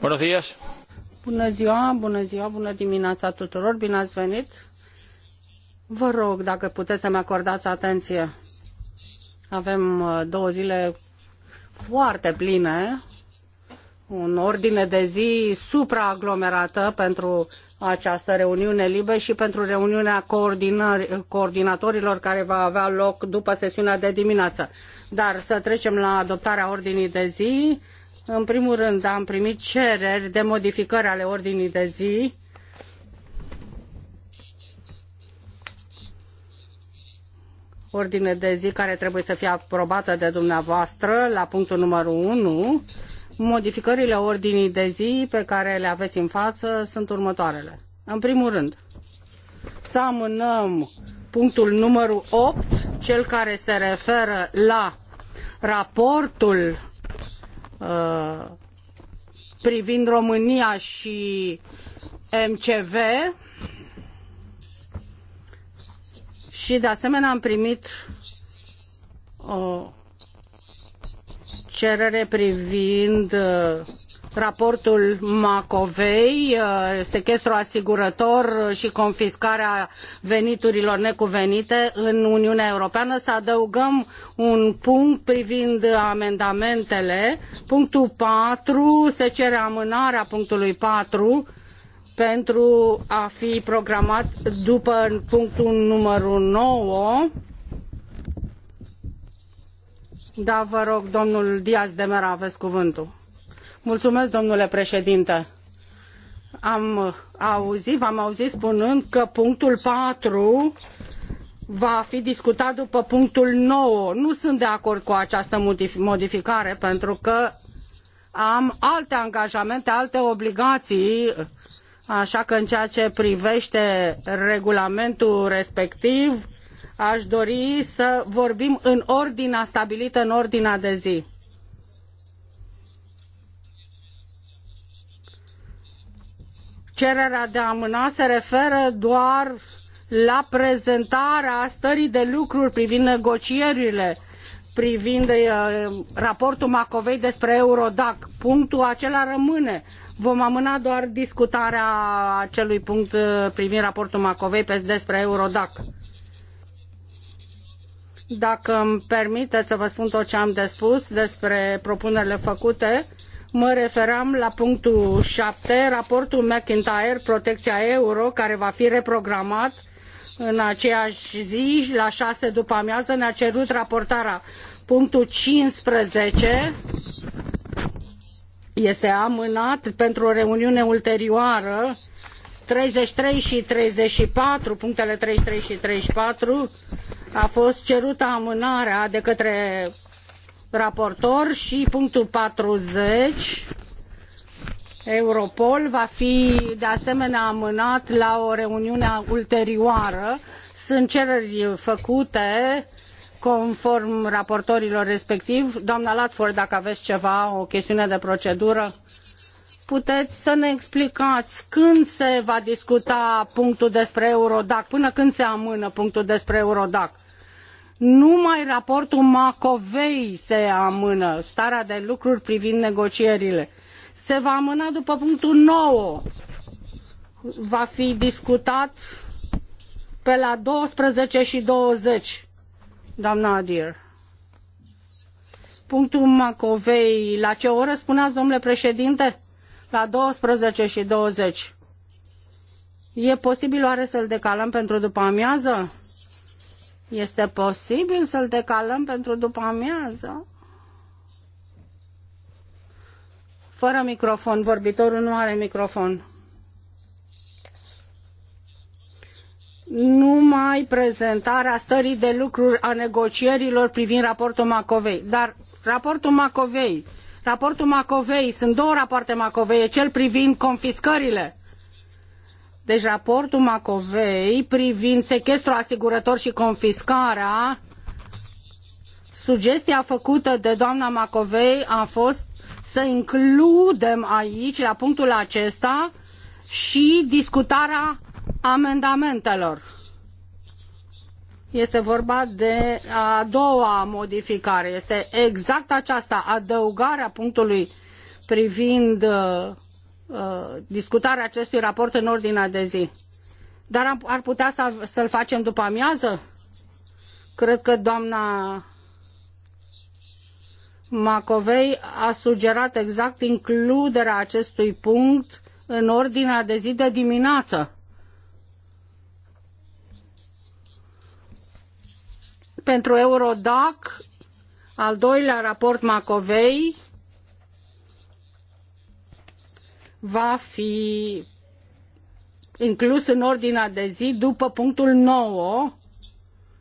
Bună ziua, bună ziua, bună dimineața tuturor, bine ați venit. Vă rog, dacă puteți să-mi acordați atenție. Avem uh, două zile foarte pline, un ordine de zi supraaglomerată pentru această reuniune libe și pentru reuniunea coordinatorilor care va avea loc după sesiunea de dimineață. Dar să trecem la adoptarea ordinii de zi. În primul rând, am primit cereri de modificări ale ordinii de zi. Ordine de zi care trebuie să fie aprobată de dumneavoastră la punctul numărul 1. Modificările ordinii de zi pe care le aveți în față sunt următoarele. În primul rând, să amânăm punctul numărul opt, cel care se referă la raportul Uh, privind România și MCV și de asemenea am primit o cerere privind uh, raportul Macovei, uh, sechestrul asigurător și confiscarea veniturilor necuvenite în Uniunea Europeană, să adăugăm un punct privind amendamentele. Punctul patru se cere amânarea punctului patru pentru a fi programat după punctul numărul 9. Da, vă rog, domnul Diaz de Mera, aveți cuvântul. Mulțumesc, domnule președinte. Am auzit, v-am auzit spunând că punctul patru va fi discutat după punctul 9. Nu sunt de acord cu această modificare pentru că am alte angajamente, alte obligații, așa că în ceea ce privește regulamentul respectiv, aș dori să vorbim în ordinea stabilită, în ordinea de zi. Cererea de a amâna se referă doar la prezentarea stării de lucruri privind negocierile privind uh, raportul Macovei despre Eurodac. Punctul acela rămâne. Vom amâna doar discutarea acelui punct uh, privind raportul Macovei pe, despre Eurodac. Dacă îmi permiteți să vă spun tot ce am de spus despre propunerile făcute, uh, mă referam la punctul 7, raportul McIntyre, protecția euro, care va fi reprogramat în aceeași zi, la 6 după amiază, ne-a cerut raportarea. Punctul 15 este amânat pentru o reuniune ulterioară, 33 și 34, punctele 33 și 34, a fost cerută amânarea de către raportor și punctul 40 Europol va fi de asemenea amânat la o reuniune ulterioară. Sunt cereri făcute conform raportorilor respectiv. Doamna Latford, dacă aveți ceva, o chestiune de procedură, puteți să ne explicați când se va discuta punctul despre Eurodac, până când se amână punctul despre Eurodac numai raportul Macovei se amână, starea de lucruri privind negocierile. Se va amâna după punctul 9. Va fi discutat pe la 12 și 20, doamna Adir. Punctul Macovei, la ce oră spuneați, domnule președinte? La 12 și 20. E posibil oare să-l decalăm pentru după amiază? Este posibil să-l decalăm pentru după amiază? Fără microfon, vorbitorul nu are microfon. Numai prezentarea stării de lucruri a negocierilor privind raportul Macovei. Dar raportul Macovei, raportul Macovei, sunt două rapoarte Macovei, cel privind confiscările deci raportul Macovei privind sechestrul asigurător și confiscarea, sugestia făcută de doamna Macovei a fost să includem aici, la punctul acesta, și discutarea amendamentelor. Este vorba de a doua modificare. Este exact aceasta, adăugarea punctului privind uh, Uh, discutarea acestui raport în ordinea de zi. Dar ar putea să-l facem după amiază? Cred că doamna Macovei a sugerat exact includerea acestui punct în ordinea de zi de dimineață. Pentru Eurodac, al doilea raport Macovei, va fi inclus în ordinea de zi după punctul 9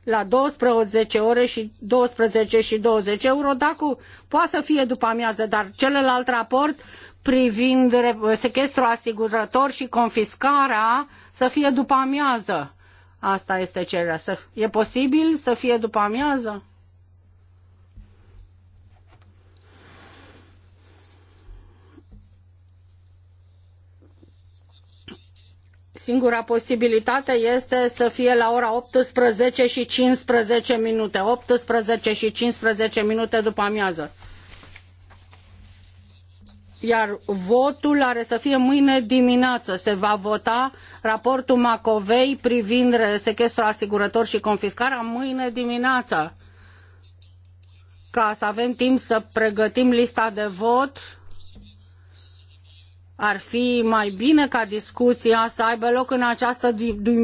la 12 ore și 12 și 20 euro, dacă poate să fie după amiază, dar celălalt raport privind sechestrul asigurător și confiscarea să fie după amiază. Asta este cererea. e posibil să fie după amiază? singura posibilitate este să fie la ora 18 și 15 minute. 18 și 15 minute după amiază. Iar votul are să fie mâine dimineață. Se va vota raportul Macovei privind sechestrul asigurător și confiscarea mâine dimineață. Ca să avem timp să pregătim lista de vot, ar fi mai bine ca discuția să aibă loc în această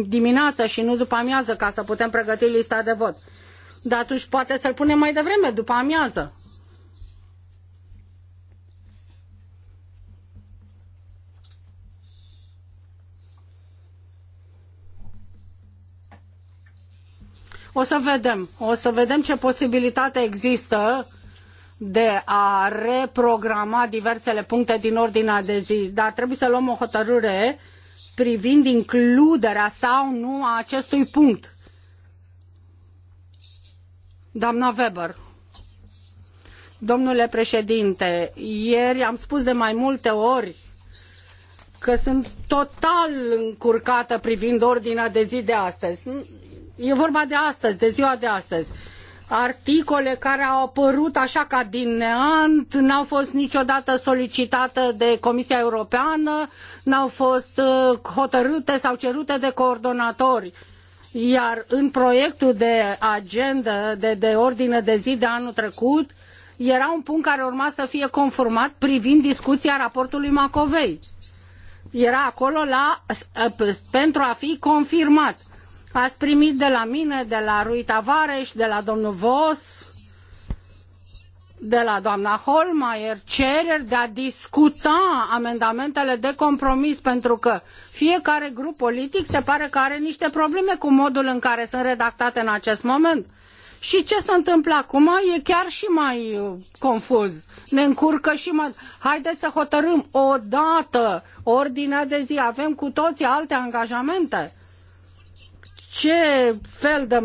dimineață și nu după amiază, ca să putem pregăti lista de vot. Dar atunci poate să-l punem mai devreme, după amiază. O să vedem. O să vedem ce posibilitate există de a reprograma diversele puncte din ordinea de zi, dar trebuie să luăm o hotărâre privind includerea sau nu a acestui punct. Doamna Weber. Domnule președinte, ieri am spus de mai multe ori că sunt total încurcată privind ordinea de zi de astăzi. E vorba de astăzi, de ziua de astăzi articole care au apărut așa ca din neant, n-au fost niciodată solicitate de Comisia Europeană, n-au fost uh, hotărâte sau cerute de coordonatori. Iar în proiectul de agenda, de, de ordine de zi de anul trecut, era un punct care urma să fie conformat privind discuția raportului Macovei. Era acolo la, uh, pentru a fi confirmat Ați primit de la mine, de la Rui Tavares, de la domnul Vos, de la doamna Holmaier cereri de a discuta amendamentele de compromis, pentru că fiecare grup politic se pare că are niște probleme cu modul în care sunt redactate în acest moment. Și ce se întâmplă acum e chiar și mai uh, confuz. Ne încurcă și mai... Haideți să hotărâm o dată ordinea de zi. Avem cu toții alte angajamente ce fel de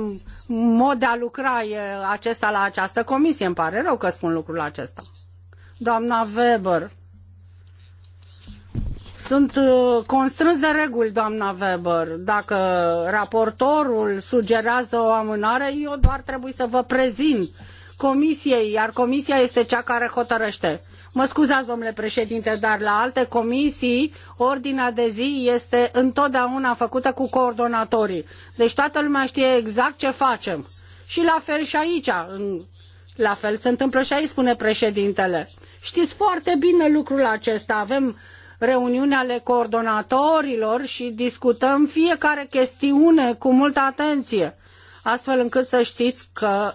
mod de a lucra e acesta la această comisie. Îmi pare rău că spun lucrul acesta. Doamna Weber, sunt uh, constrâns de reguli, doamna Weber. Dacă raportorul sugerează o amânare, eu doar trebuie să vă prezint comisiei, iar comisia este cea care hotărăște. Mă scuzați, domnule președinte, dar la alte comisii ordinea de zi este întotdeauna făcută cu coordonatorii. Deci toată lumea știe exact ce facem. Și la fel și aici. La fel se întâmplă și aici, spune președintele. Știți foarte bine lucrul acesta. Avem reuniuni ale coordonatorilor și discutăm fiecare chestiune cu multă atenție, astfel încât să știți că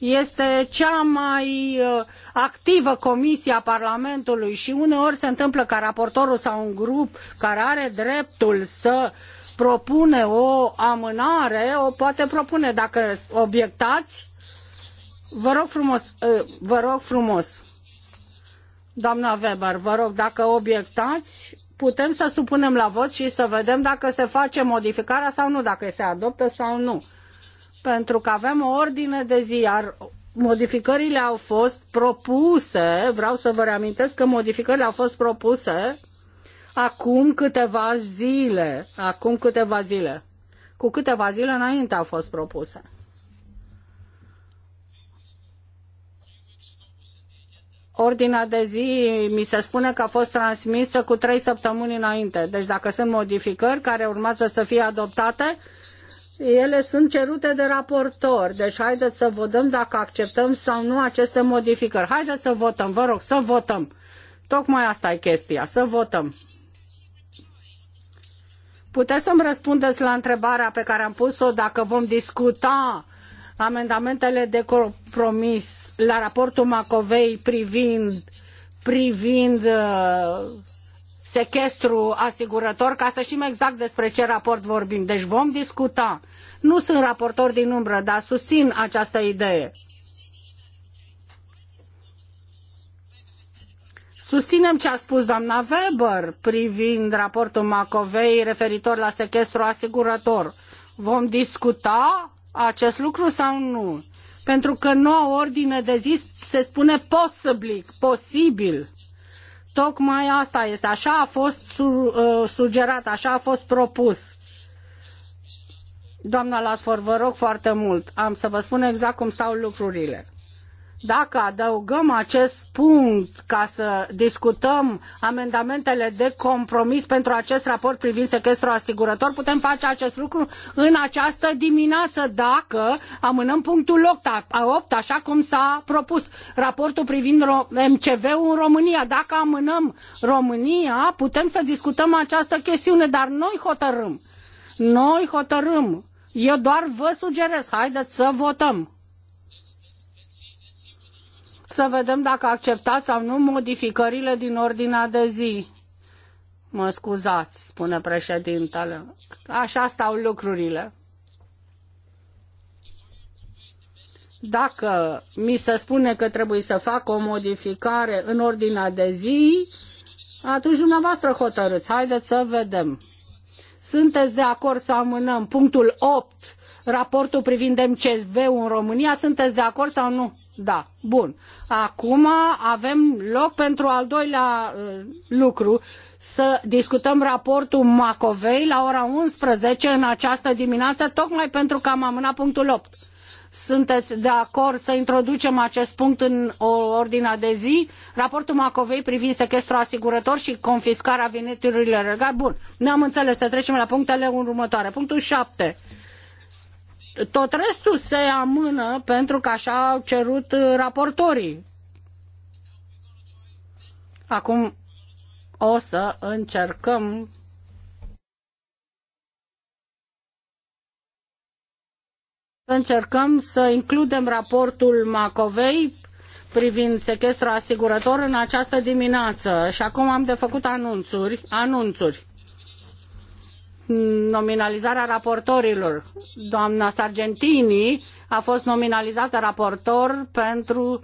este cea mai uh, activă comisie a Parlamentului și uneori se întâmplă ca raportorul sau un grup care are dreptul să propune o amânare, o poate propune dacă obiectați. Vă rog frumos, uh, vă rog frumos, doamna Weber, vă rog, dacă obiectați, putem să supunem la vot și să vedem dacă se face modificarea sau nu, dacă se adoptă sau nu pentru că avem o ordine de zi, iar modificările au fost propuse, vreau să vă reamintesc că modificările au fost propuse acum câteva zile, acum câteva zile. Cu câteva zile înainte au fost propuse. Ordinea de zi mi se spune că a fost transmisă cu trei săptămâni înainte. Deci dacă sunt modificări care urmează să fie adoptate, ele sunt cerute de raportor. Deci haideți să votăm dacă acceptăm sau nu aceste modificări. Haideți să votăm, vă rog, să votăm. Tocmai asta e chestia, să votăm. Puteți să-mi răspundeți la întrebarea pe care am pus-o dacă vom discuta amendamentele de compromis la raportul Macovei privind, privind uh, sechestru asigurător ca să știm exact despre ce raport vorbim. Deci vom discuta nu sunt raportor din umbră, dar susțin această idee. Susținem ce a spus doamna Weber privind raportul Macovei referitor la sequestru asigurător. Vom discuta acest lucru sau nu? Pentru că noua ordine de zi se spune possibly, posibil. Tocmai asta este, așa a fost uh, sugerat, așa a fost propus. Doamna Lasford, vă rog foarte mult, am să vă spun exact cum stau lucrurile. Dacă adăugăm acest punct ca să discutăm amendamentele de compromis pentru acest raport privind sequestrul asigurător, putem face acest lucru în această dimineață dacă amânăm punctul 8, așa cum s-a propus raportul privind MCV-ul în România. Dacă amânăm România, putem să discutăm această chestiune, dar noi hotărâm noi hotărâm eu doar vă sugerez, haideți să votăm. Să vedem dacă acceptați sau nu modificările din ordinea de zi. Mă scuzați, spune președintele. Așa stau lucrurile. Dacă mi se spune că trebuie să fac o modificare în ordinea de zi, atunci dumneavoastră hotărâți. Haideți să vedem. Sunteți de acord să amânăm punctul 8, raportul privind MCSV-ul în România? Sunteți de acord sau nu? Da, bun. Acum avem loc pentru al doilea uh, lucru, să discutăm raportul Macovei la ora 11 în această dimineață, tocmai pentru că am amânat punctul 8. Sunteți de acord să introducem acest punct în ordinea de zi? Raportul Macovei privind sequestrul asigurător și confiscarea veniturilor legale. Bun, ne-am înțeles să trecem la punctele următoare. Punctul 7. Tot restul se amână pentru că așa au cerut raportorii. Acum o să încercăm Încercăm să includem raportul Macovei privind sechestrul asigurător în această dimineață și acum am de făcut anunțuri, anunțuri. Nominalizarea raportorilor. Doamna Sargentini a fost nominalizată raportor pentru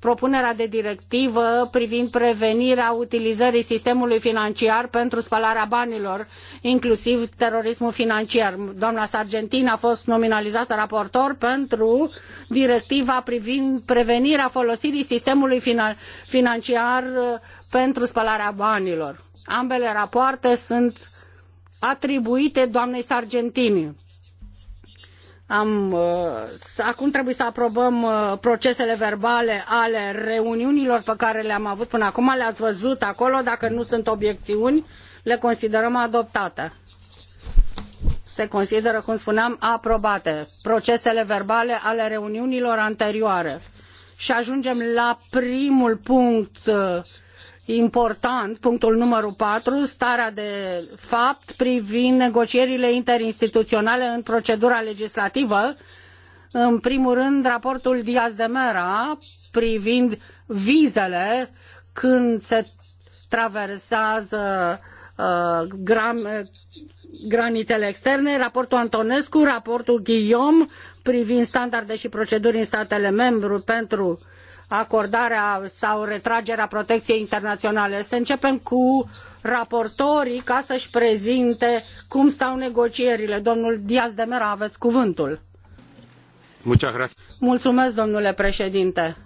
propunerea de directivă privind prevenirea utilizării sistemului financiar pentru spălarea banilor, inclusiv terorismul financiar. Doamna Sargentin a fost nominalizată raportor pentru directiva privind prevenirea folosirii sistemului financiar uh, pentru spălarea banilor. Ambele rapoarte sunt atribuite doamnei Sargentini am, uh, acum trebuie să aprobăm uh, procesele verbale ale reuniunilor pe care le-am avut până acum, le-ați văzut acolo, dacă nu sunt obiecțiuni, le considerăm adoptate. Se consideră, cum spuneam, aprobate procesele verbale ale reuniunilor anterioare. Și ajungem la primul punct uh, important, punctul numărul patru, starea de fapt privind negocierile interinstituționale în procedura legislativă, în primul rând raportul Diaz de Mera privind vizele când se traversează uh, gram, granițele externe, raportul Antonescu, raportul Guillaume privind standarde și proceduri în statele membre pentru acordarea sau retragerea protecției internaționale. Să începem cu raportorii ca să-și prezinte cum stau negocierile. Domnul Diaz de Mera, aveți cuvântul. Mulțumesc, domnule președinte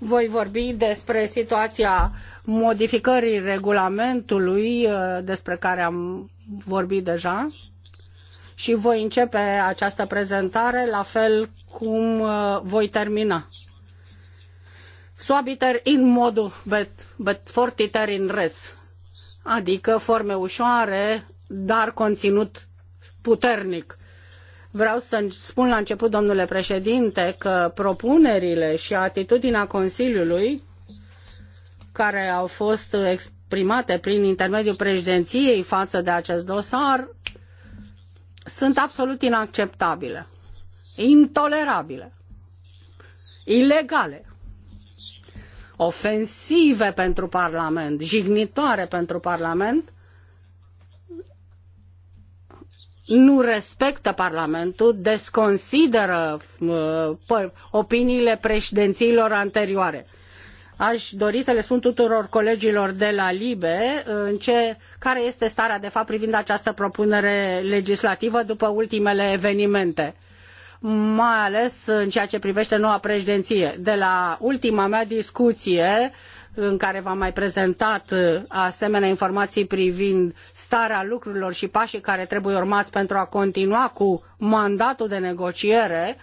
voi vorbi despre situația modificării regulamentului eh, despre care am vorbit deja și voi începe această prezentare la fel cum uh, voi termina. Suabiter in modu bet, bet fortiter in res, adică forme ușoare, dar conținut puternic. Vreau să spun la început, domnule președinte, că propunerile și atitudinea Consiliului care au fost exprimate prin intermediul președinției față de acest dosar sunt absolut inacceptabile, intolerabile, ilegale, ofensive pentru Parlament, jignitoare pentru Parlament, nu respectă Parlamentul, desconsideră uh, opiniile președințiilor anterioare. Aș dori să le spun tuturor colegilor de la LIBE uh, în ce, care este starea de fapt privind această propunere legislativă după ultimele evenimente mai ales în ceea ce privește noua președinție. De la ultima mea discuție în care v-am mai prezentat uh, asemenea informații privind starea lucrurilor și pașii care trebuie urmați pentru a continua cu mandatul de negociere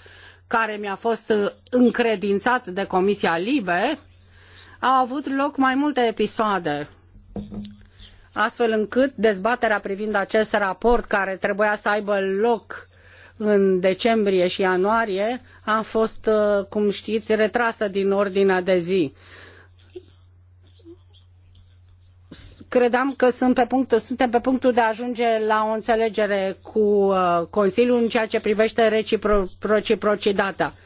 care mi-a fost uh, încredințat de Comisia Libe, au avut loc mai multe episoade astfel încât dezbaterea privind acest raport care trebuia să aibă loc în decembrie și ianuarie a fost, uh, cum știți, retrasă din ordinea de zi. Credeam că sunt pe punctul, suntem pe punctul de a ajunge la o înțelegere cu uh, Consiliul în ceea ce privește reciprocitatea. Recipro-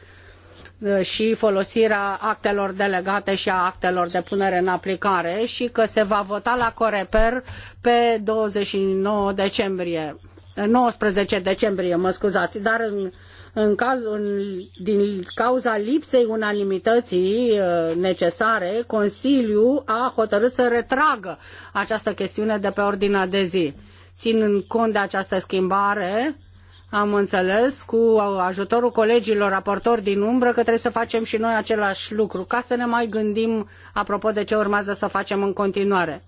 și folosirea actelor delegate și a actelor de punere în aplicare și că se va vota la Coreper pe 29 decembrie. 19 decembrie, mă scuzați, dar în, în cazul, în, din cauza lipsei unanimității uh, necesare, Consiliul a hotărât să retragă această chestiune de pe ordinea de zi. Ținând cont de această schimbare, am înțeles cu ajutorul colegilor raportori din umbră că trebuie să facem și noi același lucru, ca să ne mai gândim apropo de ce urmează să facem în continuare.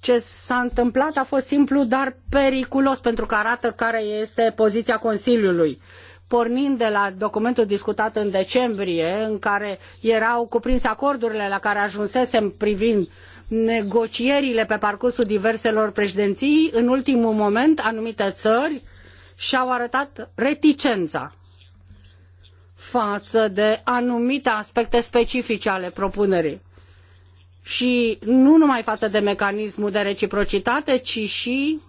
Ce s-a întâmplat a fost simplu, dar periculos, pentru că arată care este poziția Consiliului pornind de la documentul discutat în decembrie, în care erau cuprinse acordurile la care ajunsesem privind negocierile pe parcursul diverselor președinții, în ultimul moment anumite țări și-au arătat reticența față de anumite aspecte specifice ale propunerii. Și nu numai față de mecanismul de reciprocitate, ci și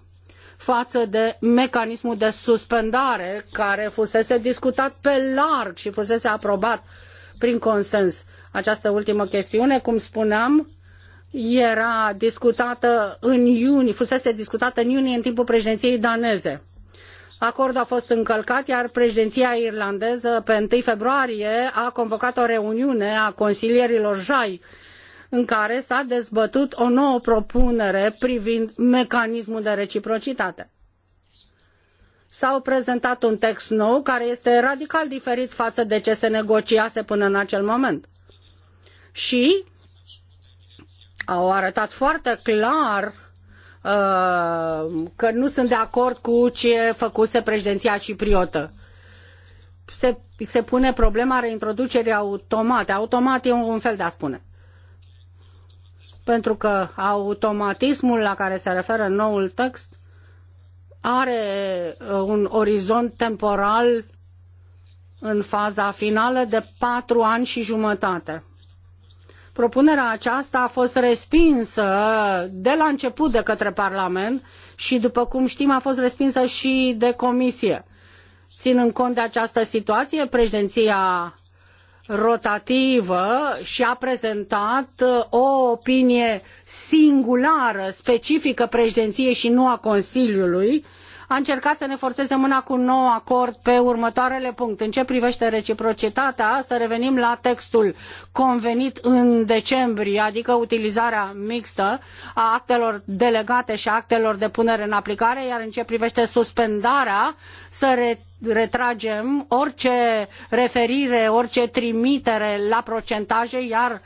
față de mecanismul de suspendare care fusese discutat pe larg și fusese aprobat prin consens. Această ultimă chestiune, cum spuneam, era discutată în iunie, fusese discutată în iunie în timpul președinției daneze. Acordul a fost încălcat, iar preedinia irlandeză pe unu februarie a convocat o reuniune a consilierilor JAI în care s-a dezbătut o nouă propunere privind mecanismul de reciprocitate. S-a prezentat un text nou care este radical diferit față de ce se negociase până în acel moment. Și au arătat foarte clar Uh, că nu sunt de acord cu ce făcuse președinția cipriotă. Se, se pune problema reintroducerii automate. Automat e un fel de a spune pentru că automatismul la care se referă noul text are uh, un orizont temporal în faza finală de patru ani și jumătate. Propunerea aceasta a fost respinsă de la început de către Parlament și, după cum știm, a fost respinsă și de Comisie. Ținând cont de această situație, președinția rotativă și a prezentat o opinie singulară, specifică președinției și nu a Consiliului, uh, a încercat să ne forțeze mâna cu un nou acord pe următoarele puncte. În ce privește reciprocitatea, să revenim la textul convenit în decembrie, adică utilizarea mixtă a actelor delegate și a actelor de punere în aplicare, iar în ce privește suspendarea, să retragem orice referire, orice trimitere la procentaje, iar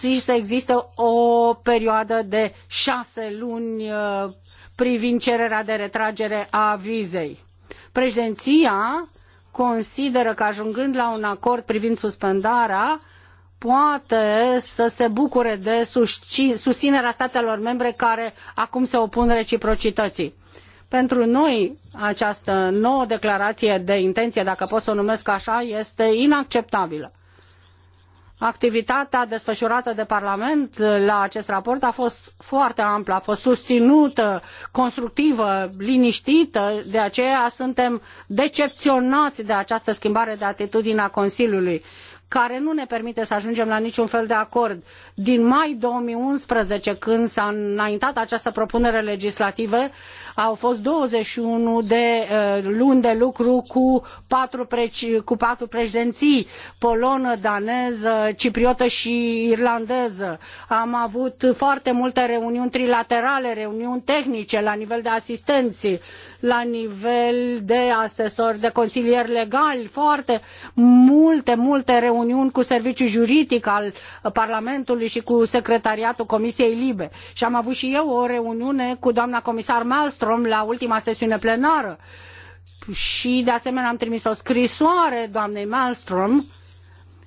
și să existe o perioadă de șase luni uh, privind cererea de retragere a vizei. Președinția consideră că ajungând la un acord privind suspendarea, poate să se bucure de susținerea statelor membre care acum se opun reciprocității. Pentru noi, această nouă declarație de intenție, dacă pot să o numesc așa, este inacceptabilă Activitatea desfășurată de Parlament la acest raport a fost foarte amplă, a fost susținută, constructivă, liniștită, de aceea suntem decepționați de această schimbare de atitudine a Consiliului care nu ne permite să ajungem la niciun fel de acord. Din mai 2011, când s-a înaintat această propunere legislativă, au fost 21 de eh, luni de lucru cu patru, preci, cu patru președinții, polonă, daneză, cipriotă și irlandeză. Am avut foarte multe reuniuni trilaterale, reuniuni tehnice la nivel de asistenți, la nivel de asesori, de consilieri legali, foarte multe, multe reuniuni cu serviciul juridic al Parlamentului și cu secretariatul Comisiei Libe. Și am avut și eu o reuniune cu doamna comisar Malmström la ultima sesiune plenară. Și de asemenea am trimis o scrisoare doamnei Malmström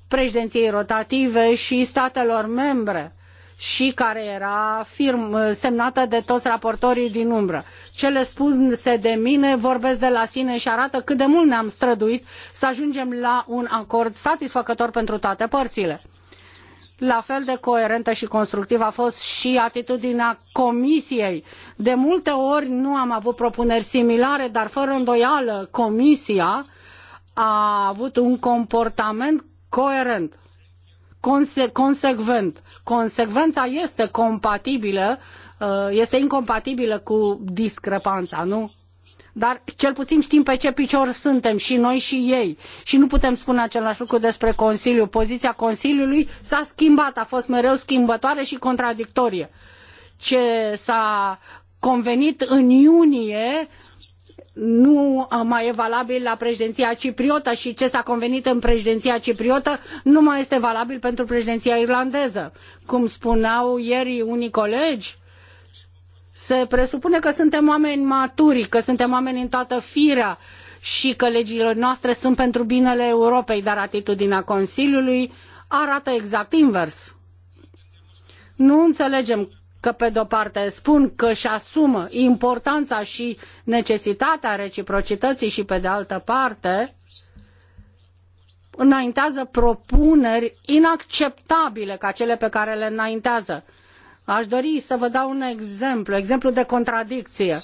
președinției rotative și statelor membre și care era firm, semnată de toți raportorii din umbră. Cele spuse de mine vorbesc de la sine și arată cât de mult ne-am străduit să ajungem la un acord satisfăcător pentru toate părțile. La fel de coerentă și constructivă a fost și atitudinea Comisiei. De multe ori nu am avut propuneri similare, dar fără îndoială Comisia a avut un comportament coerent conse- consecvent. Consecvența este compatibilă, uh, este incompatibilă cu discrepanța, nu? Dar cel puțin știm pe ce picior suntem și noi și ei. Și nu putem spune același lucru despre Consiliu. Poziția Consiliului s-a schimbat, a fost mereu schimbătoare și contradictorie. Ce s-a convenit în iunie nu mai e valabil la preedinia cipriotă i ce s a convenit în preedinia cipriotă nu mai este valabil pentru preedinia irlandeză. cum spuneau ieri unii colegi se presupune că suntem oameni maturi că suntem oameni în toată firea i că legile noastre sunt pentru binele europei dar atitudinea consiliului arată exact invers. nu înelegem că pe de o parte spun că își asumă importanța și necesitatea reciprocității și pe de altă parte înaintează propuneri inacceptabile ca cele pe care le înaintează. Aș dori să vă dau un exemplu, exemplu de contradicție.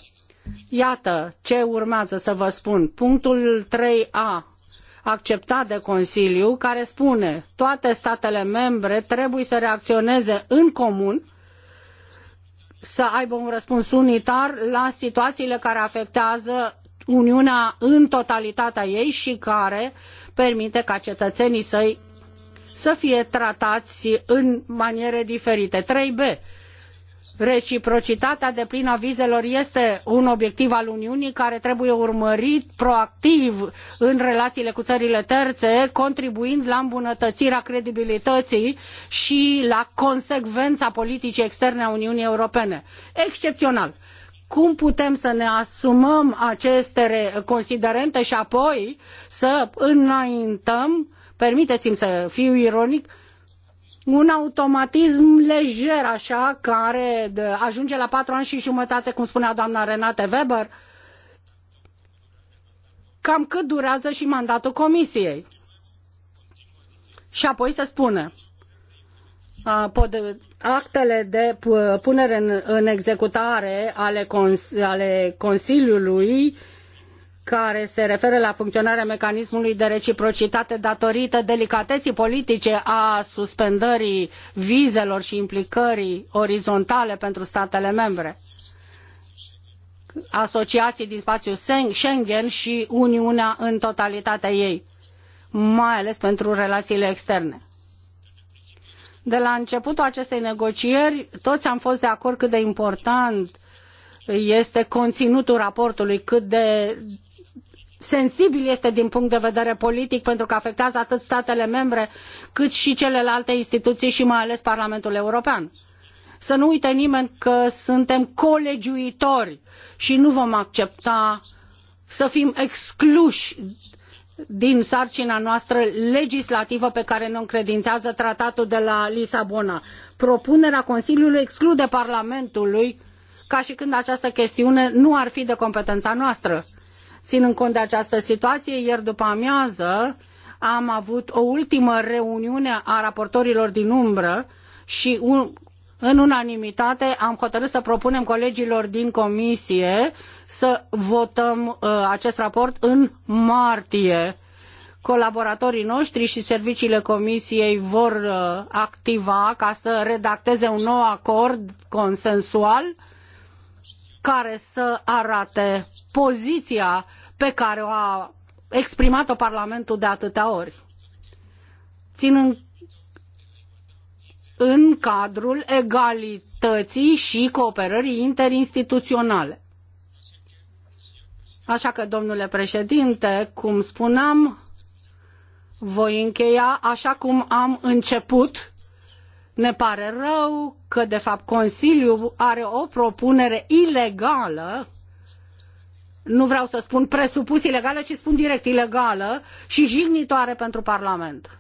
Iată ce urmează să vă spun. Punctul 3a acceptat de Consiliu, care spune toate statele membre trebuie să reacționeze în comun să aibă un răspuns unitar la situațiile care afectează Uniunea în totalitatea ei și care permite ca cetățenii săi să fie tratați în maniere diferite. 3B reciprocitatea deplină a vizelor este un obiectiv al Uniunii care trebuie urmărit proactiv în relațiile cu țările terțe, contribuind la îmbunătățirea credibilității și la consecvența politicii externe a Uniunii Europene. Excepțional! cum putem să ne asumăm aceste considerente și apoi să înaintăm, permiteți-mi să fiu ironic, un automatism lejer așa, care ajunge la patru ani și jumătate, cum spunea doamna Renate Weber, cam cât durează și mandatul comisiei. Și apoi se spune, actele de punere în, în executare ale, cons ale Consiliului uh, care se referă la funcționarea mecanismului de reciprocitate datorită delicateții politice a suspendării vizelor și implicării orizontale pentru statele membre asociații din spațiul Schengen și Uniunea în totalitatea ei, mai ales pentru relațiile externe. De la începutul acestei negocieri, toți am fost de acord cât de important este conținutul raportului, cât de sensibil este din punct de vedere politic pentru că afectează atât statele membre cât și celelalte instituții și mai ales Parlamentul European. Să nu uite nimeni că suntem colegiuitori și nu vom accepta să fim excluși din sarcina noastră legislativă pe care ne încredințează tratatul de la Lisabona. Propunerea Consiliului exclude Parlamentului ca și când această chestiune nu ar fi de competența noastră. Ținând cont de această situație, ieri după amiază am avut o ultimă reuniune a raportorilor din umbră și un, în unanimitate am hotărât să propunem colegilor din comisie să votăm uh, acest raport în martie. Colaboratorii noștri și serviciile comisiei vor uh, activa ca să redacteze un nou acord consensual uh, care să arate poziția pe care o a exprimat-o Parlamentul de atâtea ori. Ținând în cadrul egalității și cooperării interinstituționale. Așa că, domnule președinte, cum spuneam, voi încheia așa cum am început, ne pare rău că, de fapt, Consiliul are o propunere ilegală nu vreau să spun presupus ilegală, ci spun direct ilegală și jignitoare pentru Parlament.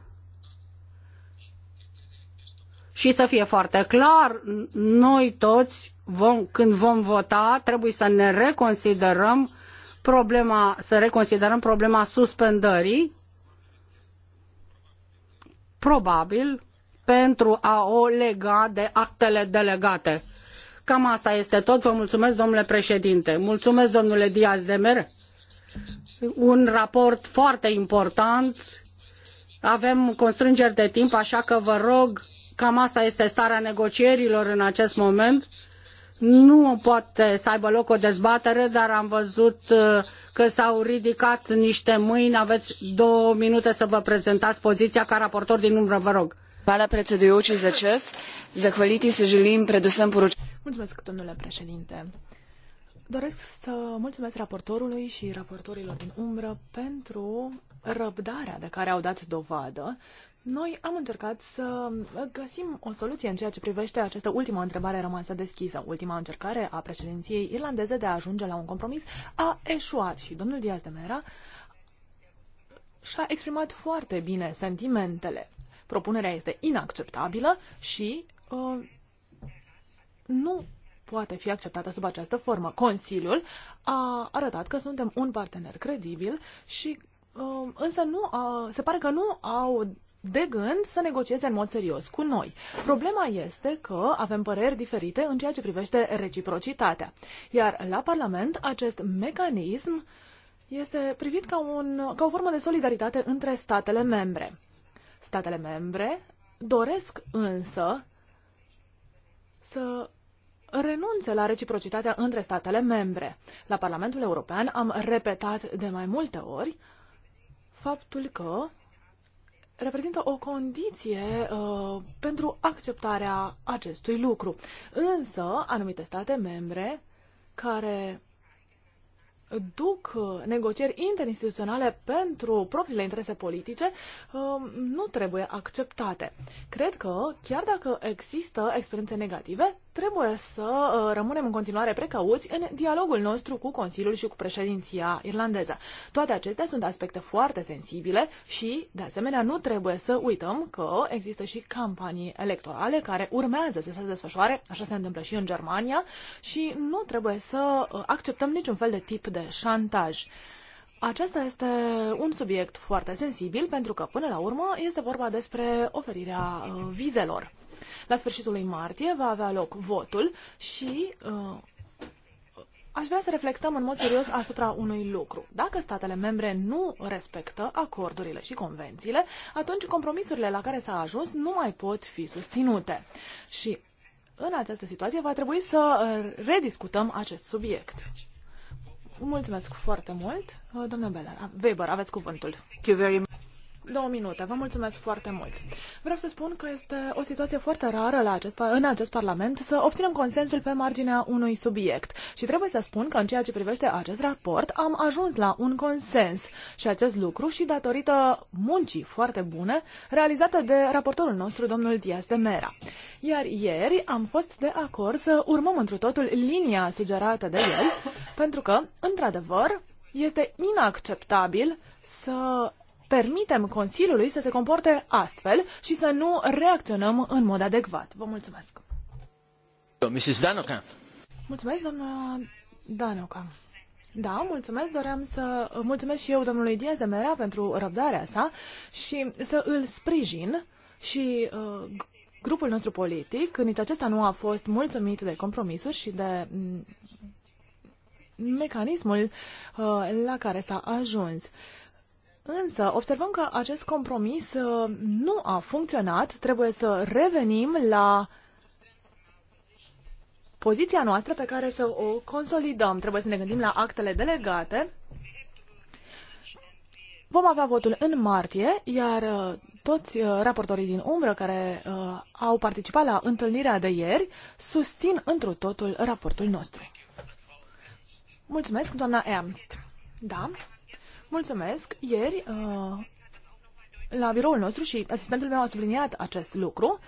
Și să fie foarte clar, noi toți, vom, când vom vota, trebuie să ne reconsiderăm problema, să reconsiderăm problema suspendării. Probabil pentru a o lega de actele delegate. Cam asta este tot. Vă mulțumesc, domnule președinte. Mulțumesc, domnule Diaz de Mere. Un raport foarte important. Avem constrângeri de timp, așa că vă rog, cam asta este starea negocierilor în acest moment. Nu poate să aibă loc o dezbatere, dar am văzut uh, că s-au ridicat niște mâini. Aveți două minute să vă prezentați poziția ca raportor din umbră, vă rog. Hvala predsedujoči za čas. Zahvaliti se želim predvsem Mulțumesc, domnule președinte. Doresc să mulțumesc raportorului și raportorilor din umbră pentru răbdarea de care au dat dovadă. Noi am încercat să găsim o soluție în ceea ce privește această ultimă întrebare rămasă deschisă. Ultima încercare a președinției irlandeze de a ajunge la un compromis a eșuat și domnul Diaz de Mera și-a exprimat foarte bine sentimentele. Propunerea este inacceptabilă și uh, nu poate fi acceptată sub această formă. Consiliul a arătat că suntem un partener credibil și uh, însă nu a, se pare că nu au de gând să negocieze în mod serios cu noi. Problema este că avem păreri diferite în ceea ce privește reciprocitatea. Iar la Parlament acest mecanism este privit ca, un, ca o formă de solidaritate între statele membre. Statele membre doresc însă să renunțe la reciprocitatea între statele membre. La Parlamentul European am repetat de mai multe ori faptul că reprezintă o condiție uh, pentru acceptarea acestui lucru. Însă, anumite state membre care duc uh, negocieri interinstituționale pentru propriile interese politice uh, nu trebuie acceptate. Cred că, chiar dacă există experiențe negative, trebuie să uh, rămânem în continuare precauți în dialogul nostru cu Consiliul și cu președinția irlandeză. Toate acestea sunt aspecte foarte sensibile și, de asemenea, nu trebuie să uităm că există și campanii electorale care urmează să se desfășoare, așa se întâmplă și în Germania, și nu trebuie să uh, acceptăm niciun fel de tip de șantaj. Acesta este un subiect foarte sensibil pentru că, până la urmă, este vorba despre oferirea uh, vizelor. La sfârșitul lui martie va avea loc votul și uh, aș vrea să reflectăm în mod serios asupra unui lucru. Dacă statele membre nu respectă acordurile și convențiile, atunci compromisurile la care s-a ajuns nu mai pot fi susținute. Și în această situație va trebui să uh, rediscutăm acest subiect. Mulțumesc foarte mult, uh, domnule Weber, aveți cuvântul. Două minute. Vă mulțumesc foarte mult. Vreau să spun că este o situație foarte rară la acest, în acest Parlament să obținem consensul pe marginea unui subiect. Și trebuie să spun că în ceea ce privește acest raport am ajuns la un consens și acest lucru și datorită muncii foarte bune realizată de raportorul nostru, domnul Diaz de Mera. Iar ieri am fost de acord să urmăm întru totul linia sugerată de el, pentru că, într-adevăr, este inacceptabil să permitem Consiliului să se comporte astfel și să nu reacționăm în mod adecvat. Vă mulțumesc! Mrs. Danoca. Mulțumesc, doamna Danoca. Da, mulțumesc, doream să mulțumesc și eu domnului Diaz de Mera pentru răbdarea sa și să îl sprijin și uh, grupul nostru politic, nici acesta nu a fost mulțumit de compromisuri și de mm, mecanismul uh, la care s-a ajuns. Uh, Însă observăm că acest compromis uh, nu a funcționat. Trebuie să revenim la poziția noastră pe care să o consolidăm. Trebuie să ne gândim la actele delegate. Vom avea votul în martie, iar uh, toți uh, raportorii din umbră care au participat la întâlnirea de ieri susțin întru totul raportul nostru. Mulțumesc, doamna Ernst. Da, Mulțumesc. Ieri, uh, la biroul nostru și asistentul meu a subliniat acest lucru,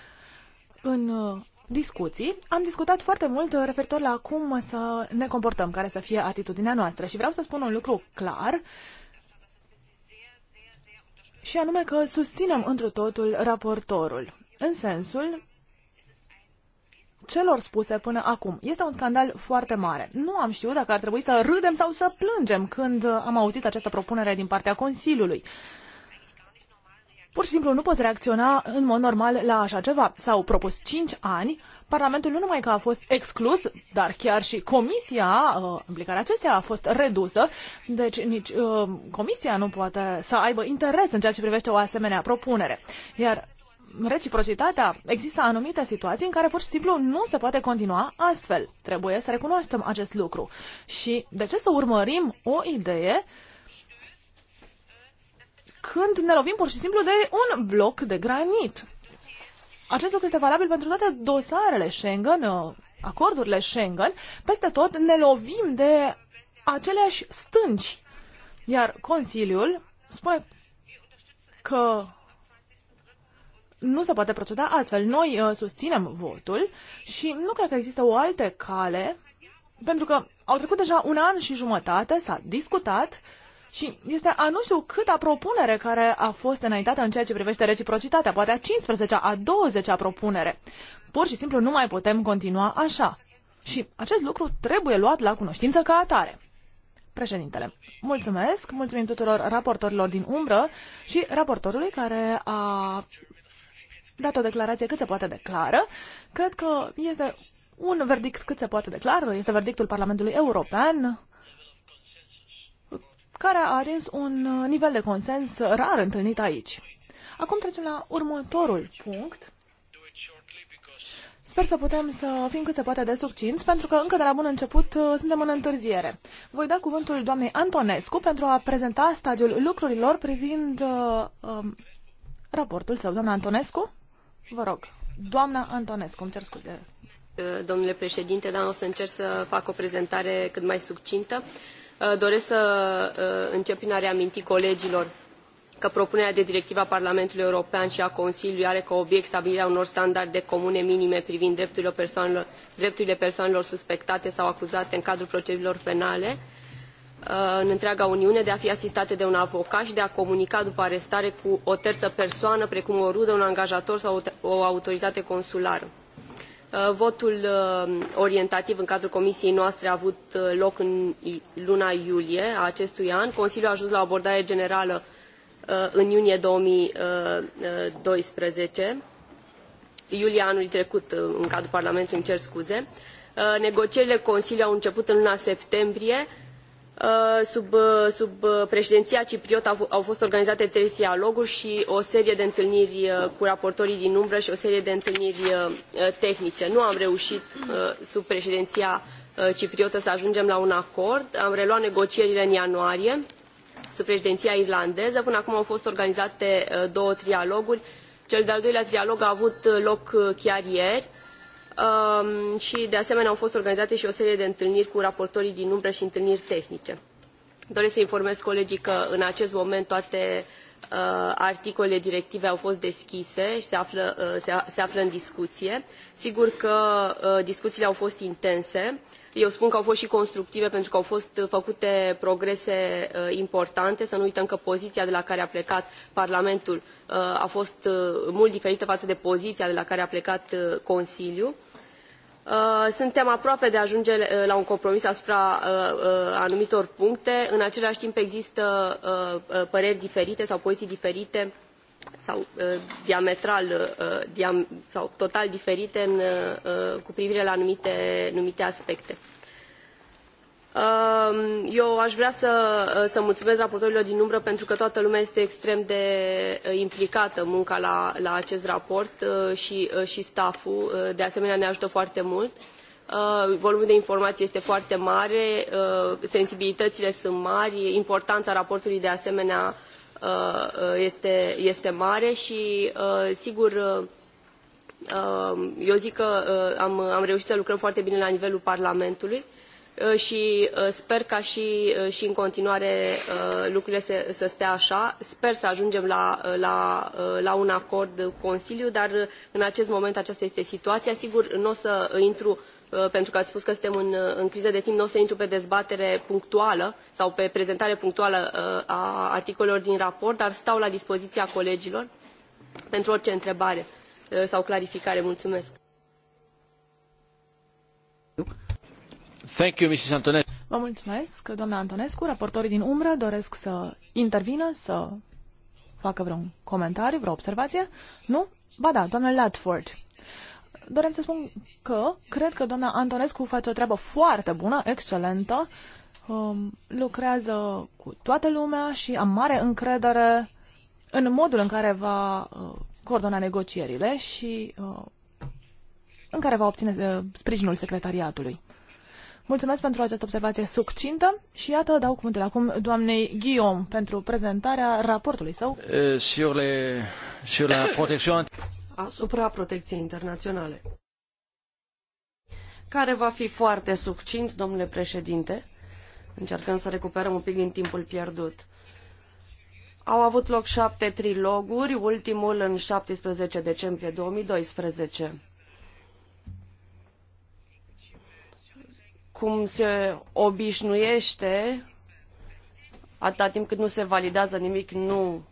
în uh, discuții, am discutat foarte mult referitor la cum să ne comportăm, care să fie atitudinea noastră. Și vreau să spun un lucru clar, și anume că susținem întru totul raportorul, în sensul celor spuse până acum. Este un scandal foarte mare. Nu am știut dacă ar trebui să râdem sau să plângem când am auzit această propunere din partea Consiliului. Pur și simplu nu poți reacționa în mod normal la așa ceva. S-au propus 5 ani, Parlamentul nu numai că a fost exclus, dar chiar și comisia, uh, implicarea acestea a fost redusă, deci nici uh, comisia nu poate să aibă interes în ceea ce privește o asemenea propunere. Iar reciprocitatea, există anumite situații în care pur și simplu nu se poate continua astfel. Trebuie să recunoaștem acest lucru. Și de ce să urmărim o idee când ne lovim pur și simplu de un bloc de granit? Acest lucru este valabil pentru toate dosarele Schengen, uh, acordurile Schengen. Peste tot ne lovim de aceleași stânci. Iar Consiliul spune că nu se poate proceda altfel. Noi uh, susținem votul și nu cred că există o altă cale, pentru că au trecut deja un an și jumătate, s-a discutat și este a nu știu câta propunere care a fost înaintată în ceea ce privește reciprocitatea, poate a 15-a, a 20-a propunere. Pur și simplu nu mai putem continua așa. Și acest lucru trebuie luat la cunoștință ca atare. Președintele, mulțumesc, mulțumim tuturor raportorilor din umbră și raportorului care a dat o declarație cât se poate de clară. Cred că este un verdict cât se poate de clar, este verdictul Parlamentului European, care a atins un nivel de consens rar întâlnit aici. Acum trecem la următorul punct. Sper să putem să fim cât se poate de succinți, pentru că încă de la bun început uh, suntem în întârziere. Voi da cuvântul doamnei Antonescu pentru a prezenta stadiul lucrurilor privind uh, uh, raportul său. Doamna Antonescu? doamna Antonescu, îmi cer scuze. Uh, domnule președinte, dar o să încerc să fac o prezentare cât mai succintă. Uh, doresc să uh, încep prin a reaminti colegilor că propunerea de directivă a Parlamentului European și a Consiliului are ca obiect stabilirea unor standarde comune minime privind drepturile persoanelor, drepturile persoanelor suspectate sau acuzate în cadrul procedurilor penale, Uh, în întreaga Uniune, de a fi asistate de un avocat și de a comunica după arestare cu o terță persoană, precum o rudă, un angajator sau o autoritate consulară. Uh, votul uh, orientativ în cadrul comisiei noastre a avut loc în luna iulie a acestui an. Consiliul a ajuns la o abordare generală în iunie 2012, iulie anului trecut în cadrul Parlamentului, îmi cer scuze. Negocierile Consiliului au început în luna septembrie, Uh, sub, uh, sub uh, președinția cipriotă au fost organizate trei dialoguri și o serie de întâlniri cu raportorii din umbră și o serie de întâlniri tehnice. Nu am reușit sub președinția cipriotă să ajungem la un acord. Am reluat negocierile în ianuarie sub președinția irlandeză. Până acum au fost organizate două trialoguri. Cel de-al doilea trialog a avut loc chiar ieri Um, și de asemenea au fost organizate și o serie de întâlniri cu raportorii din umbră și întâlniri tehnice. Doresc să informez colegii că în acest moment toate uh, articolele directivei au fost deschise și se află, uh, se, se află în discuție. Sigur că uh, discuțiile au fost intense. Eu spun că au fost și constructive pentru că au fost făcute progrese importante. Să nu uităm că poziția de la care a plecat Parlamentul a fost mult diferită față de poziția de la care a plecat Consiliul Uh, suntem aproape de a ajunge uh, la un compromis asupra uh, anumitor puncte. În același timp există păreri diferite sau poziții diferite sau diametral sau total diferite în, cu privire la anumite, anumite aspecte. Eu aș vrea să, să mulțumesc raportorilor din umbră pentru că toată lumea este extrem de uh, implicată în munca la, la acest raport uh, și, uh, și stafful. De asemenea, ne ajută foarte mult. Volumul de informații este foarte mare, sensibilitățile sunt mari, importanța raportului de asemenea este, este mare și, sigur, eu zic că am, am reușit să lucrăm foarte bine la nivelul Parlamentului Uh, și uh, sper ca și, uh, și în continuare lucrurile să, să stea așa. Sper să ajungem la, la, la un acord cu Consiliu, dar în acest moment aceasta este situația. Sigur, nu o să intru pentru că ați spus că suntem în, în criză de timp, nu o să intru pe dezbatere punctuală sau pe prezentare punctuală a articolelor din raport, dar stau la dispoziția colegilor pentru orice întrebare sau clarificare. Mulțumesc! Thank Antonescu. Vă mulțumesc, doamna Antonescu. Raportorii din umbră doresc să intervină, să facă vreun comentariu, vreo observație? Nu? Ba da, doamna Latford. Doream să spun că cred că doamna Antonescu face o treabă foarte bună, excelentă, um, lucrează cu toată lumea și am mare încredere în modul în care va uh, coordona negocierile și uh, în care va obține uh, sprijinul secretariatului. Mulțumesc pentru această observație succintă și iată, dau cuvântul acum doamnei Guillaume pentru prezentarea raportului său. Eh, Asupra protecției internaționale. Care va fi foarte succint, domnule președinte? Încercăm să recuperăm un pic din timpul pierdut. Au avut loc șapte triloguri, ultimul în 17 decembrie 2012. cum se obișnuiește, atâta timp cât nu se validează nimic, nu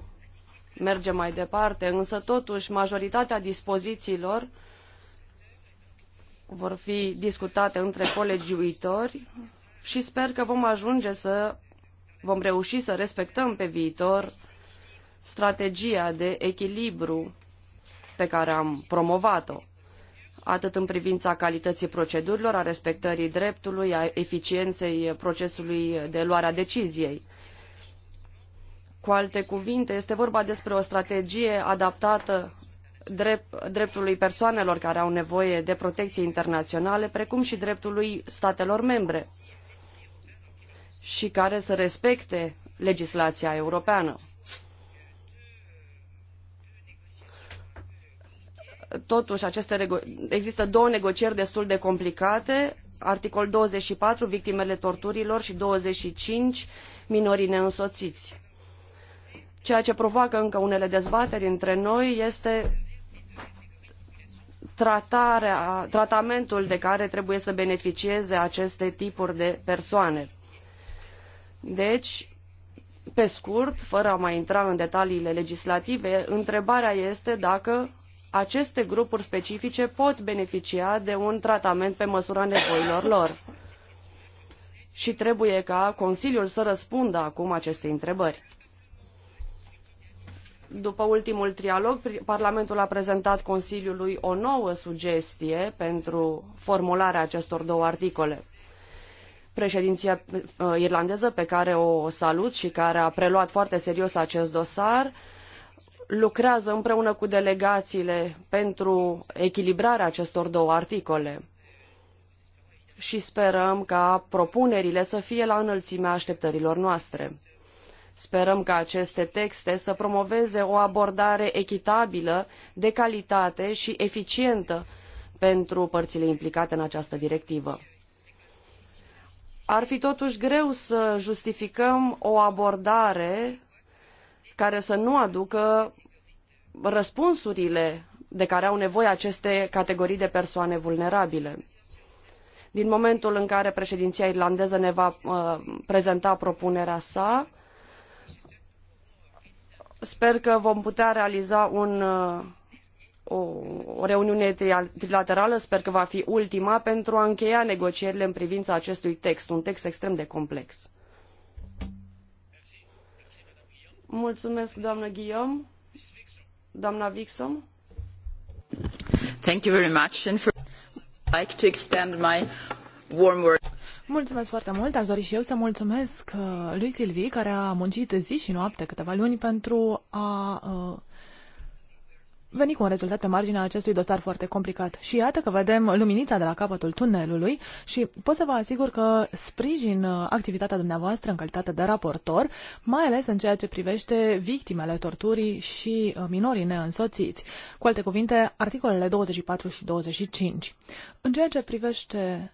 merge mai departe, însă totuși majoritatea dispozițiilor vor fi discutate între colegii uitori și sper că vom ajunge să vom reuși să respectăm pe viitor strategia de echilibru pe care am promovat-o atât în privința calității procedurilor, a respectării dreptului, a eficienței procesului de luare a deciziei. Cu alte cuvinte, este vorba despre o strategie adaptată drept, dreptului persoanelor care au nevoie de protecție internaționale, precum și dreptului statelor membre și care să respecte legislația europeană. totuși aceste există două negocieri destul de complicate, articol 24, victimele torturilor și 25, minorii neînsoțiți. Ceea ce provoacă încă unele dezbateri între noi este tratarea, tratamentul de care trebuie să beneficieze aceste tipuri de persoane. Deci, pe scurt, fără a mai intra în detaliile legislative, întrebarea este dacă aceste grupuri specifice pot beneficia de un tratament pe măsura nevoilor lor. Și trebuie ca Consiliul să răspundă acum acestei întrebări. După ultimul trialog, Parlamentul a prezentat Consiliului o nouă sugestie pentru formularea acestor două articole. Președinția uh, irlandeză, pe care o salut și care a preluat foarte serios acest dosar, lucrează împreună cu delegațiile pentru echilibrarea acestor două articole și sperăm ca propunerile să fie la înălțimea așteptărilor noastre. Sperăm ca aceste texte să promoveze o abordare echitabilă, de calitate și eficientă pentru părțile implicate în această directivă. Ar fi totuși greu să justificăm o abordare care să nu aducă răspunsurile de care au nevoie aceste categorii de persoane vulnerabile. Din momentul în care președinția irlandeză ne va uh, prezenta propunerea sa, sper că vom putea realiza un, uh, o, o reuniune trilaterală, sper că va fi ultima, pentru a încheia negocierile în privința acestui text, un text extrem de complex. Mulțumesc, doamnă Guillaume. Mulțumesc foarte mult. Aș dori și eu să mulțumesc uh, lui Silvi, care a muncit zi și noapte câteva luni pentru a uh, veni cu un rezultat pe marginea acestui dosar foarte complicat. Și iată că vedem luminița de la capătul tunelului și pot să vă asigur că sprijin uh, activitatea dumneavoastră în calitate de raportor, mai ales în ceea ce privește victimele torturii și uh, minorii neînsoțiți. Cu alte cuvinte, articolele 24 și 25. În ceea ce privește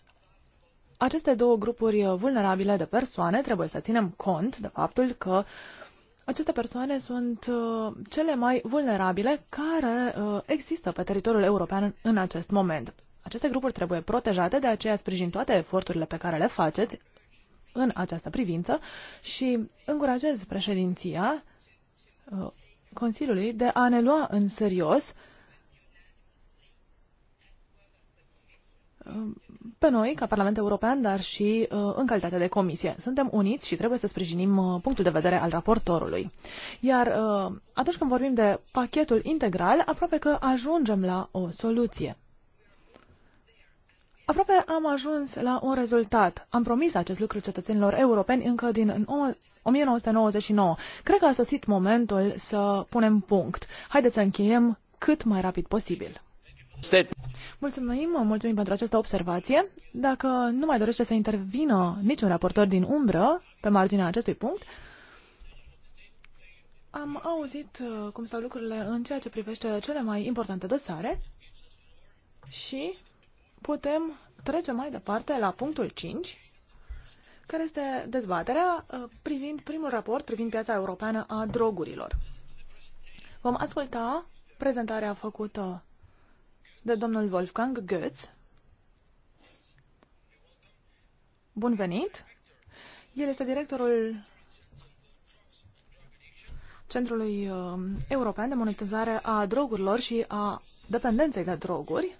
aceste două grupuri uh, vulnerabile de persoane, trebuie să ținem cont de faptul că uh, aceste persoane sunt uh, cele mai vulnerabile care uh, există pe teritoriul european în acest moment. Aceste grupuri trebuie protejate, de aceea sprijin toate eforturile pe care le faceți în această privință și încurajez președinția uh, Consiliului de a ne lua în serios pe noi, ca Parlament European, dar și uh, în calitate de comisie. Suntem uniți și trebuie să sprijinim uh, punctul de vedere al raportorului. Iar uh, atunci când vorbim de pachetul integral, aproape că ajungem la o soluție. Aproape am ajuns la un rezultat. Am promis acest lucru cetățenilor europeni încă din 1999. Cred că a sosit momentul să punem punct. Haideți să încheiem cât mai rapid posibil. Mulțumim, mulțumim pentru această observație. Dacă nu mai dorește să intervină niciun raportor din umbră pe marginea acestui punct, am auzit uh, cum stau lucrurile în ceea ce privește cele mai importante dosare și putem trece mai departe la punctul 5, care este dezbaterea uh, privind primul raport privind piața europeană a drogurilor. Vom asculta prezentarea făcută de domnul Wolfgang Goetz. Bun venit! El este directorul Centrului uh, European de Monetizare a Drogurilor și a Dependenței de Droguri.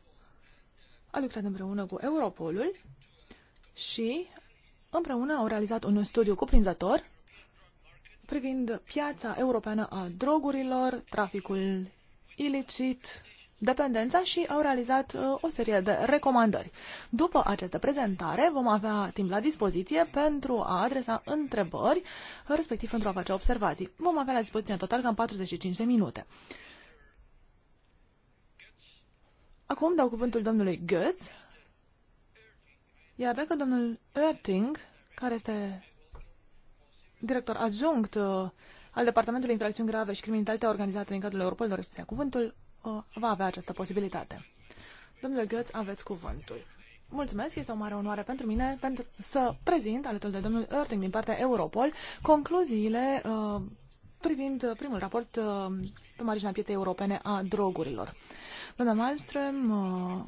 A lucrat împreună cu Europolul și împreună au realizat un studiu cuprinzător privind piața europeană a drogurilor, traficul ilicit dependența și au realizat uh, o serie de recomandări. După această prezentare vom avea timp la dispoziție pentru a adresa întrebări, respectiv pentru a face observații. Vom avea la dispoziție în total cam 45 de minute. Acum dau cuvântul domnului Goetz, iar dacă domnul Oerting, care este director adjunct uh, al Departamentului Infracțiuni Grave și Criminalitatea Organizată din cadrul Europol, dorește să ia cuvântul, Uh, va avea această posibilitate. Domnule Götz, aveți cuvântul. Mulțumesc, este o mare onoare pentru mine pentru să prezint alături de domnul Erting din partea Europol concluziile uh, privind primul raport uh, pe marginea pieței europene a drogurilor. Doamna Malmström, uh,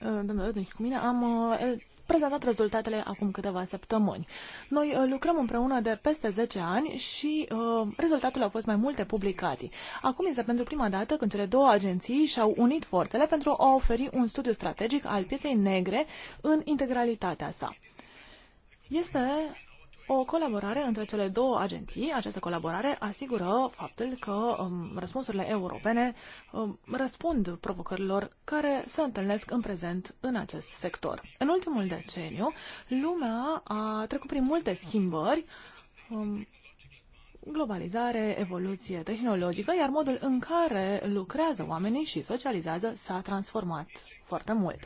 uh domnul Erting cu mine, am uh, prezentat rezultatele acum câteva săptămâni. Noi uh, lucrăm împreună de peste 10 ani și uh, rezultatul au fost mai multe publicații. Acum este pentru prima dată când cele două agenții și-au unit forțele pentru a oferi un studiu strategic al pieței negre în integralitatea sa. Este o colaborare între cele două agenții. Această colaborare asigură faptul că um, răspunsurile europene um, răspund provocărilor care se întâlnesc în prezent în acest sector. În ultimul deceniu, lumea a trecut prin multe schimbări um, globalizare, evoluție tehnologică, iar modul în care lucrează oamenii și socializează s-a transformat foarte mult.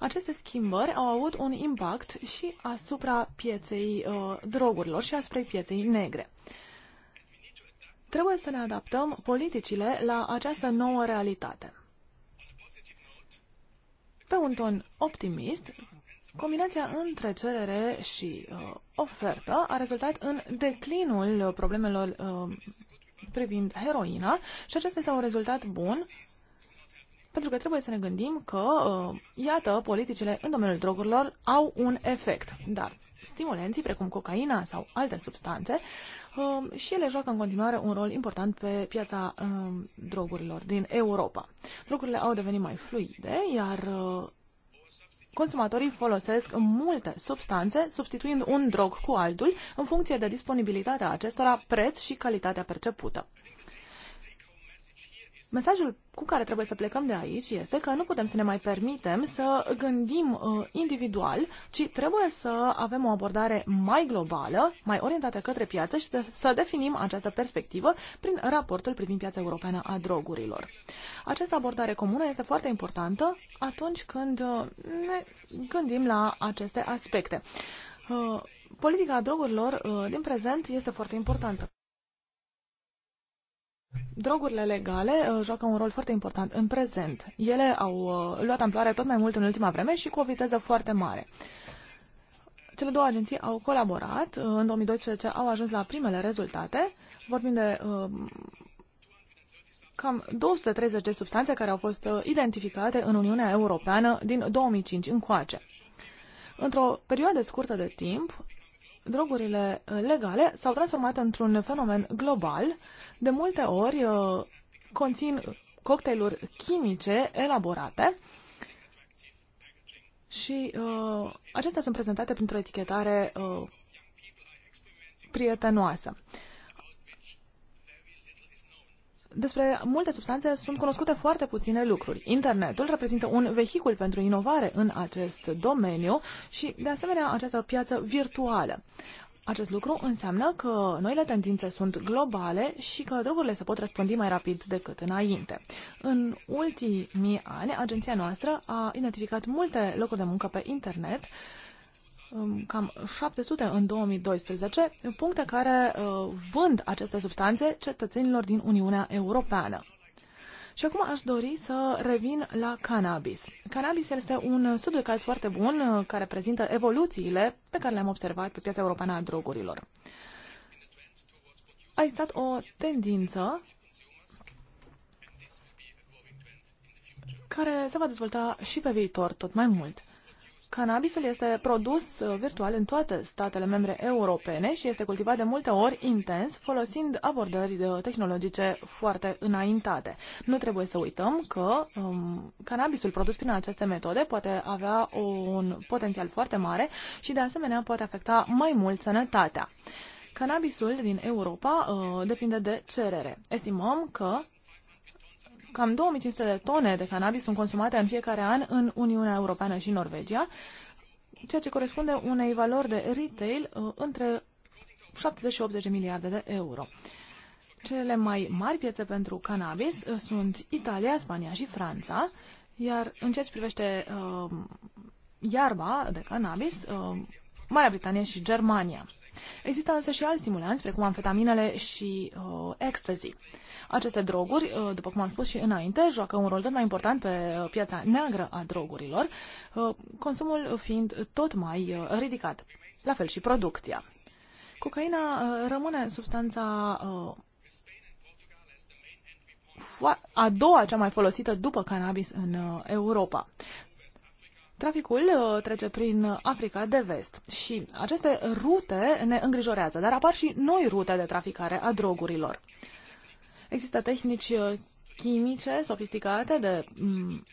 Aceste schimbări au avut un impact și asupra pieței uh, drogurilor și asupra pieței negre. Trebuie să ne adaptăm politicile la această nouă realitate. Pe un ton optimist, Combinația între cerere și uh, ofertă a rezultat în declinul uh, problemelor uh, privind heroina și acesta este un rezultat bun pentru că trebuie să ne gândim că, uh, iată, politicile în domeniul drogurilor au un efect, dar stimulenții, precum cocaina sau alte substanțe, uh, și ele joacă în continuare un rol important pe piața uh, drogurilor din Europa. Drogurile au devenit mai fluide, iar uh, consumatorii folosesc multe substanțe, substituind un drog cu altul, în funcție de disponibilitatea acestora, preț și calitatea percepută. Mesajul cu care trebuie să plecăm de aici este că nu putem să ne mai permitem să gândim uh, individual, ci trebuie să avem o abordare mai globală, mai orientată către piață și să definim această perspectivă prin raportul privind piața europeană a drogurilor. Această abordare comună este foarte importantă atunci când uh, ne gândim la aceste aspecte. Uh, politica drogurilor uh, din prezent este foarte importantă. Drogurile legale uh, joacă un rol foarte important în prezent. Ele au uh, luat amploare tot mai mult în ultima vreme și cu o viteză foarte mare. Cele două agenții au colaborat. Uh, în 2012 au ajuns la primele rezultate. Vorbim de uh, cam 230 de substanțe care au fost uh, identificate în Uniunea Europeană din 2005 încoace. Într-o perioadă scurtă de timp, drogurile uh, legale s-au transformat într-un fenomen global. De multe ori uh, conțin cocktailuri chimice elaborate și uh, acestea sunt prezentate printr-o etichetare uh, prietenoasă. Uh, despre multe substanțe sunt cunoscute foarte puține lucruri. Internetul reprezintă un vehicul pentru inovare în acest domeniu și, de asemenea, această piață virtuală. Acest lucru înseamnă că noile tendințe sunt globale și că drogurile se pot răspândi mai rapid decât înainte. În ultimii ani, agenția noastră a identificat multe locuri de muncă pe internet Um, cam 700 în 2012 puncte care uh, vând aceste substanțe cetățenilor din Uniunea Europeană. Și acum aș dori să revin la cannabis. Cannabis este un studiu caz foarte bun uh, care prezintă evoluțiile pe care le-am observat pe piața europeană a drogurilor. A existat o tendință care se va dezvolta și pe viitor tot mai mult. Cannabisul este produs uh, virtual în toate statele membre europene și este cultivat de multe ori intens, folosind abordări uh, tehnologice foarte înaintate. Nu trebuie să uităm că um, cannabisul produs prin aceste metode poate avea un potențial foarte mare și, de asemenea, poate afecta mai mult sănătatea. Cannabisul din Europa uh, depinde de cerere. Estimăm că cam 2500 de tone de cannabis sunt consumate în fiecare an în Uniunea Europeană și Norvegia, ceea ce corespunde unei valori de retail uh, între 70 și 80 de miliarde de euro. Cele mai mari piețe pentru cannabis uh, sunt Italia, Spania și Franța, iar în ceea ce privește uh, iarba de cannabis, uh, Marea Britanie și Germania. Există însă și alți stimulanți, precum amfetaminele și uh, ecstasy. Aceste droguri, uh, după cum am spus și înainte, joacă un rol tot mai important pe uh, piața neagră a drogurilor, uh, consumul fiind tot mai uh, ridicat, la fel și producția. Cocaina uh, rămâne substanța uh, a doua cea mai folosită după cannabis în uh, Europa. Traficul uh, trece prin Africa de vest și aceste rute ne îngrijorează, dar apar și noi rute de traficare a drogurilor. Există tehnici uh, chimice sofisticate de mm,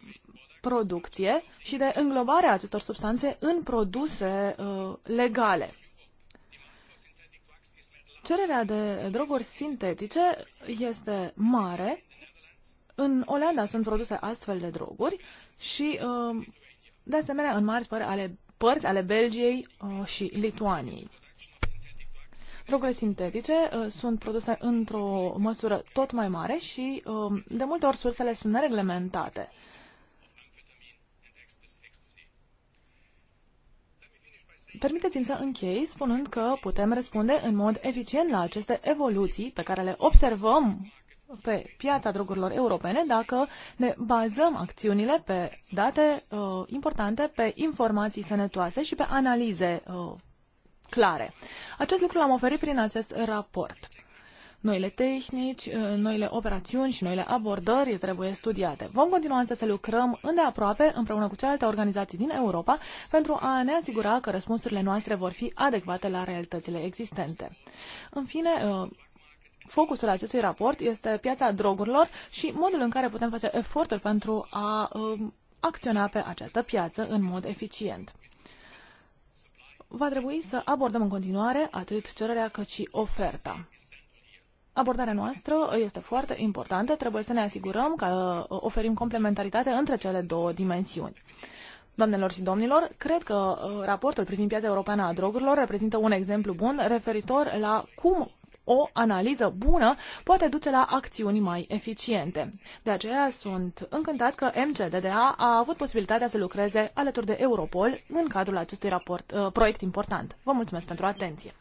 producție și de înglobare a acestor substanțe în produse uh, legale. Cererea de droguri sintetice este mare. În Olanda sunt produse astfel de droguri și uh, de asemenea în mari păr ale, părți ale Belgiei uh, și Lituaniei. Drogurile sintetice uh, sunt produse într-o măsură tot mai mare și uh, de multe ori sursele sunt nereglementate. Permiteți-mi să închei spunând că putem răspunde în mod eficient la aceste evoluții pe care le observăm pe piața drogurilor europene dacă ne bazăm acțiunile pe date uh, importante, pe informații sănătoase și pe analize uh, clare. Acest lucru l-am oferit prin acest raport. Noile tehnici, uh, noile operațiuni și noile abordări trebuie studiate. Vom continua însă să lucrăm îndeaproape împreună cu celelalte organizații din Europa pentru a ne asigura că răspunsurile noastre vor fi adecvate la realitățile existente. În fine, uh, focusul acestui raport este piața drogurilor și modul în care putem face eforturi pentru a uh, acționa pe această piață în mod eficient. Va trebui să abordăm în continuare atât cererea cât și oferta. Abordarea noastră este foarte importantă, trebuie să ne asigurăm că uh, oferim complementaritate între cele două dimensiuni. Doamnelor și domnilor, cred că uh, raportul privind piața europeană a drogurilor reprezintă un exemplu bun referitor la cum o analiză bună poate duce la acțiuni mai eficiente. De aceea sunt încântat că MCDDA a avut posibilitatea să lucreze alături de Europol în cadrul acestui raport, uh, proiect important. Vă mulțumesc pentru atenție.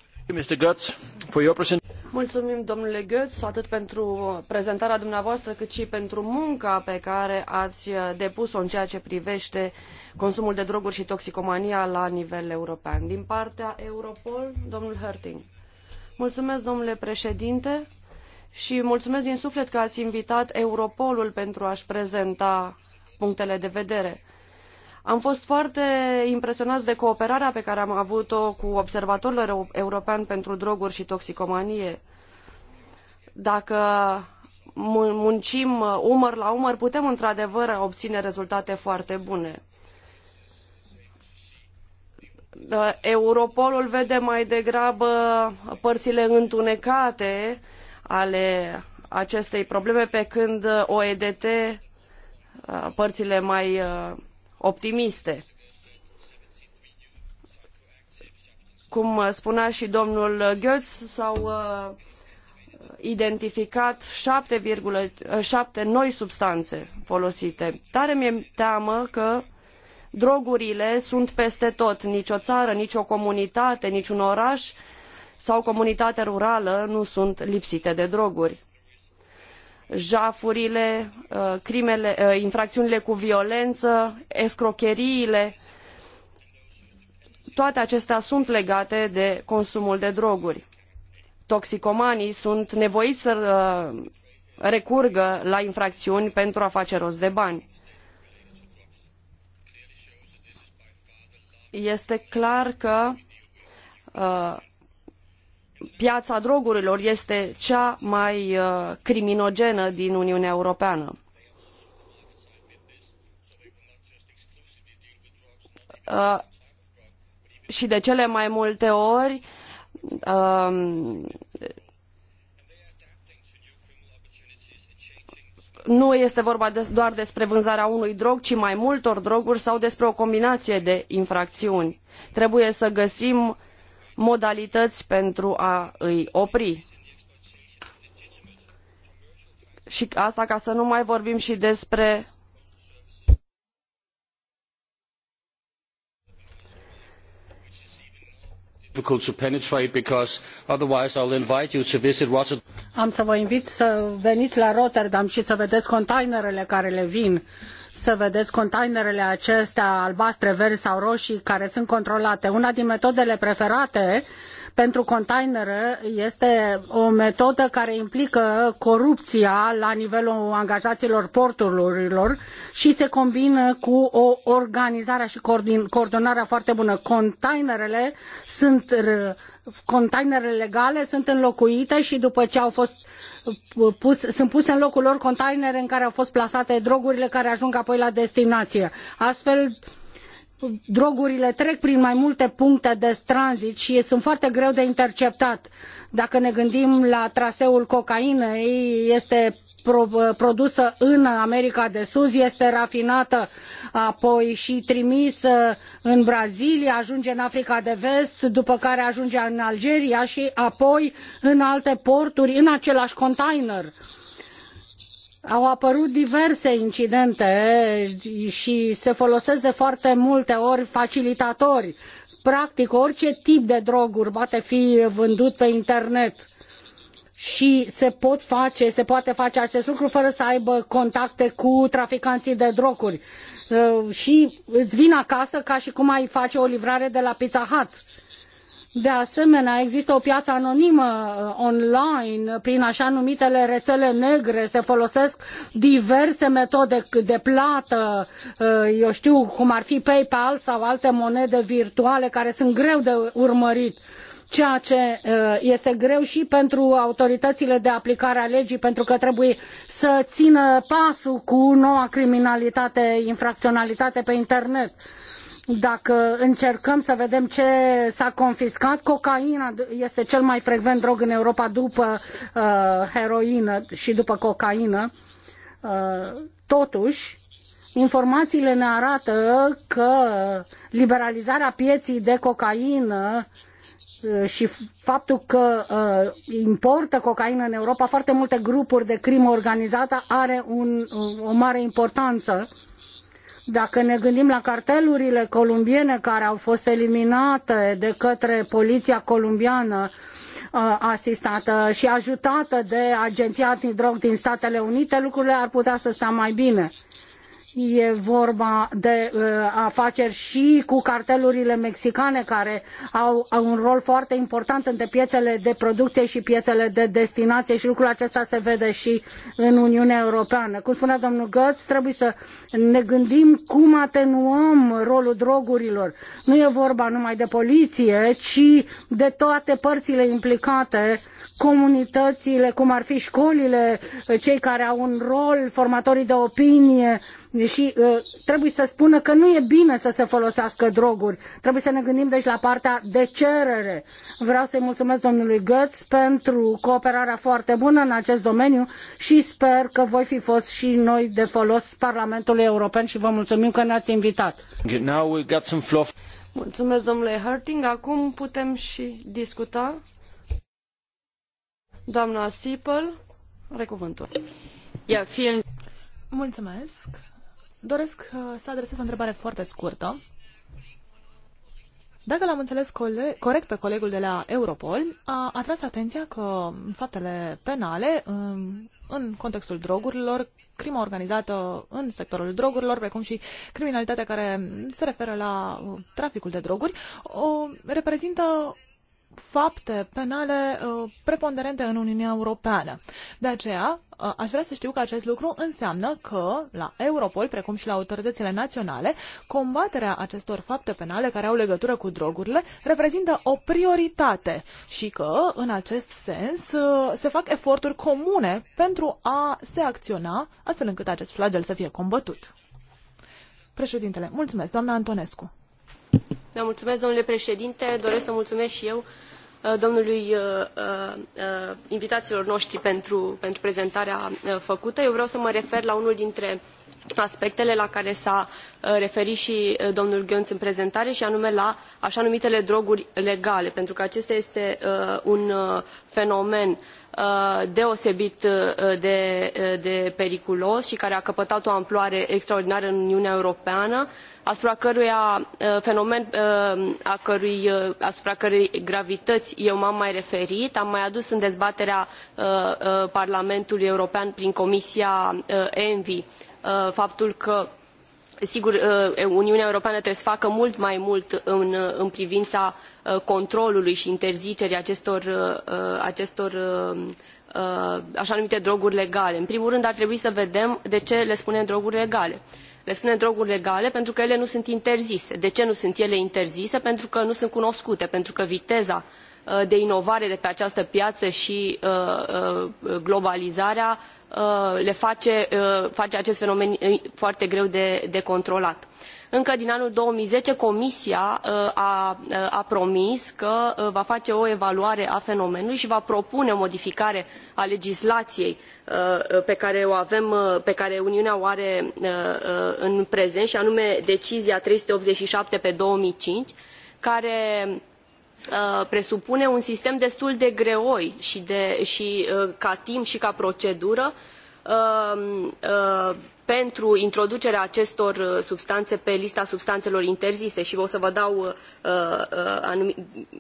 Mulțumim, domnule Götz atât pentru prezentarea dumneavoastră, cât și pentru munca pe care ați depus-o în ceea ce privește consumul de droguri și toxicomania la nivel european. Din partea Europol, domnul Herting. Mulțumesc, domnule președinte, și mulțumesc din suflet că ați invitat Europolul pentru a-și prezenta punctele de vedere. Am fost foarte impresionat de cooperarea pe care am avut-o cu Observatorul European pentru Droguri și Toxicomanie. Dacă muncim umăr la umăr, putem într-adevăr obține rezultate foarte bune. Uh, Europolul vede mai degrabă părțile întunecate ale acestei probleme, pe când OEDT uh, părțile mai uh, optimiste. Cum spunea și domnul Goetz, s-au identificat șapte, noi substanțe folosite. Tare mi-e teamă că drogurile sunt peste tot nicio țară nicio comunitate niciun oraș sau comunitate rurală nu sunt lipsite de droguri jafurile uh, crimele, uh, infracțiunile cu violență escrocheriile toate acestea sunt legate de consumul de droguri toxicomanii sunt nevoiți să uh, recurgă la infracțiuni pentru a face rost de bani este clar că uh, piața drogurilor este cea mai uh, criminogenă din Uniunea Europeană. Uh, și de cele mai multe ori uh, nu este vorba de, doar despre vânzarea unui drog, ci mai multor droguri sau despre o combinație de infracțiuni. Trebuie să găsim modalități pentru a îi opri. Și asta ca să nu mai vorbim și despre Am să vă invit să veniți la Rotterdam și să vedeți containerele care le vin, să vedeți containerele acestea albastre, verzi sau roșii care sunt controlate. Una din metodele preferate uh, pentru containere este o metodă care implică corupția la nivelul angajaților porturilor și se combină cu o organizare și coordonare foarte bună. Containerele sunt containerele legale sunt înlocuite și după ce au fost pus, sunt puse în locul lor containere în care au fost plasate drogurile care ajung apoi la destinație. Astfel drogurile trec prin mai multe puncte de tranzit și sunt foarte greu de interceptat. Dacă ne gândim la traseul cocainei, este produsă în America de Sud, este rafinată apoi și trimisă în Brazilia, ajunge în Africa de Vest, după care ajunge în Algeria și apoi în alte porturi, în același container. Uh, au apărut diverse incidente și se folosesc de foarte multe ori facilitatori. Practic, orice tip de droguri poate fi vândut pe internet și se, pot face, se poate face acest lucru fără să aibă contacte cu traficanții de droguri. Uh, și îți vin acasă ca și cum ai face o livrare de la Pizza Hut de asemenea, există o piață anonimă uh, online prin așa numitele rețele negre. Se folosesc diverse metode de plată, uh, eu știu cum ar fi PayPal sau alte monede virtuale care sunt greu de urmărit ceea ce uh, este greu și pentru autoritățile de aplicare a legii, pentru că trebuie să țină pasul cu noua criminalitate, infracționalitate pe internet. Dacă încercăm să vedem ce s-a confiscat, cocaina este cel mai frecvent drog în Europa după uh, heroină și după cocaină. Uh, totuși, informațiile ne arată că liberalizarea pieții de cocaină uh, și faptul că uh, importă cocaină în Europa foarte multe grupuri de crimă organizată are un, o mare importanță dacă ne gândim la cartelurile columbiene care au fost eliminate de către poliția columbiană uh, asistată și ajutată de Agenția Antidrog din Statele Unite, lucrurile ar putea să stea mai bine E vorba de uh, afaceri și cu cartelurile mexicane care au, au un rol foarte important între piețele de producție și piețele de destinație și lucrul acesta se vede și în Uniunea Europeană. Cum spunea domnul Götz, trebuie să ne gândim cum atenuăm rolul drogurilor. Nu e vorba numai de poliție, ci de toate părțile implicate, comunitățile, cum ar fi școlile, cei care au un rol, formatorii de opinie, și uh, trebuie să spună că nu e bine să se folosească droguri. Trebuie să ne gândim deci la partea de cerere. Vreau să-i mulțumesc domnului Götz pentru cooperarea foarte bună în acest domeniu și sper că voi fi fost și noi de folos Parlamentului European și vă mulțumim că ne-ați invitat. Mulțumesc domnule Harting. Acum putem și discuta. Doamna Sipel are cuvântul. Mulțumesc. Doresc uh, să adresez o întrebare foarte scurtă. Dacă l-am înțeles corect pe colegul de la Europol, a atras atenția că faptele penale um, în contextul drogurilor, crima organizată în sectorul drogurilor, precum și criminalitatea care se referă la uh, traficul de droguri, o reprezintă fapte penale uh, preponderente în Uniunea Europeană. De aceea, uh, aș vrea să știu că acest lucru înseamnă că la Europol, precum și la autoritățile naționale, combaterea acestor fapte penale care au legătură cu drogurile reprezintă o prioritate și că, în acest sens, uh, se fac eforturi comune pentru a se acționa astfel încât acest flagel să fie combătut. Președintele, mulțumesc, doamna Antonescu. Da, mulțumesc, domnule președinte. Doresc să mulțumesc și eu uh, domnului uh, uh, invitațiilor noștri pentru, pentru prezentarea făcută. Eu vreau să mă refer la unul dintre aspectele la care s-a referit și domnul Gheonț în prezentare și anume la așa numitele droguri legale, pentru că acesta este un fenomen deosebit de, de periculos și care a căpătat o amploare extraordinară în Uniunea Europeană asupra căruia ă, fenomen ă, a cărui, ă, asupra gravităi eu m am mai referit am mai adus în dezbaterea parlamentului european prin comisia envi faptul că sigur uniunea europeană trebuie să facă mult mai mult în, în privina controlului i interzicerii acestor, acestor aa numite droguri legale. în primul rând ar trebui să vedem de ce le spunem droguri legale le spunem droguri legale pentru că ele nu sunt interzise. De ce nu sunt ele interzise? Pentru că nu sunt cunoscute, pentru că viteza uh, de inovare de pe această piață și uh, uh, globalizarea le face, face acest fenomen foarte greu de, de controlat încă din anul 2010 Comisia uh, a, uh, a promis că uh, va face o evaluare a fenomenului și va propune o modificare a legislației pe care o avem, pe care Uniunea o are în prezent și anume decizia 387 pe 2005 care presupune un sistem destul de greoi și, de, și ca timp și ca procedură pentru introducerea acestor uh, substanțe pe lista substanțelor interzise și o să vă dau, uh, uh,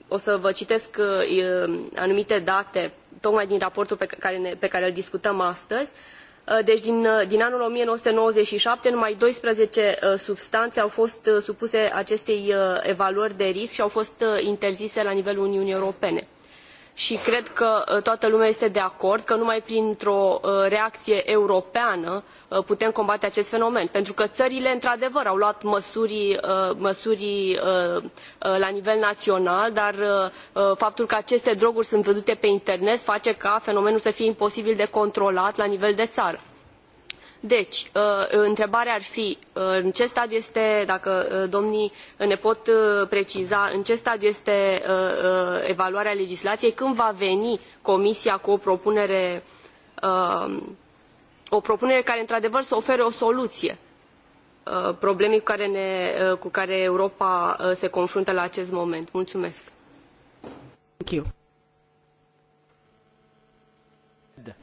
o să vă citesc anumite date tocmai din raportul pe care, ne, pe care îl discutăm astăzi. Deci din, din anul 1997 numai 12 substanțe au fost supuse acestei evaluări de risc și au fost interzise la nivelul Uniunii Europene și cred că uh, toată lumea este de acord că numai printr-o uh, reacție europeană uh, putem combate acest fenomen. Pentru că țările, într-adevăr, au luat măsuri, măsuri la nivel național, dar faptul că aceste droguri sunt vândute pe internet face ca fenomenul să fie imposibil de controlat la nivel de țară deci, uh, întrebarea ar fi uh, în ce stadiu este, dacă uh, domnii ne pot preciza, în ce stadiu este evaluarea legislației, când va veni Comisia cu o propunere, o propunere care într-adevăr să ofere o soluție problemei cu care, ne, cu care Europa se confruntă la acest moment. Mulțumesc. Thank you.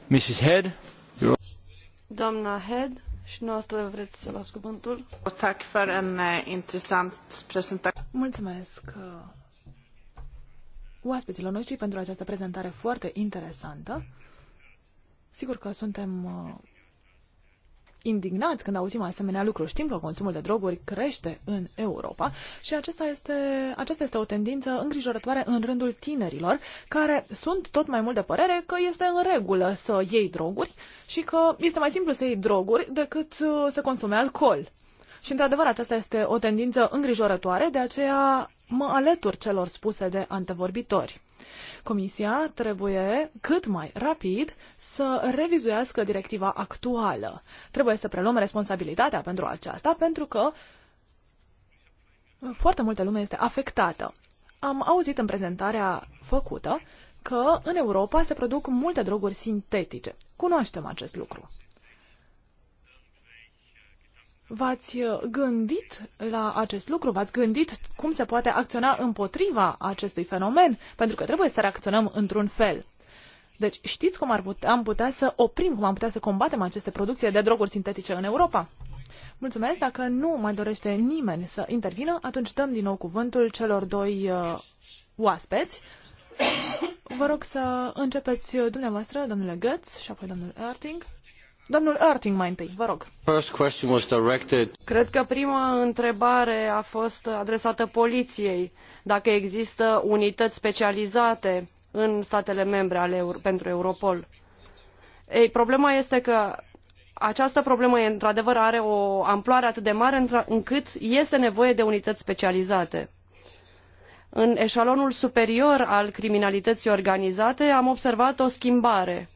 Mrs. Head. Doamna Head, și noastră vreți să luați cuvântul. Tack för en eh, intressant presentation. Mulțumesc eh, oaspeților noștri pentru această prezentare foarte interesantă. Sigur că suntem eh, indignați când auzim asemenea lucruri. Știm că consumul de droguri crește în Europa și acesta este, aceasta este o tendință îngrijorătoare în rândul tinerilor, care sunt tot mai mult de părere că este în regulă să iei droguri și că este mai simplu să iei droguri decât uh, să consume alcool. Și, într-adevăr, aceasta este o tendință îngrijorătoare, de aceea mă alătur celor spuse de antevorbitori. Comisia trebuie cât mai rapid să revizuiască directiva actuală. Trebuie să preluăm responsabilitatea pentru aceasta, pentru că foarte multă lume este afectată. Am auzit în prezentarea făcută că în Europa se produc multe droguri sintetice. Cunoaștem acest lucru. V-ați uh, gândit la acest lucru? V-ați gândit cum se poate acționa împotriva acestui fenomen? Pentru că trebuie să reacționăm într-un fel. Deci știți cum ar putea, am putea să oprim, cum am putea să combatem aceste producții de droguri sintetice în Europa? Mulțumesc. Dacă nu mai dorește nimeni să intervină, atunci dăm din nou cuvântul celor doi uh, oaspeți. Vă rog să începeți uh, dumneavoastră, domnule Götz și apoi domnul Erting. Domnul Erting mai întâi, vă rog. First question was directed... Cred că prima întrebare a fost adresată poliției, dacă există unități specializate în statele membre ale, pentru Europol. Ei, problema este că această problemă într-adevăr are o amploare atât de mare încât este nevoie de unități specializate. În eșalonul superior al criminalității organizate am observat o schimbare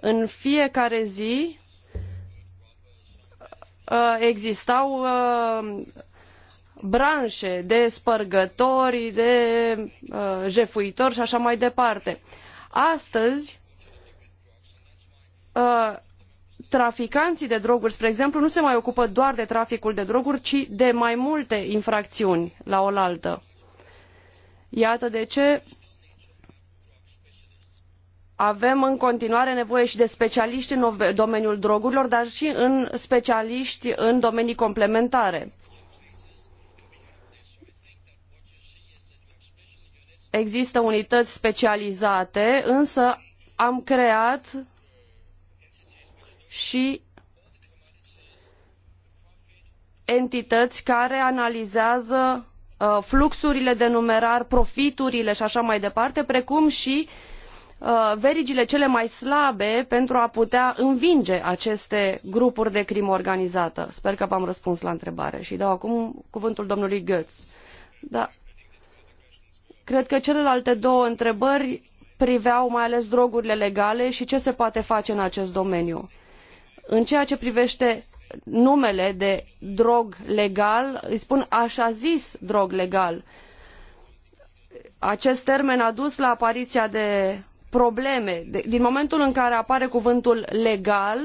în fiecare zi uh, existau uh, branșe de spărgători, de uh, jefuitori și așa mai departe. Astăzi, traficanții de droguri, spre exemplu, nu se mai ocupă doar de traficul de droguri, ci de mai multe infracțiuni la oaltă. Iată de ce avem în continuare nevoie și de specialiști în domeniul drogurilor, dar și în specialiști în domenii complementare. Există unități specializate, însă am creat și entități care analizează uh, fluxurile de numerar, profiturile și așa mai departe, precum și uh, Uh, verigile cele mai slabe pentru a putea învinge aceste grupuri de crimă organizată. Sper că v-am răspuns la întrebare și dau acum cuvântul domnului Goetz. Da. Cred că celelalte două întrebări priveau mai ales drogurile legale și ce se poate face în acest domeniu. În ceea ce privește numele de drog legal, îi spun așa zis drog legal. Acest termen a dus la apariția de probleme. De, din momentul în care apare cuvântul legal,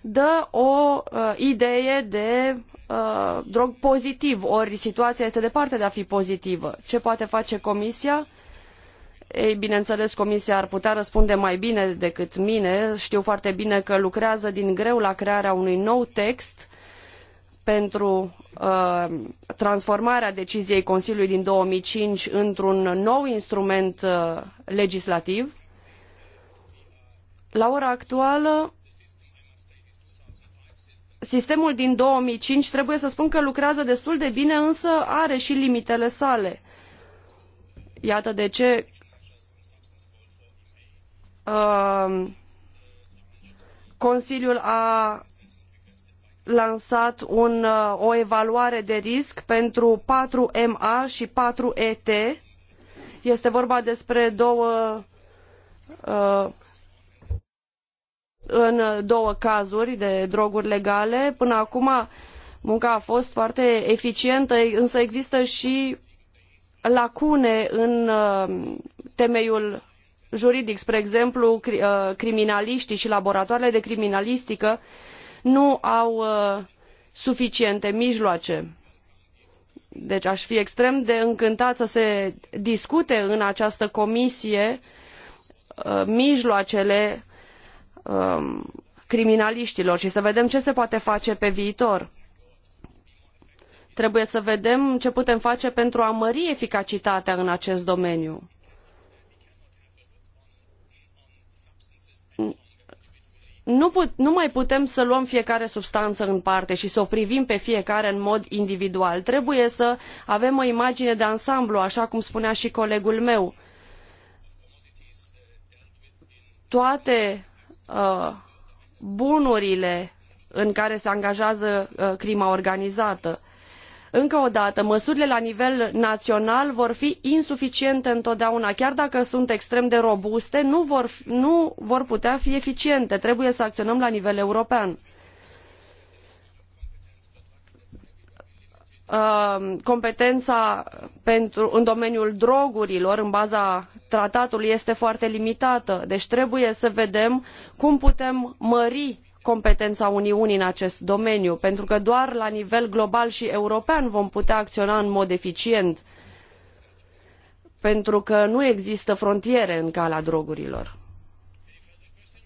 dă o uh, idee de uh, drog pozitiv, ori situația este departe de a fi pozitivă. Ce poate face Comisia? Ei, bineînțeles, Comisia ar putea răspunde mai bine decât mine. Știu foarte bine că lucrează din greu la crearea unui nou text pentru uh, transformarea deciziei Consiliului din 2005 într-un nou instrument uh, legislativ la ora actuală, sistemul din 2005 trebuie să spun că lucrează destul de bine, însă are și limitele sale. Iată de ce uh, Consiliul a lansat un, uh, o evaluare de risc pentru 4MA și 4ET. Este vorba despre două uh, în două cazuri de droguri legale. Până acum munca a fost foarte eficientă, însă există și lacune în uh, temeiul juridic. Spre exemplu, uh, criminaliștii și laboratoarele de criminalistică nu au uh, suficiente mijloace. Deci aș fi extrem de încântat să se discute în această comisie mijloacele um, criminaliștilor și să vedem ce se poate face pe viitor. Trebuie să vedem ce putem face pentru a mări eficacitatea în acest domeniu. Nu, put, nu, mai putem să luăm fiecare substanță în parte și să o privim pe fiecare în mod individual. Trebuie să avem o imagine de ansamblu, așa cum spunea și colegul meu. Toate Uh, bunurile în care se angajează uh, crima organizată. Încă o dată, măsurile la nivel național vor fi insuficiente întotdeauna. Chiar dacă sunt extrem de robuste, nu vor, nu vor putea fi eficiente. Trebuie să acționăm la nivel european. Uh, competența pentru, în domeniul drogurilor în baza tratatului este foarte limitată deci trebuie să vedem cum putem mări competența uniunii în acest domeniu pentru că doar la nivel global și european vom putea acționa în mod eficient pentru că nu există frontiere în calea drogurilor.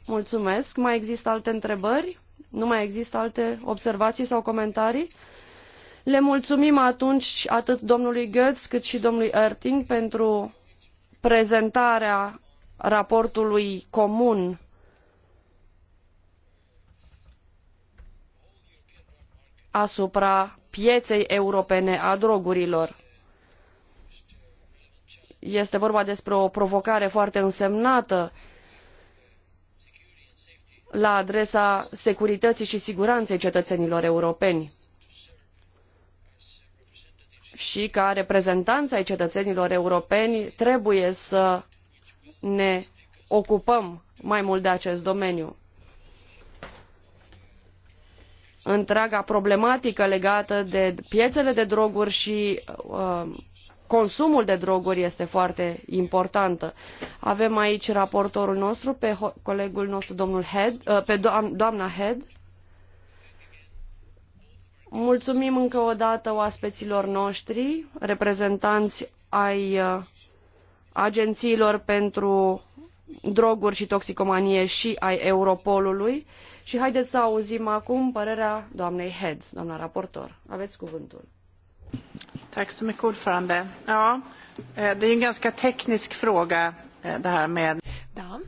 Mulțumesc. Mai există alte întrebări? Nu mai există alte observații sau comentarii? Le mulțumim atunci atât domnului Goetz cât și domnului Erting pentru prezentarea raportului comun asupra pieței europene a drogurilor. Este vorba despre o provocare foarte însemnată la adresa securității și siguranței cetățenilor europeni și ca reprezentani ai cetăenilor europeni trebuie să ne ocupăm mai mult de acest domeniu. Întreaga problematică legată de piețele de droguri și uh, consumul de droguri este foarte importantă. Avem aici raportorul nostru, pe colegul nostru, domnul Head, uh, pe doamna Head, Mulțumim încă o dată oaspeților noștri, reprezentanți ai uh, agențiilor pentru droguri și toxicomanie și ai Europolului și haideți să auzim acum părerea doamnei Head, doamna raportor. Aveți cuvântul. Tack så mycket ordförande. Ja, eh, det är en ganska teknisk fråga eh, det här med... Da,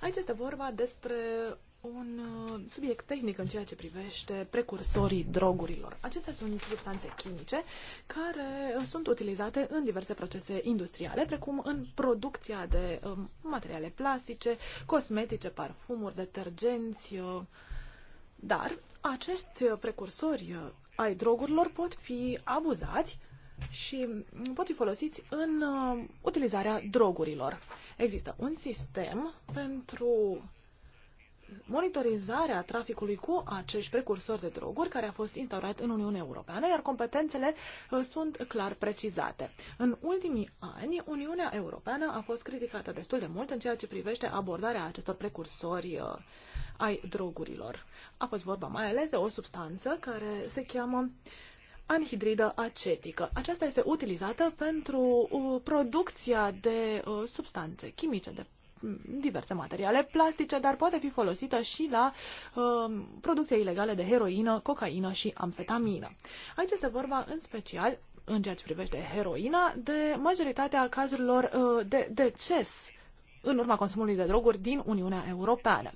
aici este vorba despre un uh, subiect tehnic în ceea ce privește precursorii drogurilor. Acestea sunt substanțe chimice care uh, sunt utilizate în diverse procese industriale, precum în producția de um, materiale plastice, cosmetice, parfumuri, detergenți, uh, dar acești precursori ai drogurilor pot fi abuzați și pot fi folosiți în utilizarea drogurilor. Există un sistem pentru monitorizarea traficului cu acești precursori de droguri care a fost instaurat în Uniunea Europeană, iar competențele uh, sunt clar precizate. În ultimii ani, Uniunea Europeană a fost criticată destul de mult în ceea ce privește abordarea acestor precursori uh, ai drogurilor. A fost vorba mai ales de o substanță care se cheamă anhidridă acetică. Aceasta este utilizată pentru uh, producția de substanțe chimice, de diverse materiale plastice, dar poate fi folosită și la uh, um, producția ilegală de heroină, cocaină și amfetamină. Aici este vorba în special în ceea ce privește heroina, de majoritatea cazurilor uh, de deces în urma consumului de droguri din Uniunea Europeană.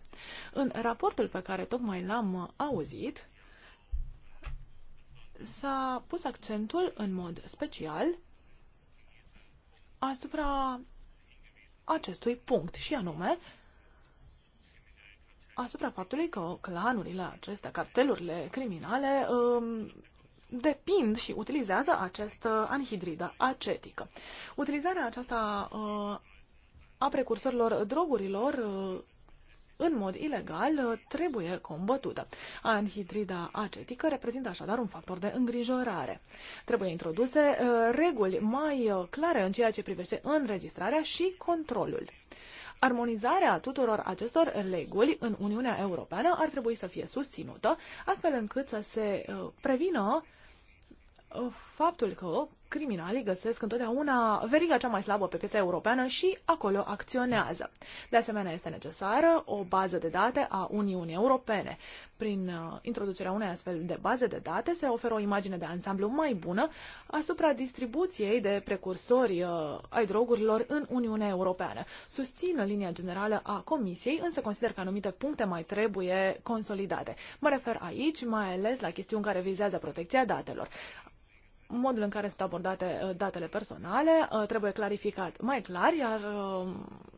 În raportul pe care tocmai l-am uh, auzit, s-a pus accentul în mod special asupra acestui punct și anume asupra faptului că clanurile acestea, cartelurile criminale, um, depind și utilizează această anhidridă acetică. Utilizarea aceasta uh, a precursorilor drogurilor uh, în mod ilegal uh, trebuie combătută. Anhidrida acetică reprezintă așadar un factor de îngrijorare. Trebuie introduse uh, reguli mai uh, clare în ceea ce privește înregistrarea și controlul. Armonizarea tuturor acestor reguli în Uniunea Europeană ar trebui să fie susținută, astfel încât să se prevină faptul că criminalii găsesc întotdeauna veriga cea mai slabă pe piața europeană și acolo acționează. De asemenea, este necesară o bază de date a Uniunii Europene. Prin uh, introducerea unei astfel de baze de date se oferă o imagine de ansamblu mai bună asupra distribuției de precursori uh, ai drogurilor în Uniunea Europeană. Susțin linia generală a Comisiei, însă consider că anumite puncte mai trebuie consolidate. Mă refer aici mai ales la chestiuni care vizează protecția datelor modul în care sunt abordate uh, datele personale uh, trebuie clarificat mai clar, iar uh,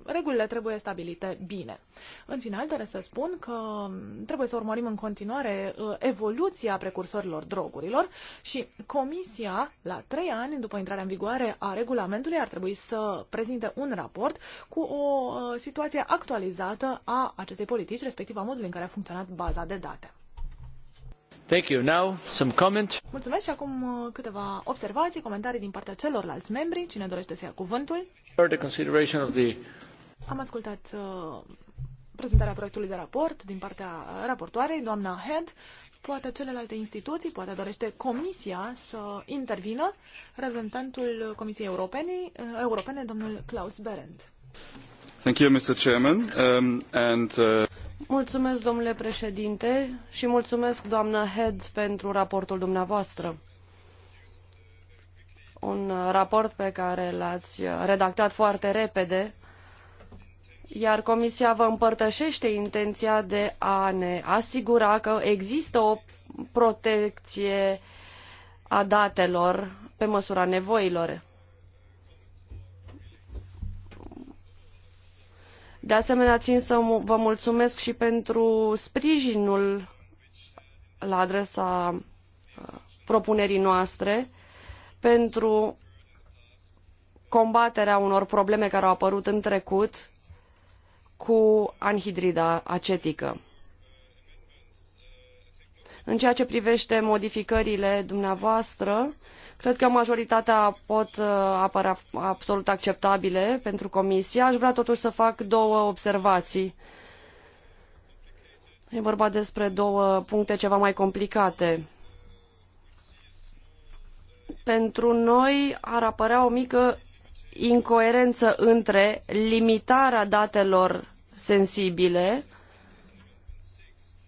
regulile trebuie stabilite bine. În final, trebuie să spun că um, trebuie să urmărim în continuare evoluția precursorilor drogurilor și Comisia, la trei ani după intrarea în vigoare a regulamentului, ar trebui să prezinte un raport cu o situație actualizată a acestei politici, respectiv a modului în care a funcționat baza de date. Thank you. Now, some comment. Mulțumesc și acum uh, câteva observații, comentarii din partea celorlalți membri. Cine dorește să ia cuvântul? Am ascultat uh, prezentarea proiectului de raport din partea uh, raportoarei, doamna Head. Poate celelalte instituții, poate dorește Comisia să intervină, reprezentantul Comisiei Europene, Europene domnul Klaus Berend. Thank you, Mr. Chairman, um, and, uh... Mulțumesc, domnule președinte, și mulțumesc, doamnă Head, pentru raportul dumneavoastră. Un raport pe care l-ați redactat foarte repede, iar Comisia vă împărtășește intenția de a ne asigura că există o protecție a datelor pe măsura nevoilor. De asemenea, țin să vă mulțumesc și pentru sprijinul la adresa uh, propunerii noastre pentru combaterea unor probleme care au apărut în trecut cu anhidrida acetică. În ceea ce privește modificările dumneavoastră, Cred că majoritatea pot uh, apărea absolut acceptabile pentru comisie. Aș vrea totuși să fac două observații. E vorba despre două puncte ceva mai complicate. Pentru noi ar apărea o mică incoerență între limitarea datelor sensibile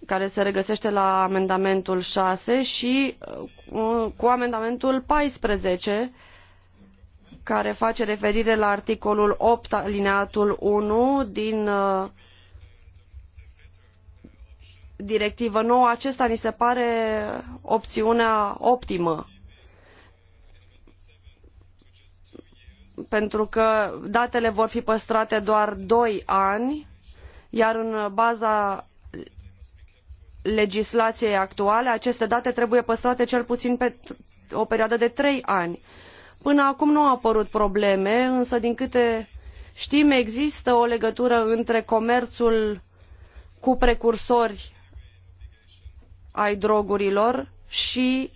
care se regăsește la amendamentul 6 și uh, cu amendamentul 14 care face referire la articolul 8 alineatul 1 din uh, directivă nouă. Acesta ni se pare opțiunea optimă. Pentru că datele vor fi păstrate doar 2 ani, iar în baza legislaiei actuale, aceste date trebuie păstrate cel puțin pe o perioadă de trei ani. Până acum nu au apărut probleme, însă din câte știm există o legătură între comerțul cu precursori ai drogurilor și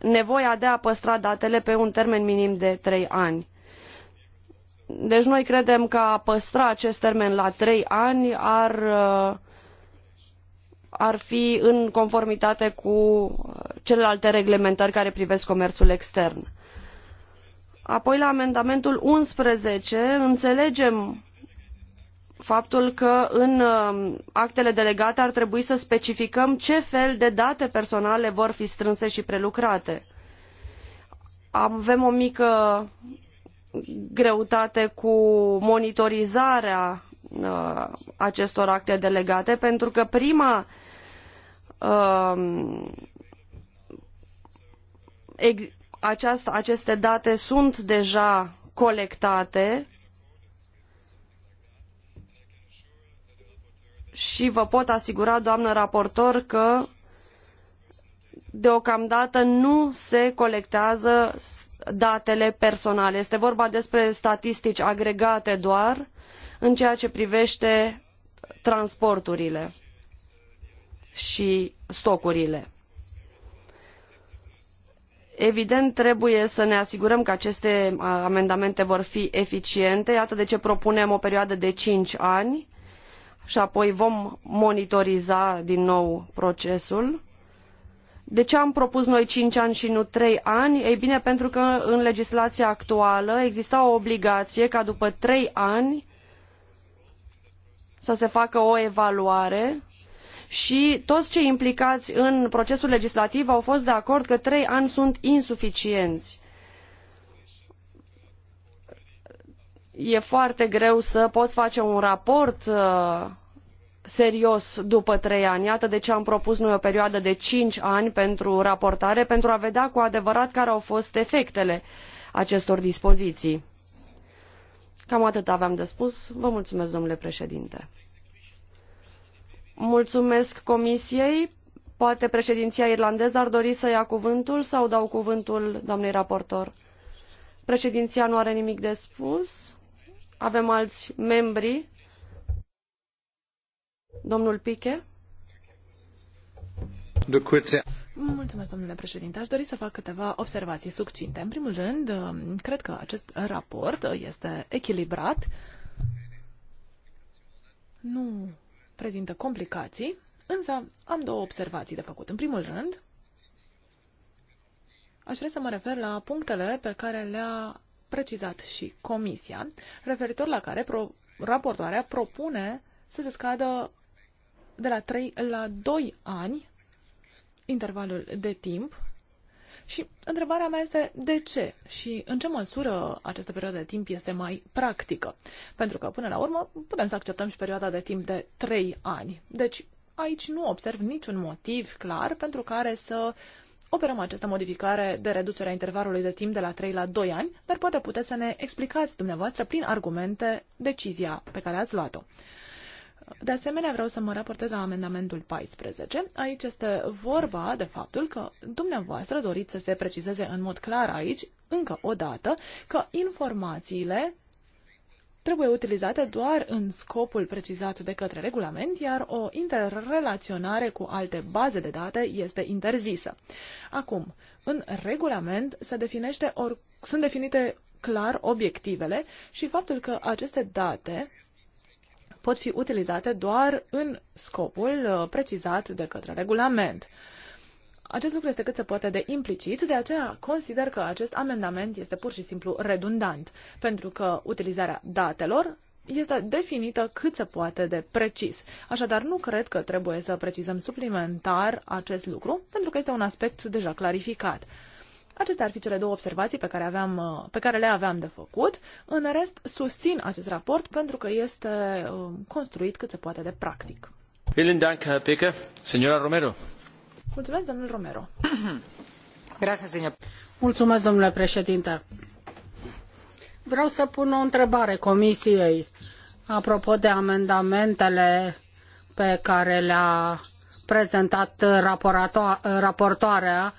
nevoia de a păstra datele pe un termen minim de trei ani. Deci noi credem că a păstra acest termen la trei ani ar uh, ar fi în conformitate cu uh, celelalte reglementări care privesc comerțul extern. Apoi, la amendamentul 11, înțelegem faptul că în uh, actele delegate ar trebui să specificăm ce fel de date personale vor fi strânse și prelucrate. Avem o mică greutate cu monitorizarea Uh, acestor acte delegate, pentru că prima uh, um, aceast, aceste date sunt deja colectate și vă pot asigura, doamnă raportor, că deocamdată nu se colectează datele personale. Este vorba despre statistici agregate doar în ceea ce privește transporturile și stocurile. Evident, trebuie să ne asigurăm că aceste amendamente vor fi eficiente. Iată de ce propunem o perioadă de cinci ani și apoi vom monitoriza din nou procesul. De ce am propus noi cinci ani și nu trei ani? Ei bine, pentru că în legislația actuală exista o obligație ca după trei ani să se facă o evaluare și toți cei implicați în procesul legislativ au fost de acord că trei ani sunt insuficienți. E foarte greu să poți face un raport uh, serios după trei ani. Iată de ce am propus noi o perioadă de cinci ani pentru raportare, pentru a vedea cu adevărat care au fost efectele acestor dispoziții. Cam atât aveam de spus. Vă mulțumesc, domnule președinte. Mulțumesc comisiei. Poate președinția irlandeză ar dori să ia cuvântul sau dau cuvântul doamnei raportor. Președinția nu are nimic de spus. Avem alți membri. Domnul Piche. Mulțumesc, domnule președinte. Aș dori să fac câteva observații succinte. În primul rând, um, cred că acest raport uh, este echilibrat, nu prezintă complicații, însă am două observații de făcut. În primul rând, aș vrea să mă refer la punctele pe care le-a precizat și Comisia, referitor la care pro raportoarea propune să se scadă de la 3 la 2 ani intervalul de timp și întrebarea mea este de ce și în ce măsură această perioadă de timp este mai practică. Pentru că, până la urmă, putem să acceptăm și perioada de timp de 3 ani. Deci, aici nu observ niciun motiv clar pentru care să operăm această modificare de reducere a intervalului de timp de la 3 la 2 ani, dar poate puteți să ne explicați dumneavoastră prin argumente decizia pe care ați luat-o. De asemenea, vreau să mă raportez la amendamentul 14. Aici este vorba de faptul că dumneavoastră doriți să se precizeze în mod clar aici, încă o dată, că informațiile trebuie utilizate doar în scopul precizat de către regulament, iar o interrelaționare cu alte baze de date este interzisă. Acum, în regulament se definește or, sunt definite clar obiectivele și faptul că aceste date pot fi utilizate doar în scopul uh, precizat de către regulament. Acest lucru este cât se poate de implicit, de aceea consider că acest amendament este pur și simplu redundant, pentru că utilizarea datelor este definită cât se poate de precis. Așadar, nu cred că trebuie să precizăm suplimentar acest lucru, pentru că este un aspect deja clarificat. Acestea ar fi cele două observații pe care, aveam, uh, pe care le aveam de făcut. În rest, susțin acest raport pentru că este uh, construit cât se poate de practic. Mulțumesc, domnul Romero. Mulțumesc, domnule președinte. Vreau să pun o întrebare comisiei apropo de amendamentele pe care le-a prezentat raportoarea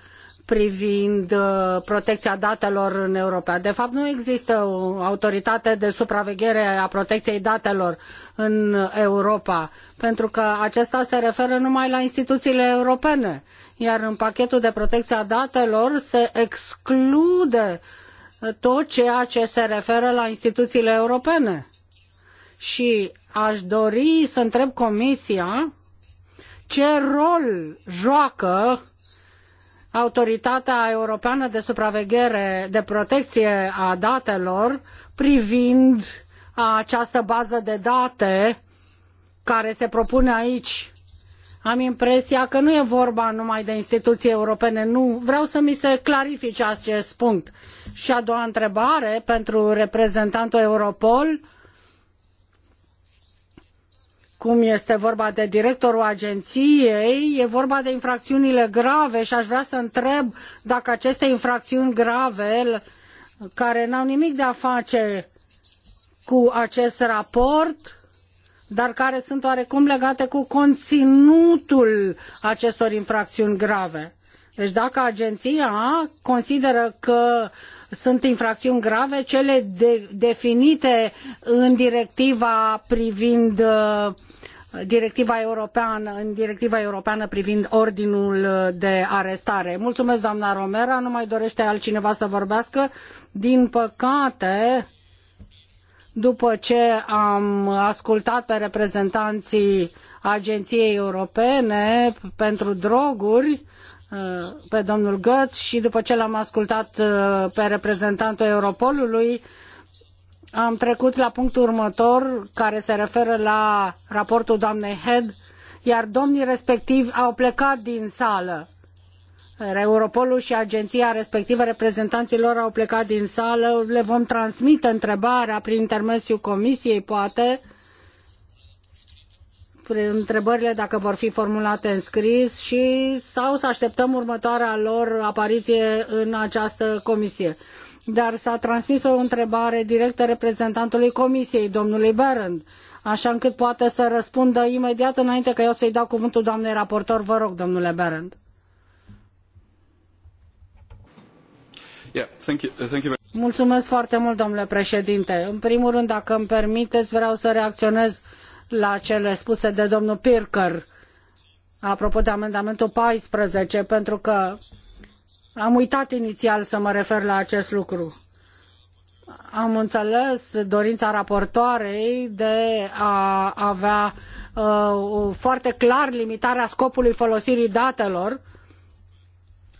privind uh, protecția datelor în Europa. De fapt, nu există o autoritate de supraveghere a protecției datelor în Europa, pentru că acesta se referă numai la instituțiile europene, iar în pachetul de protecție a datelor se exclude tot ceea ce se referă la instituțiile europene. Și aș dori să întreb Comisia ce rol joacă Autoritatea Europeană de Supraveghere de Protecție a Datelor privind această bază de date care se propune aici. Am impresia că nu e vorba numai de instituții europene, nu. Vreau să mi se clarifice acest punct. Și a doua întrebare pentru reprezentantul Europol. Uh, cum este vorba de directorul agenției, e vorba de infracțiunile grave și aș vrea să întreb dacă aceste infracțiuni grave, care n-au nimic de a face cu acest raport, dar care sunt oarecum legate cu conținutul acestor infracțiuni grave. Deci dacă agenția consideră că sunt infracțiuni grave cele de, definite în directiva privind uh, directiva europeană, în directiva europeană privind ordinul de arestare. Mulțumesc, doamna Romera, nu mai dorește altcineva să vorbească. Din păcate, după ce am ascultat pe reprezentanții Agenției Europene pentru Droguri, Uh, pe domnul Götz și după ce l-am ascultat uh, pe reprezentantul Europolului, am trecut la punctul următor care se referă la raportul doamnei Head, iar domnii respectivi au plecat din sală. Europolul și agenția respectivă, lor au plecat din sală, le vom transmite întrebarea prin intermediul comisiei, poate, uh, întrebările dacă vor fi formulate în scris și sau să așteptăm următoarea lor apariție în această comisie. Dar s-a transmis o întrebare directă reprezentantului comisiei, domnului Berend, așa încât poate să răspundă imediat înainte că eu să-i dau cuvântul doamnei raportor. Vă rog, domnule Berend. Yeah, thank you, thank you. Mulțumesc foarte mult, domnule președinte. În primul rând, dacă îmi permiteți, vreau să reacționez uh, la cele spuse de domnul Pirker apropo de amendamentul 14, pentru că am uitat inițial să mă refer la acest lucru. Am înțeles dorința raportoarei de a avea uh, foarte clar limitarea scopului folosirii datelor uh,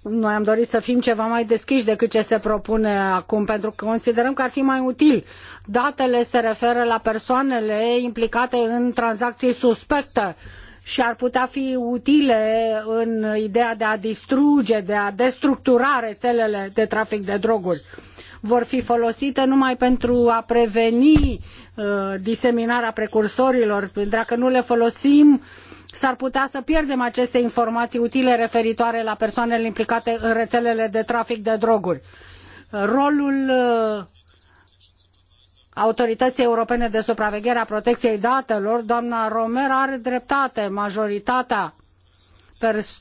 noi am dorit să fim ceva mai deschiși decât ce se propune acum, pentru că considerăm că ar fi mai util. Datele se referă la persoanele implicate în tranzacții suspecte și ar putea fi utile în ideea de a distruge, de a destructura rețelele de trafic de droguri. Vor fi folosite numai pentru a preveni uh, diseminarea precursorilor, pentru că nu le folosim uh, s-ar putea să pierdem aceste informații utile referitoare la persoanele implicate în rețelele de trafic de droguri. Rolul uh, Autorității Europene de Supraveghere a Protecției Datelor, doamna Romer are dreptate. Majoritatea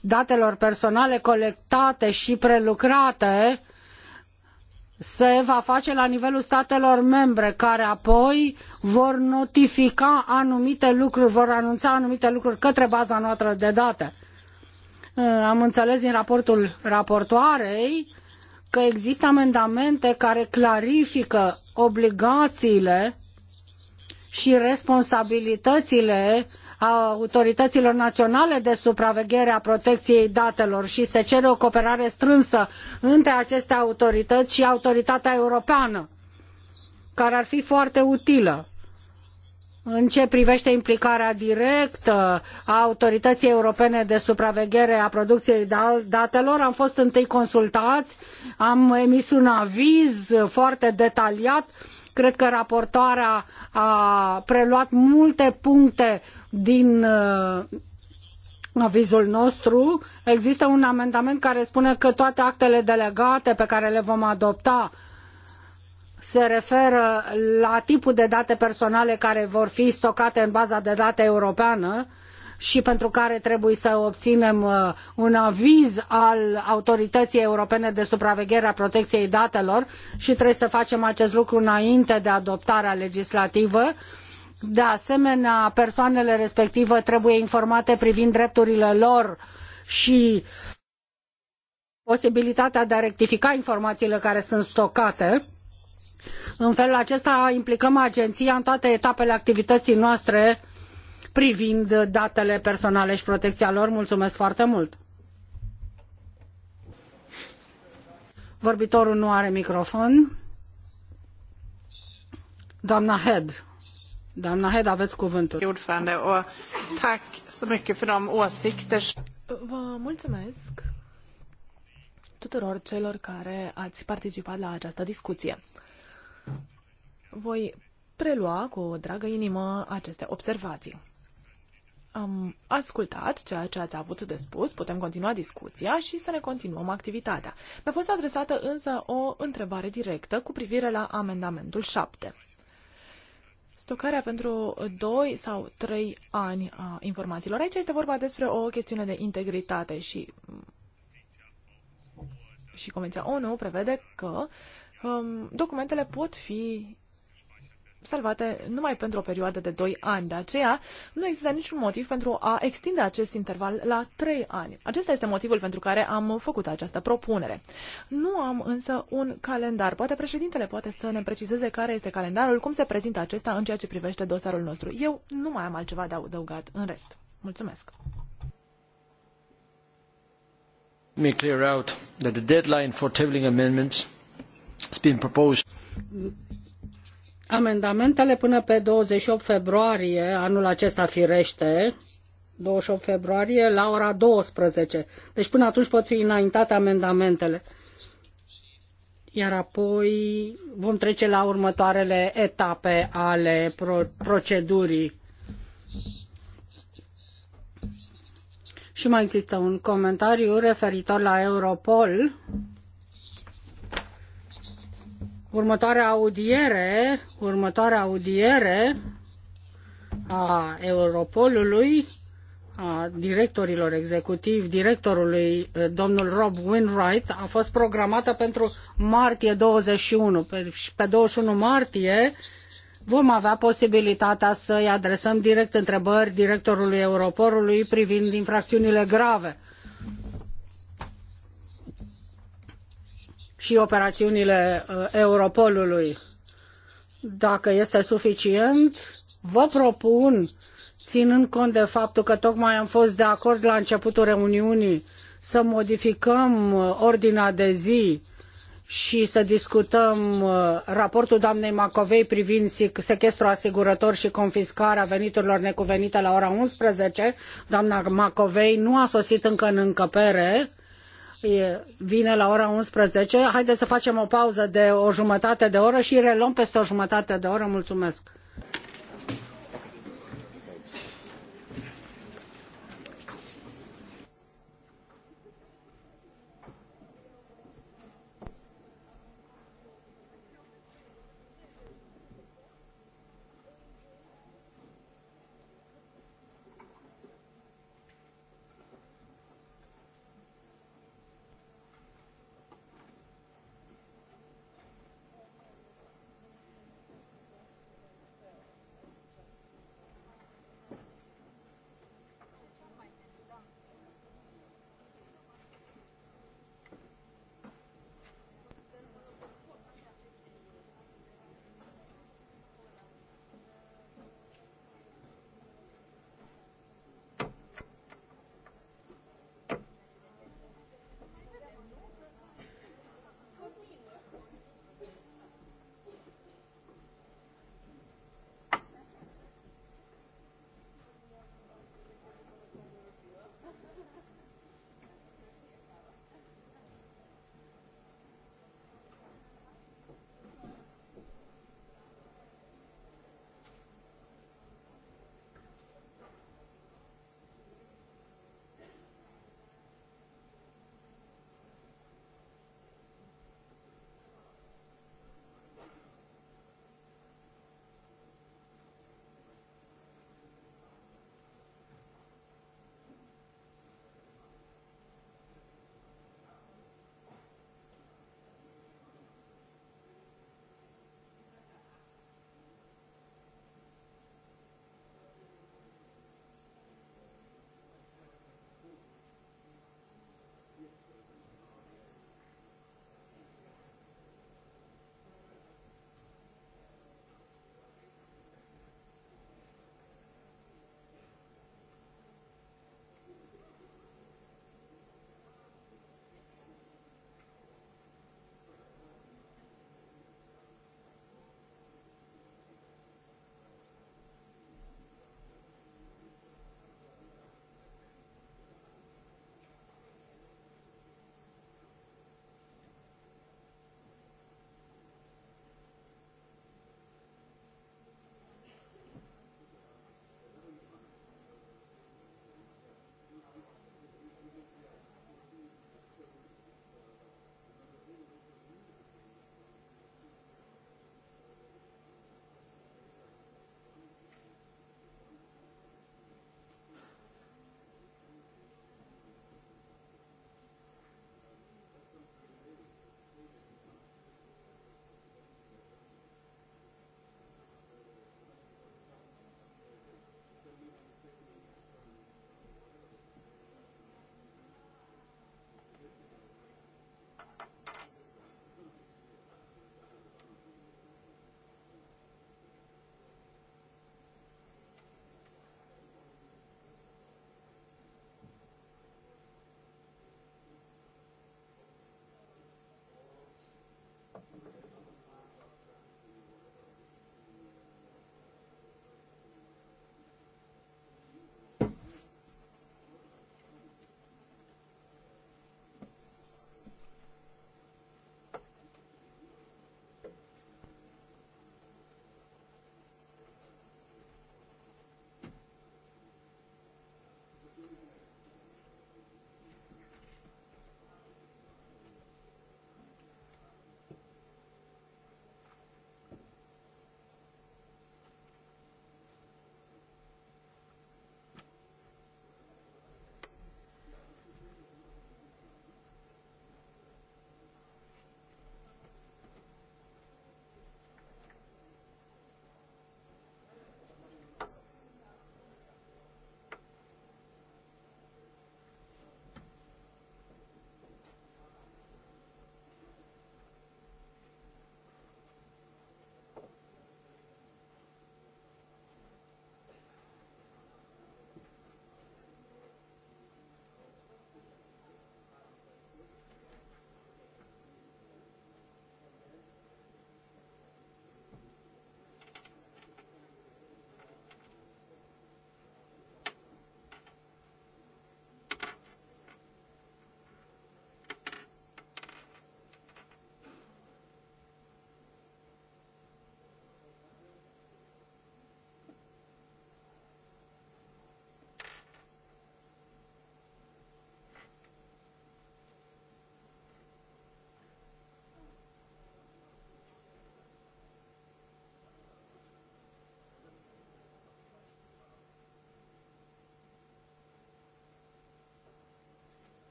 datelor personale colectate și prelucrate se va face la nivelul statelor membre, care apoi vor notifica anumite lucruri, vor anunța anumite lucruri către baza noastră de date. Uh, am înțeles din raportul raportoarei că există amendamente care clarifică obligațiile și responsabilitățile autorităților naționale de supraveghere a protecției datelor și se cere o cooperare strânsă între aceste autorități și autoritatea europeană, care ar fi foarte utilă în ce privește implicarea directă a autorității europene de supraveghere a producției datelor. Am fost întâi consultați, am emis un aviz foarte detaliat uh, Cred că raportoarea a preluat multe puncte din uh, avizul nostru. Există un amendament care spune că toate actele delegate pe care le vom adopta se referă la tipul de date personale care vor fi stocate în baza de date europeană și pentru care trebuie să obținem uh, un aviz al Autorității Europene de Supraveghere a Protecției Datelor și trebuie să facem acest lucru înainte de adoptarea legislativă. De asemenea, persoanele respective trebuie informate privind drepturile lor și posibilitatea de a rectifica informațiile care sunt stocate. În felul acesta implicăm agenția în toate etapele activității noastre uh, privind datele personale și protecția lor. Mulțumesc foarte mult! Vorbitorul nu are microfon. Doamna Head. Doamna Head, aveți cuvântul. Vă mulțumesc tuturor celor care ați participat la această discuție. Voi prelua cu o dragă inimă aceste observații am ascultat ceea ce ați avut de spus, putem continua discuția și să ne continuăm activitatea. Mi-a fost adresată însă o întrebare directă cu privire la amendamentul 7. Stocarea pentru 2 sau 3 ani a informațiilor. Aici este vorba despre o chestiune de integritate și, și Convenția ONU prevede că um, documentele pot fi salvate numai pentru o perioadă de 2 ani. De aceea, nu există niciun motiv pentru a extinde acest interval la 3 ani. Acesta este motivul pentru care am făcut această propunere. Nu am însă un calendar. Poate președintele poate să ne precizeze care este calendarul, cum se prezintă acesta în ceea ce privește dosarul nostru. Eu nu mai am altceva de adăugat în rest. Mulțumesc! me clear out that the deadline for tabling amendments has been proposed Amendamentele până pe 28 februarie, anul acesta firește, 28 februarie, la ora 12. Deci până atunci pot fi înaintate amendamentele. Iar apoi vom trece la următoarele etape ale pro- procedurii. Și mai există un comentariu referitor la Europol următoarea audiere, următoarea audiere a Europolului, a directorilor executivi, directorului eh, domnul Rob Winwright, a fost programată pentru martie 21. Pe, și pe 21 martie vom avea posibilitatea să-i adresăm direct întrebări directorului Europolului privind infracțiunile grave și operațiunile uh, Europolului. Dacă este suficient, vă propun, ținând cont de faptul că tocmai am fost de acord la începutul reuniunii, să modificăm uh, ordinea de zi și să discutăm uh, raportul doamnei Macovei privind sechestrul asigurător și confiscarea veniturilor necuvenite la ora 11. Doamna Macovei nu a sosit încă în încăpere vine la ora 11. Haideți să facem o pauză de o jumătate de oră și reluăm peste o jumătate de oră. Mulțumesc!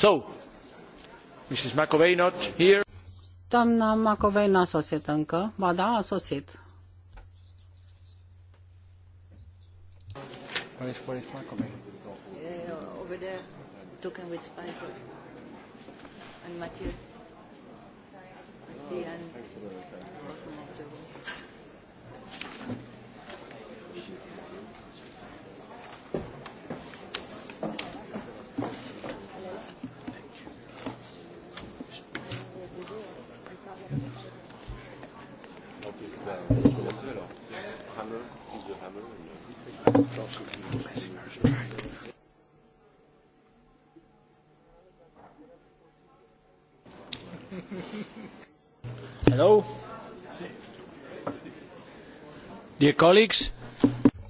So, Mrs. McAvey not here. Doamna Macovei nu a sosit încă. Ba da, a sosit. Where is, where is McAvey? Uh, over there, talking with Spicer and Mathieu.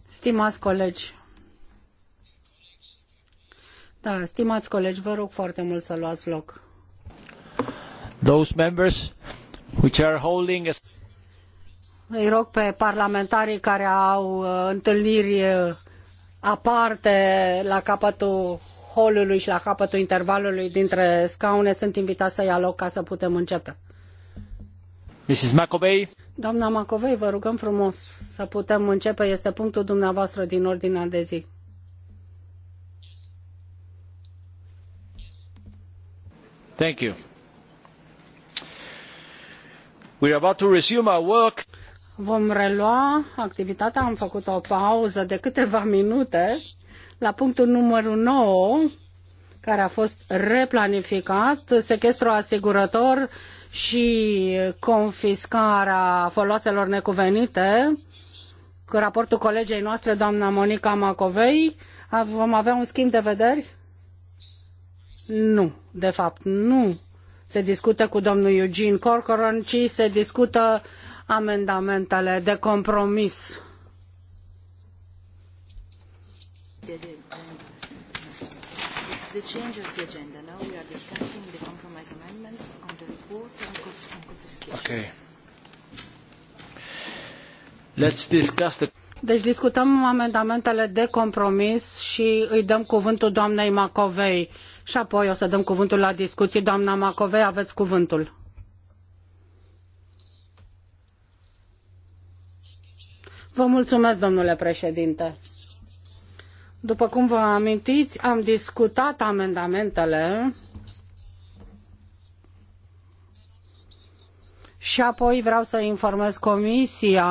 Stimați colegi. Da, stimați colegi, vă rog foarte mult să luați loc. Those members which are holding a... Îi rog pe parlamentarii care au uh, întâlniri uh, aparte la capătul holului și la capătul intervalului dintre scaune sunt invitați să ia loc ca să putem începe doamnă Macovei, vă rugăm frumos să putem începe. Este punctul dumneavoastră din ordinea de zi. Thank you. We are about to resume our work. Vom relua activitatea, am făcut o pauză de câteva minute la punctul numărul 9, care a fost replanificat, sequestru asigurător și confiscarea foloselor necuvenite, cu raportul colegei noastre, doamna Monica Macovei, vom avea un schimb de vederi? Nu, de fapt, nu se discută cu domnul Eugene Corcoran, ci se discută amendamentele de compromis. The change of the agenda. Now we are discussing Okay. Let's discuss the... Deci discutăm amendamentele de compromis și îi dăm cuvântul doamnei Macovei și apoi o să dăm cuvântul la discuții. Doamna Macovei, aveți cuvântul. Vă mulțumesc, domnule președinte. După cum vă amintiți, am discutat amendamentele Și apoi vreau să informez Comisia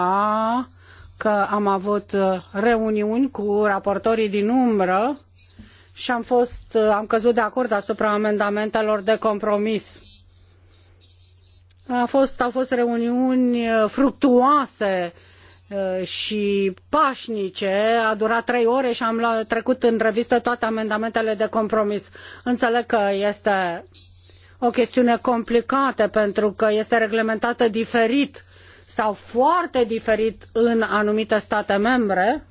că am avut uh, reuniuni cu raportorii din umbră și am, fost, uh, am căzut de acord asupra amendamentelor de compromis. A fost, au fost reuniuni uh, fructuoase și pașnice, a durat trei ore și am trecut în revistă toate amendamentele de compromis. Înțeleg că este o chestiune complicată pentru că este reglementată diferit sau foarte diferit în anumite state membre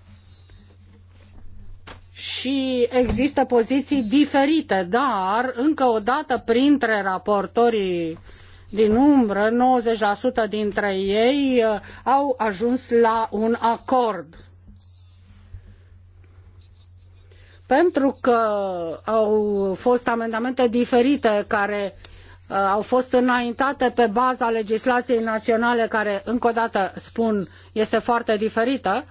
și există poziții diferite, dar încă o dată printre raportorii din umbră, 90% dintre ei uh, au ajuns la un acord pentru că au fost amendamente diferite care uh, au fost înaintate pe baza legislației naționale, care, încă o dată spun, este foarte diferită,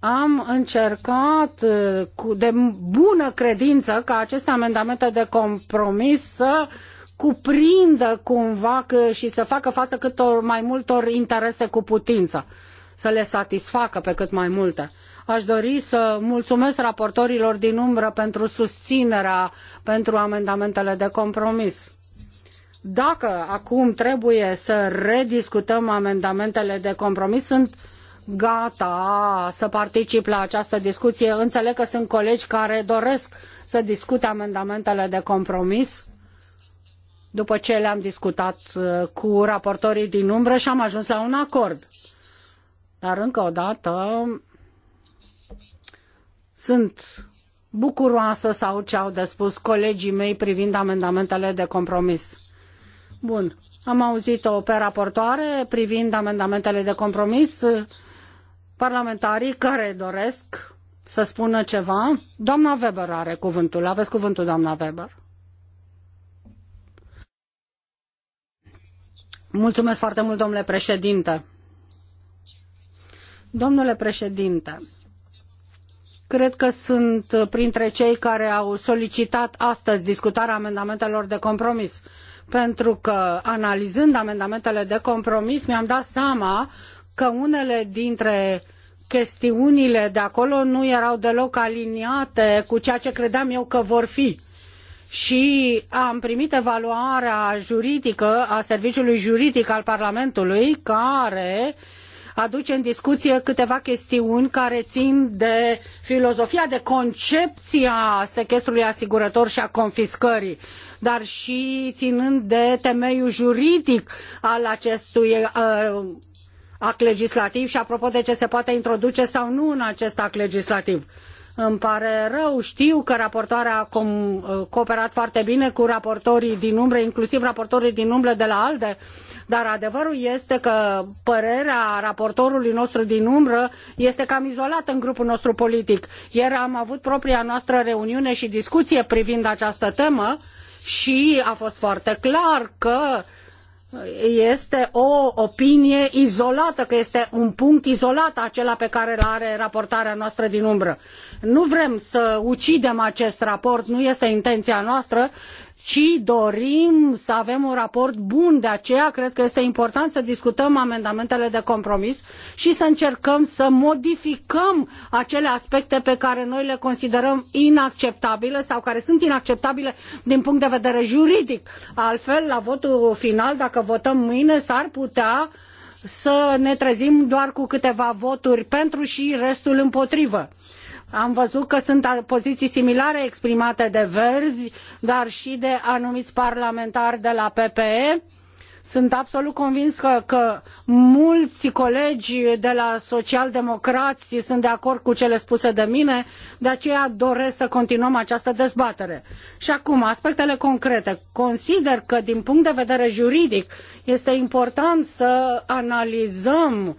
am încercat uh, cu de bună credință ca aceste amendamente de compromis să cuprindă cumva că, și să facă față cât mai multor interese cu putință, să le satisfacă pe cât mai multe. Aș dori să mulțumesc raportorilor din umbră pentru susținerea pentru amendamentele de compromis. Dacă acum trebuie să rediscutăm amendamentele de compromis, sunt gata să particip la această discuție. Înțeleg că sunt colegi care doresc să discute amendamentele de compromis după ce le-am discutat uh, cu raportorii din umbră și am ajuns la un acord. Dar încă o dată sunt bucuroasă sau ce au de spus colegii mei privind amendamentele de compromis. Bun. Am auzit-o pe raportoare privind amendamentele de compromis. Parlamentarii care doresc să spună ceva. Doamna Weber are cuvântul. Aveți cuvântul, doamna Weber. Mulțumesc foarte mult, domnule președinte. Domnule președinte, Cred că sunt uh, printre cei care au solicitat astăzi discutarea amendamentelor de compromis, pentru că analizând amendamentele de compromis mi-am dat seama că unele dintre chestiunile de acolo nu erau deloc aliniate cu ceea ce credeam eu că vor fi. Și am primit evaluarea juridică a serviciului juridic al Parlamentului, care uh, aduce în discuție câteva chestiuni care țin de filozofia, de concepția sechestrului asigurător și a confiscării, dar și ținând de temeiul juridic al acestui uh, act legislativ și apropo de ce se poate introduce sau nu în acest act legislativ. Îmi pare rău, știu că raportoarea a uh, cooperat foarte bine cu raportorii din umbră, inclusiv raportorii din umbră de la ALDE, uh, dar adevărul este că părerea raportorului nostru din umbră este cam izolată în grupul nostru politic. Ieri am avut propria noastră reuniune și discuție privind această temă și a fost foarte clar că este o opinie izolată, că este un punct izolat acela pe care îl are raportarea noastră din umbră. Nu vrem să ucidem acest raport, nu este intenția noastră, ci dorim să avem un raport bun. De aceea cred că este important să discutăm amendamentele de compromis și să încercăm să modificăm acele aspecte pe care noi le considerăm inacceptabile sau care sunt inacceptabile din punct de vedere juridic. Altfel, la votul final, dacă votăm mâine, s-ar putea să ne trezim doar cu câteva voturi pentru și restul împotrivă. Am văzut că sunt poziții similare exprimate de Verzi, dar și de anumiți parlamentari de la PPE. Sunt absolut convins că, că mulți colegi de la socialdemocrați sunt de acord cu cele spuse de mine, de aceea doresc să continuăm această dezbatere. Și acum, aspectele concrete. Consider că, din punct de vedere juridic, este important să analizăm uh,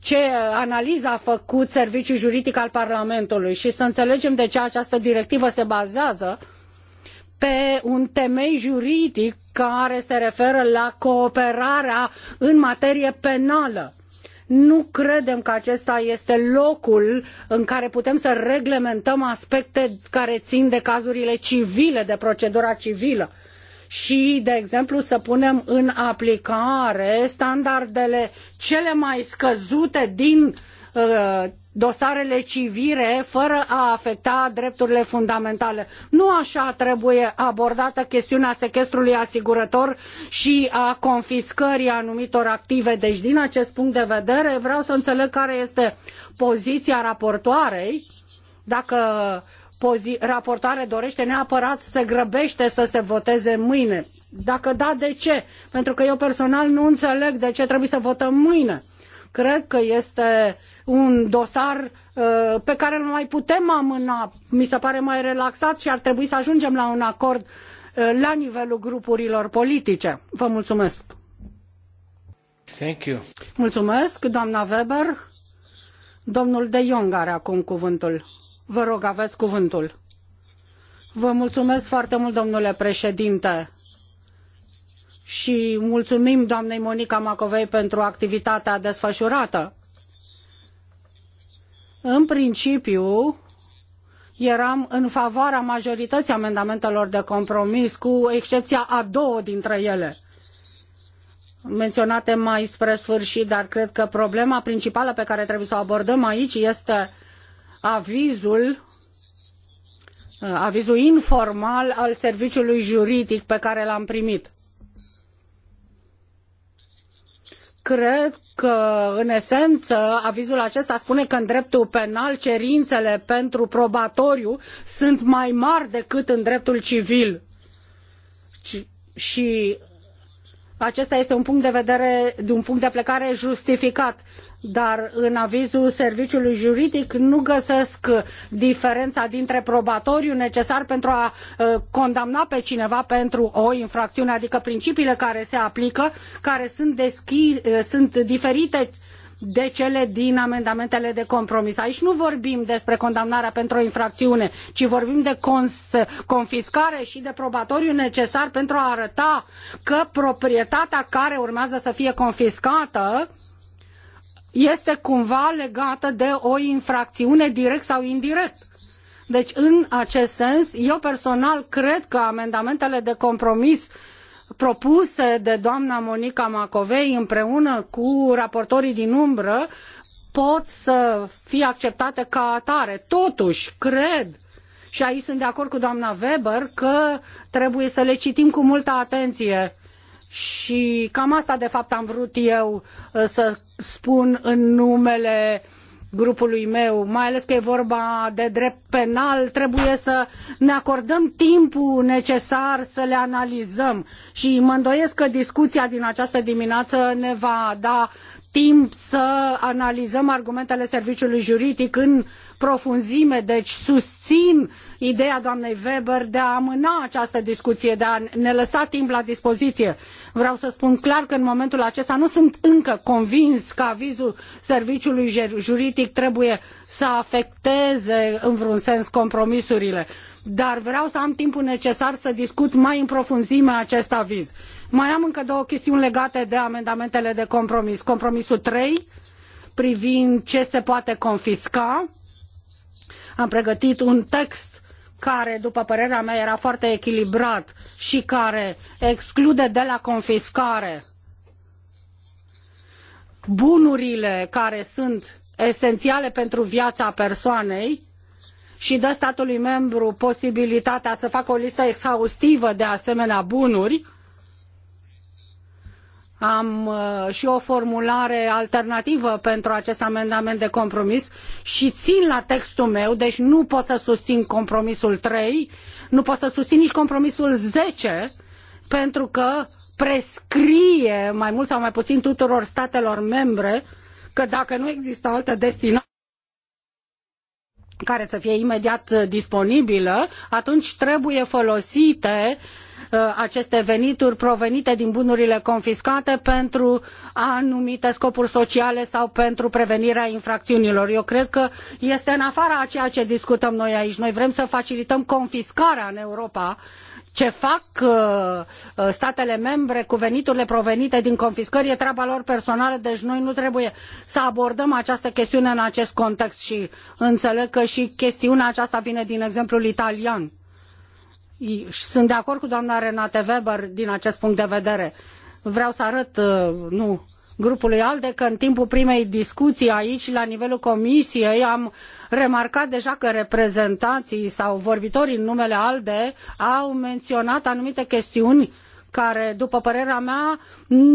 ce analiză a făcut serviciul juridic al Parlamentului și să înțelegem de ce această directivă se bazează pe un temei juridic care se referă la cooperarea în materie penală. Nu credem că acesta este locul în care putem să reglementăm aspecte care țin de cazurile civile, de procedura civilă și, de exemplu, să punem în aplicare standardele cele mai scăzute din uh, dosarele civile fără a afecta drepturile fundamentale. Nu așa trebuie abordată chestiunea sechestrului asigurător și a confiscării anumitor active. Deci, din acest punct de vedere, vreau să înțeleg care este poziția raportoarei dacă raportoare dorește neapărat să se grăbește să se voteze mâine. Dacă da, de ce? Pentru că eu personal nu înțeleg de ce trebuie să votăm mâine. Cred că este un dosar uh, pe care nu mai putem amâna. Mi se pare mai relaxat și ar trebui să ajungem la un acord uh, la nivelul grupurilor politice. Vă mulțumesc! Thank you. Mulțumesc, doamna Weber. Domnul De Jong are acum cuvântul. Vă rog, aveți cuvântul. Vă mulțumesc foarte mult, domnule președinte. Și mulțumim doamnei Monica Macovei pentru activitatea desfășurată. În principiu, eram în favoarea majorității amendamentelor de compromis, cu excepția a două dintre ele menționate mai spre sfârșit, dar cred că problema principală pe care trebuie să o abordăm aici este avizul uh, avizul informal al serviciului juridic pe care l-am primit. Cred că, în esență, avizul acesta spune că în dreptul penal cerințele pentru probatoriu sunt mai mari decât în dreptul civil. Și acesta este un punct de vedere, un punct de plecare justificat, dar în avizul serviciului juridic nu găsesc diferența dintre probatoriu necesar pentru a ă, condamna pe cineva pentru o infracțiune, adică principiile care se aplică, care sunt, deschis, ă, sunt diferite de cele din amendamentele de compromis. Aici nu vorbim despre condamnarea pentru o infracțiune, ci vorbim de confiscare și de probatoriu necesar pentru a arăta că proprietatea care urmează să fie confiscată este cumva legată de o infracțiune direct sau indirect. Deci, în acest sens, eu personal cred că amendamentele de compromis uh, propuse de doamna Monica Macovei împreună cu raportorii din umbră pot să fie acceptate ca atare. Totuși, cred și aici sunt de acord cu doamna Weber că trebuie să le citim cu multă atenție. Și cam asta, de fapt, am vrut eu uh, să spun în numele uh, grupului meu, mai ales că e vorba de drept penal, trebuie să ne acordăm timpul necesar să le analizăm. Și mă îndoiesc că discuția din această dimineață ne va da uh, timp să analizăm argumentele serviciului juridic în profunzime, deci susțin ideea doamnei Weber de a amâna această discuție, de a ne lăsa timp la dispoziție. Vreau să spun clar că în momentul acesta nu sunt încă convins că avizul serviciului juridic trebuie să afecteze în vreun sens compromisurile, dar vreau să am timpul necesar să discut mai în profunzime acest aviz. Mai am încă două chestiuni legate de amendamentele de compromis. Compromisul trei privind ce se poate confisca. Am pregătit un text care, după părerea mea, era foarte echilibrat și care exclude de la confiscare bunurile care sunt esențiale pentru viața persoanei și dă statului membru posibilitatea să facă o listă exhaustivă de asemenea bunuri am uh, și o formulare alternativă pentru acest amendament de compromis și țin la textul meu, deci nu pot să susțin compromisul trei, nu pot să susțin nici compromisul zece, pentru că prescrie mai mult sau mai puțin tuturor statelor membre că dacă nu există altă destinație care să fie imediat uh, disponibilă, atunci trebuie folosite uh, Uh, aceste venituri provenite din bunurile confiscate pentru anumite scopuri sociale sau pentru prevenirea infracțiunilor. Eu cred că este în afara a ceea ce discutăm noi aici. Noi vrem să facilităm confiscarea în Europa ce fac uh, uh, statele membre cu veniturile provenite din confiscări e treaba lor personală, deci noi nu trebuie să abordăm această chestiune în acest context și înțeleg că și chestiunea aceasta vine din exemplul italian sunt de acord cu doamna Renate Weber din acest punct de vedere. Vreau să arăt, uh, nu, grupului ALDE că în timpul primei discuții aici, la nivelul comisiei, am remarcat deja că reprezentanții sau vorbitorii în numele ALDE au menționat anumite chestiuni care, după părerea mea,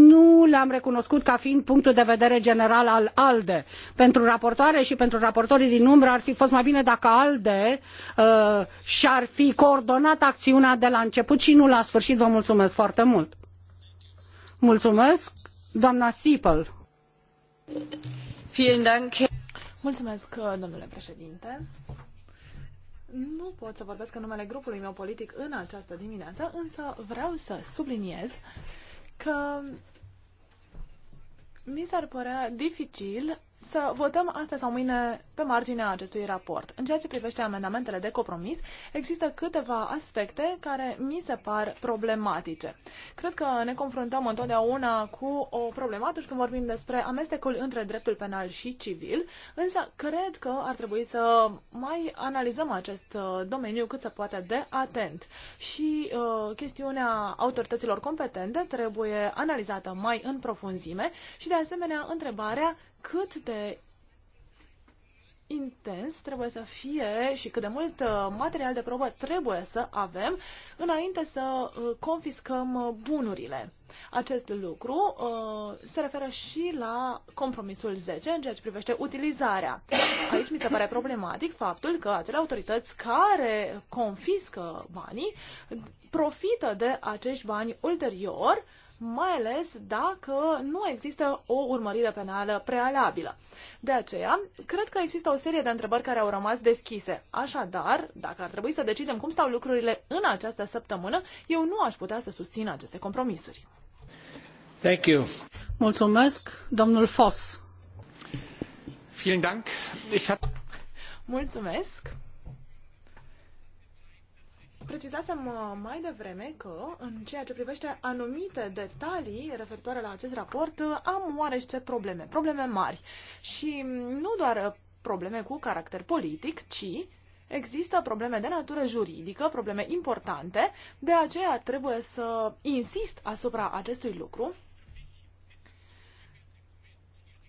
nu le-am recunoscut ca fiind punctul de vedere general al ALDE. Pentru raportoare și pentru raportorii din umbră ar fi fost mai bine dacă ALDE uh, și-ar fi coordonat acțiunea de la început și nu la sfârșit. Vă mulțumesc foarte mult. Mulțumesc, doamna Sipel. Mulțumesc, domnule președinte. Nu pot să vorbesc în numele grupului meu politic în această dimineață, însă vreau să subliniez că mi s-ar părea dificil să votăm astăzi sau mâine pe marginea acestui raport. În ceea ce privește amendamentele de compromis, există câteva aspecte care mi se par problematice. Cred că ne confruntăm întotdeauna cu o problemă atunci când vorbim despre amestecul între dreptul penal și civil, însă cred că ar trebui să mai analizăm acest uh, domeniu cât se poate de atent. Și uh, chestiunea autorităților competente trebuie analizată mai în profunzime și, de asemenea, întrebarea cât de intens trebuie să fie și cât de mult uh, material de probă trebuie să avem înainte să uh, confiscăm uh, bunurile. Acest lucru uh, se referă și la compromisul 10 în ceea ce privește utilizarea. Aici mi se pare problematic faptul că acele autorități care confiscă banii profită de acești bani ulterior mai ales dacă nu există o urmărire penală prealabilă. De aceea, cred că există o serie de întrebări care au rămas deschise. Așadar, dacă ar trebui să decidem cum stau lucrurile în această săptămână, eu nu aș putea să susțin aceste compromisuri. Thank you. Mulțumesc, domnul Foss. Vielen Dank. Ich Mulțumesc precizasem uh, mai devreme că, în ceea ce privește anumite detalii referitoare la acest raport, uh, am oarește probleme, probleme mari. Și mm, nu doar uh, probleme cu caracter politic, ci există probleme de natură juridică, probleme importante, de aceea trebuie să insist asupra acestui lucru.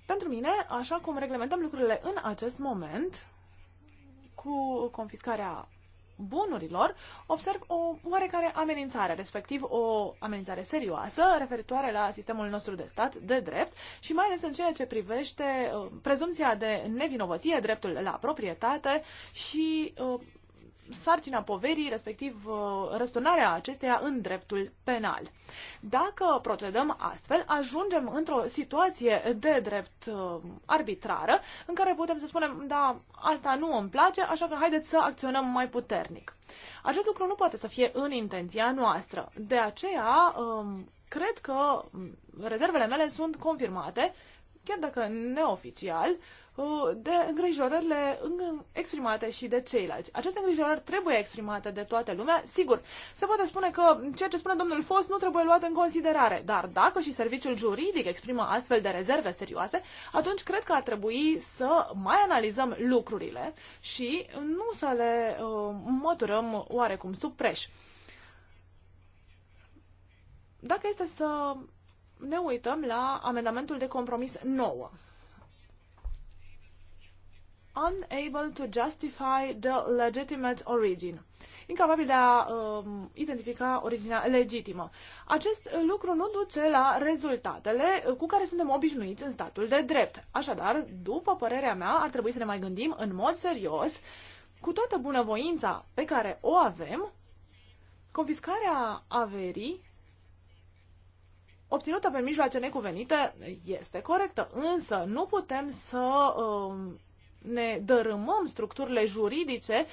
Pentru mine, așa cum reglementăm lucrurile în acest moment, cu confiscarea bunurilor, observ o oarecare amenințare, respectiv o amenințare serioasă referitoare la sistemul nostru de stat de drept și mai ales în ceea ce privește uh, prezumția de nevinovăție, dreptul la proprietate și uh, sarcina poverii, respectiv uh, răsturnarea acesteia în dreptul penal. Dacă procedăm astfel, ajungem într-o situație de drept uh, arbitrară, în care putem să spunem, da, asta nu îmi place, așa că haideți să acționăm mai puternic. Acest lucru nu poate să fie în intenția noastră. De aceea, um, cred că mm, rezervele mele sunt confirmate, chiar dacă neoficial, Uh, de îngrijorările exprimate și de ceilalți. Aceste îngrijorări trebuie exprimate de toată lumea. Sigur, se poate spune că ceea ce spune domnul Fos nu trebuie luat în considerare, dar dacă și serviciul juridic exprimă astfel de rezerve serioase, atunci cred că ar trebui să mai analizăm lucrurile și nu să le uh, măturăm oarecum sub preș. Dacă este să ne uităm la amendamentul de compromis 9 unable to justify the legitimate origin. Incapabil de a um, identifica originea legitimă. Acest lucru nu duce la rezultatele cu care suntem obișnuiți în statul de drept. Așadar, după părerea mea, ar trebui să ne mai gândim în mod serios, cu toată bunăvoința pe care o avem, confiscarea averii obținută pe mijloace necuvenite este corectă, însă nu putem să um, ne dărâmăm structurile juridice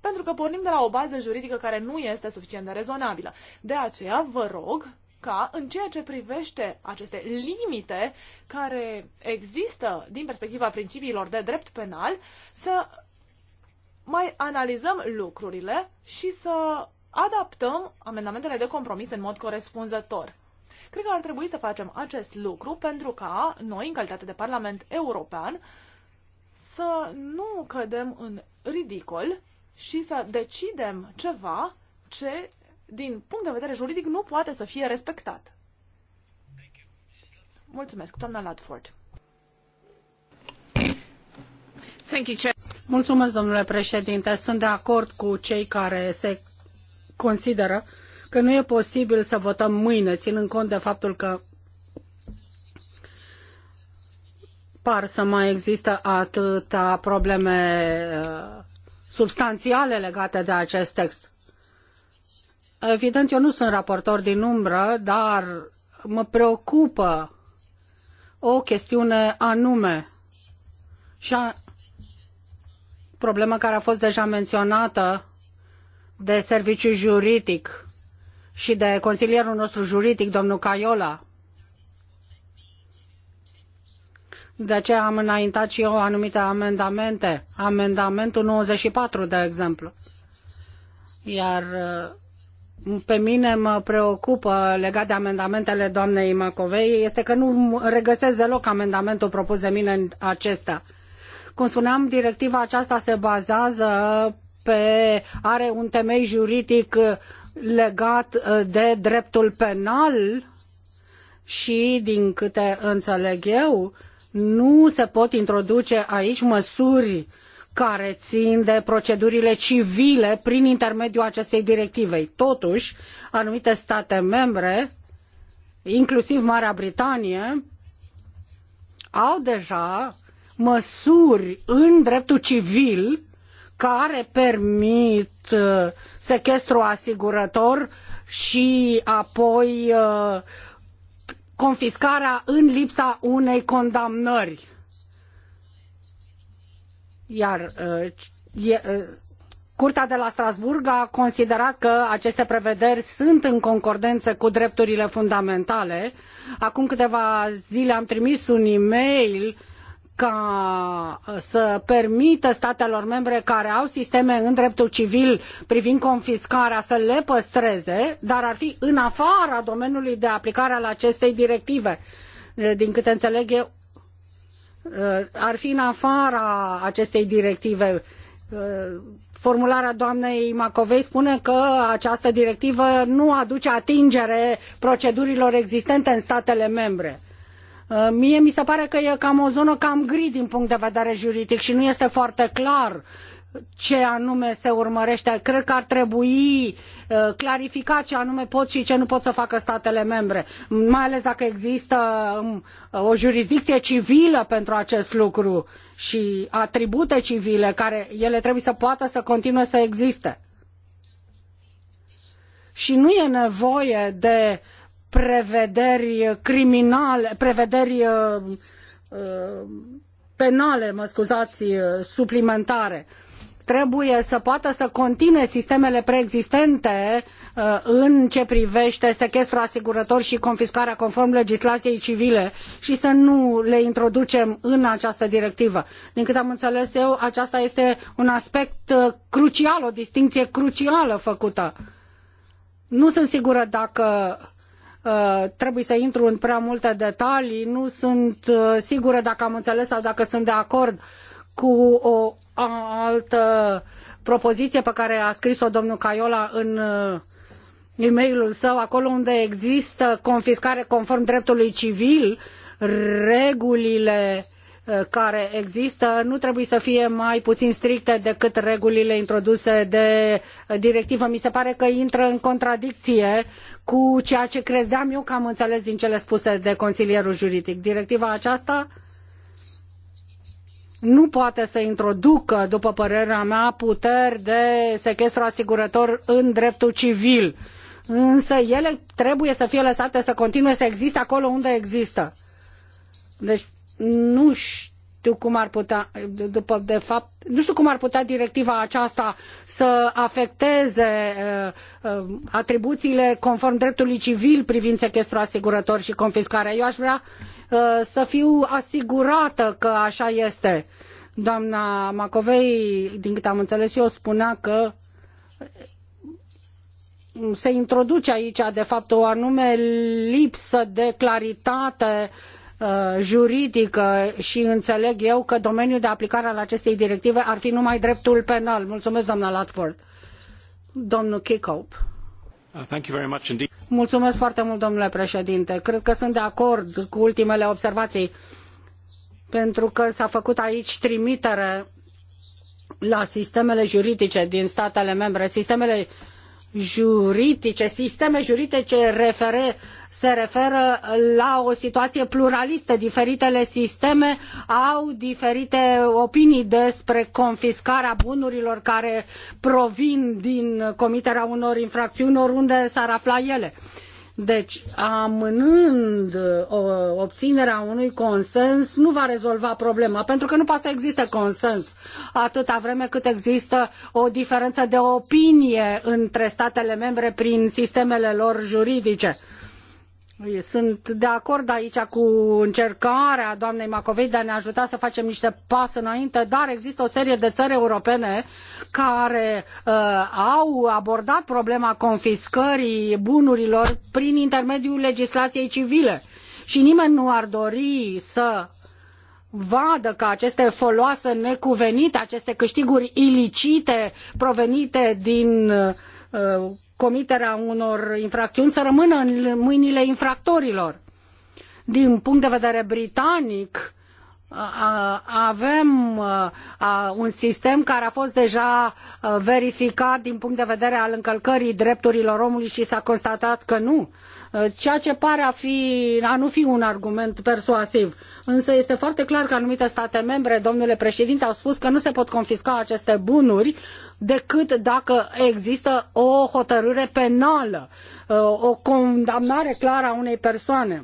pentru că pornim de la o bază juridică care nu este suficient de rezonabilă. De aceea vă rog ca în ceea ce privește aceste limite care există din perspectiva principiilor de drept penal, să mai analizăm lucrurile și să adaptăm amendamentele de compromis în mod corespunzător. Cred că ar trebui să facem acest lucru pentru ca noi, în calitate de Parlament European, să nu cădem în ridicol și să decidem ceva ce, din punct de vedere juridic, nu poate să fie respectat. Mulțumesc, doamna Ladford. Thank you, Chair. Mulțumesc, domnule președinte. Sunt de acord cu cei care se consideră că nu e posibil să votăm mâine, ținând cont de faptul că par să mai există atâta probleme uh, substanțiale legate de acest text. Evident, eu nu sunt raportor din umbră, dar mă preocupă o chestiune anume și a, problema care a fost deja menționată de serviciul juridic și de consilierul nostru juridic, domnul Caiola, De aceea am înaintat și eu anumite amendamente, amendamentul 94, de exemplu. Iar uh, pe mine mă preocupă legat de amendamentele doamnei Macovei este că nu regăsesc deloc amendamentul propus de mine în acesta. Cum spuneam, directiva aceasta se bazează pe are un temei juridic uh, legat uh, de dreptul penal și din câte înțeleg eu, nu se pot introduce aici măsuri care țin de procedurile civile prin intermediul acestei directive. Totuși, anumite state membre, inclusiv Marea Britanie, au deja măsuri în dreptul civil care permit uh, sechestrul asigurător și apoi uh, confiscarea în lipsa unei condamnări. Iar uh, e, uh, Curtea de la Strasbourg a considerat că aceste prevederi sunt în concordență cu drepturile fundamentale. Acum câteva zile am trimis un e-mail ca uh, să permită statelor membre care au sisteme în dreptul civil privind confiscarea să le păstreze, dar ar fi în afara domeniului de aplicare al acestei directive. Uh, din câte înțeleg eu, uh, ar fi în afara acestei directive. Formularea doamnei Macovei spune că această directivă nu aduce atingere procedurilor existente în statele membre Uh, mie mi se pare că e cam o zonă cam gri din punct de vedere juridic și nu este foarte clar ce anume se urmărește. Cred că ar trebui uh, clarificat ce anume pot și ce nu pot să facă statele membre, mai ales dacă există um, uh, o jurisdicție civilă pentru acest lucru și atribute civile care ele trebuie să poată să continue să existe. Și nu e nevoie de prevederi criminale, prevederi uh, uh, penale, mă scuzați, uh, suplimentare trebuie să poată să continue sistemele preexistente în ce privește sechestrul asigurător și confiscarea conform legislației civile și să nu le introducem în această directivă. Din câte am înțeles eu, aceasta este un aspect crucial, o distinție crucială făcută. Nu sunt sigură dacă Uh, trebuie să intru în prea multe detalii, nu sunt uh, sigură dacă am înțeles sau dacă sunt de acord cu o altă propoziție pe care a scris-o domnul Caiola în uh, e mailul său, acolo unde există confiscare conform dreptului civil, regulile care există nu trebuie să fie mai puțin stricte decât regulile introduse de directivă. Mi se pare că intră în contradicție uh, cu ceea ce credeam eu că am înțeles din cele spuse de consilierul juridic. Directiva aceasta nu poate să introducă, după părerea mea, puteri de sechestru asigurător în dreptul civil. Însă ele trebuie să fie lăsate să continue să existe acolo unde există. Deci nu știu știu cum ar putea, după, de fapt, nu știu cum ar putea directiva aceasta să afecteze uh, uh atribuțiile conform dreptului civil privind sechestrul asigurător și confiscarea. Eu aș vrea uh, să fiu asigurată că așa este. Doamna Macovei, din câte am înțeles eu, spunea că se introduce aici, de fapt, o anume lipsă de claritate uh, Uh, juridică și înțeleg eu că domeniul de aplicare al acestei directive ar fi numai dreptul penal. Mulțumesc, doamna Latford. Domnul Kikope. Uh, Mulțumesc foarte mult, domnule președinte. Cred că sunt de acord cu ultimele observații, pentru că s-a făcut aici trimitere la sistemele juridice din statele membre. Sistemele juridice, sisteme juridice refere, se referă la o situație pluralistă. Diferitele sisteme au diferite opinii despre confiscarea bunurilor care provin din comiterea unor infracțiuni oriunde s-ar afla ele. Uh, deci, amânând obținerea unui consens nu va rezolva problema, pentru că nu poate să existe consens atâta vreme cât există o diferență de opinie între statele membre prin sistemele lor juridice. Păi, sunt de acord aici cu încercarea doamnei Macovei de a ne ajuta să facem niște pas înainte, dar există o serie de țări europene care uh, au abordat problema confiscării bunurilor prin intermediul legislației civile. Și nimeni nu ar dori să vadă că aceste foloase necuvenite, aceste câștiguri ilicite provenite din uh, comiterea unor infracțiuni să rămână în mâinile infractorilor. Din punct de vedere britanic, avem un sistem care a fost deja verificat din punct de vedere al încălcării drepturilor omului și s-a constatat că nu Uh, ceea ce pare a, fi, a nu fi un argument persuasiv. Însă este foarte clar că anumite state membre, domnule președinte, au spus că nu se pot confisca aceste bunuri decât dacă există o hotărâre penală, uh, o condamnare clară a unei persoane.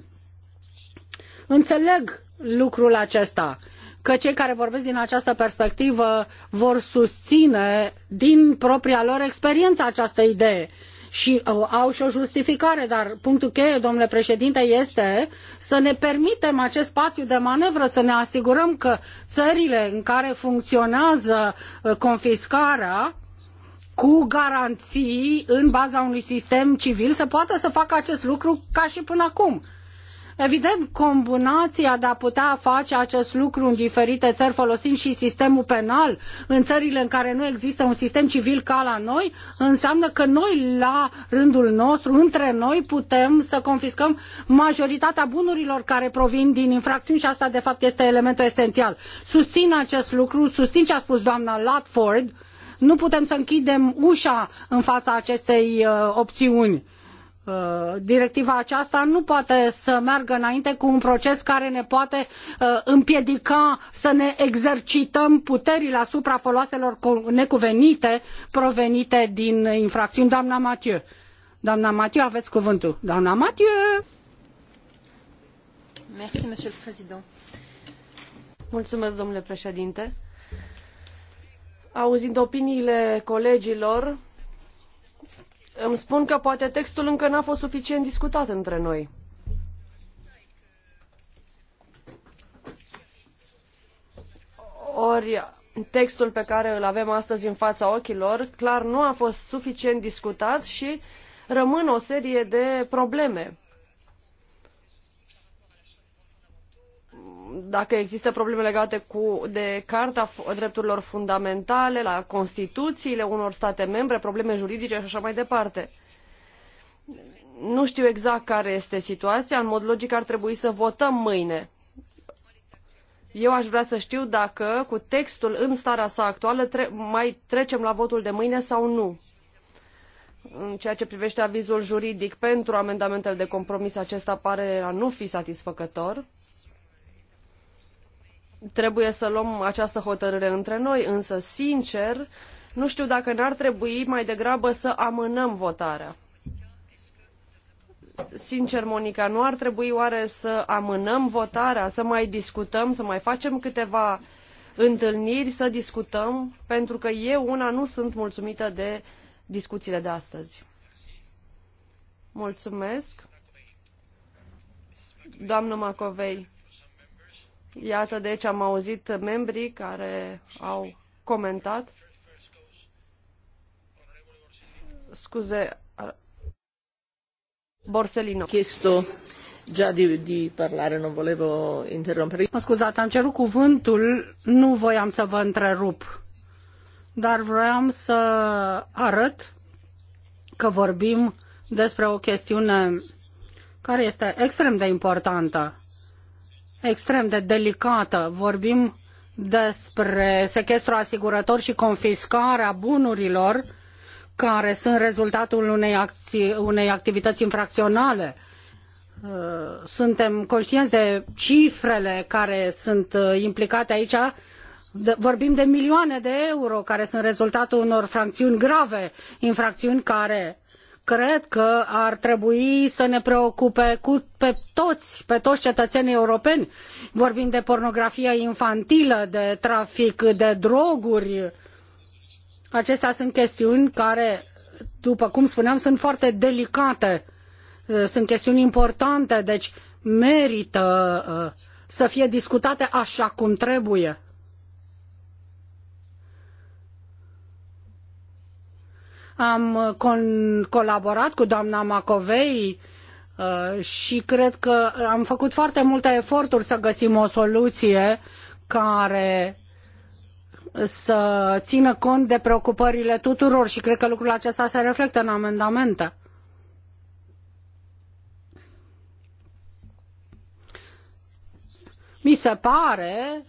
Înțeleg lucrul acesta că cei care vorbesc din această perspectivă vor susține din propria lor experiență această idee și uh, au și o justificare, dar punctul cheie, domnule președinte, este să ne permitem acest spațiu de manevră, să ne asigurăm că țările în care funcționează uh, confiscarea cu garanții în baza unui sistem civil să poată să facă acest lucru ca și până acum Evident, combinația de a putea face acest lucru în diferite țări folosind și sistemul penal în țările în care nu există un sistem civil ca la noi, înseamnă că noi la rândul nostru, între noi, putem să confiscăm majoritatea bunurilor care provin din infracțiuni și asta de fapt este elementul esențial. Susțin acest lucru, susțin ce a spus doamna Latford, nu putem să închidem ușa în fața acestei uh, opțiuni Uh, directiva aceasta nu poate să meargă înainte cu un proces care ne poate uh, împiedica să ne exercităm puterile asupra foloaselor necuvenite provenite din infracțiuni. Doamna Mathieu, doamna Mathieu, aveți cuvântul. Doamna Mathieu! Merci, Mulțumesc, domnule președinte. Auzind opiniile colegilor, îmi spun că poate textul încă n-a fost suficient discutat între noi. Ori textul pe care îl avem astăzi în fața ochilor clar nu a fost suficient discutat și rămân o serie de probleme. dacă există probleme legate cu, de Carta Drepturilor Fundamentale, la Constituțiile unor state membre, probleme juridice și așa mai departe. Nu știu exact care este situația, în mod logic ar trebui să votăm mâine. Eu aș vrea să știu dacă cu textul în starea sa actuală tre mai trecem la votul de mâine sau nu. În ceea ce privește avizul juridic pentru amendamentele de compromis, acesta pare a nu fi satisfăcător trebuie să luăm această hotărâre între noi, însă, sincer, nu știu dacă n-ar trebui mai degrabă să amânăm votarea. Sincer, Monica, nu ar trebui oare să amânăm votarea, să mai discutăm, să mai facem câteva întâlniri, să discutăm, pentru că eu una nu sunt mulțumită de discuțiile de astăzi. Mulțumesc. Doamnă Macovei. Iată, deci am auzit membrii care au comentat. Scuze, Borsellino. Chiesto già di, di parlare, non volevo interrompere. Mă scuzați, am cerut cuvântul, nu voiam să vă întrerup, dar vreau să arăt că vorbim despre o chestiune care este extrem de importantă extrem de delicată. Vorbim despre sechestrul asigurător și confiscarea bunurilor care sunt rezultatul unei, acții, unei activități infracționale. Uh, suntem conștienți de cifrele care sunt uh, implicate aici. Vorbim de milioane de euro care sunt rezultatul unor fracțiuni grave, infracțiuni care cred că ar trebui să ne preocupe cu, pe toți, pe toți cetățenii europeni. Vorbim de pornografie infantilă, de trafic de droguri. Acestea sunt chestiuni care, după cum spuneam, sunt foarte delicate. Uh, sunt chestiuni importante, deci merită uh, să fie discutate așa cum trebuie. Am uh, colaborat cu doamna Macovei uh, și cred că am făcut foarte multe eforturi să găsim o soluție care să țină cont de preocupările tuturor și cred că lucrul acesta se reflectă în amendamente. Mi se pare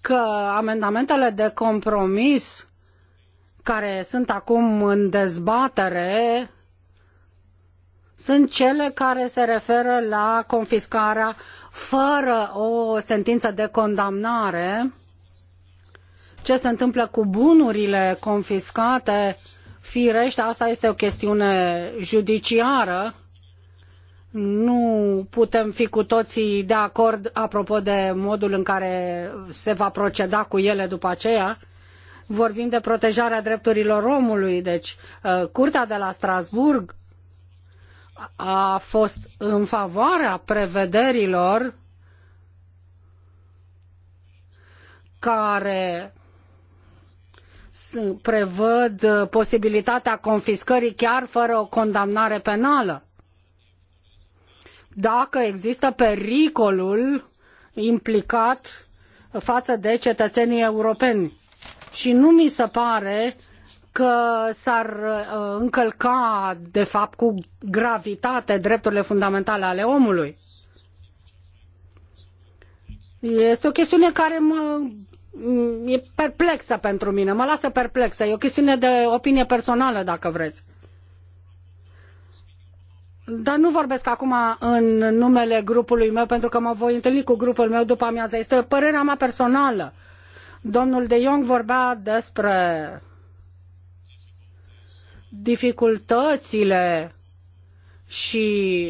că amendamentele de compromis care sunt acum în dezbatere sunt cele care se referă la confiscarea fără o sentință de condamnare, ce se întâmplă cu bunurile confiscate, firește, asta este o chestiune judiciară, nu putem fi cu toții de acord apropo de modul în care se va proceda cu ele după aceea, vorbim de protejarea drepturilor omului, deci uh, Curtea de la Strasbourg a fost în favoarea prevederilor care prevăd posibilitatea confiscării chiar fără o condamnare penală. Dacă există pericolul implicat față de cetățenii europeni și nu mi se pare că s-ar uh, încălca, de fapt, cu gravitate drepturile fundamentale ale omului. Este o chestiune care mă e perplexă pentru mine, mă lasă perplexă. E o chestiune de opinie personală, dacă vreți. Dar nu vorbesc acum în numele grupului meu, pentru că mă voi întâlni cu grupul meu după amiază. Este părerea mea personală. Uh, Domnul de Jong vorbea despre dificultățile și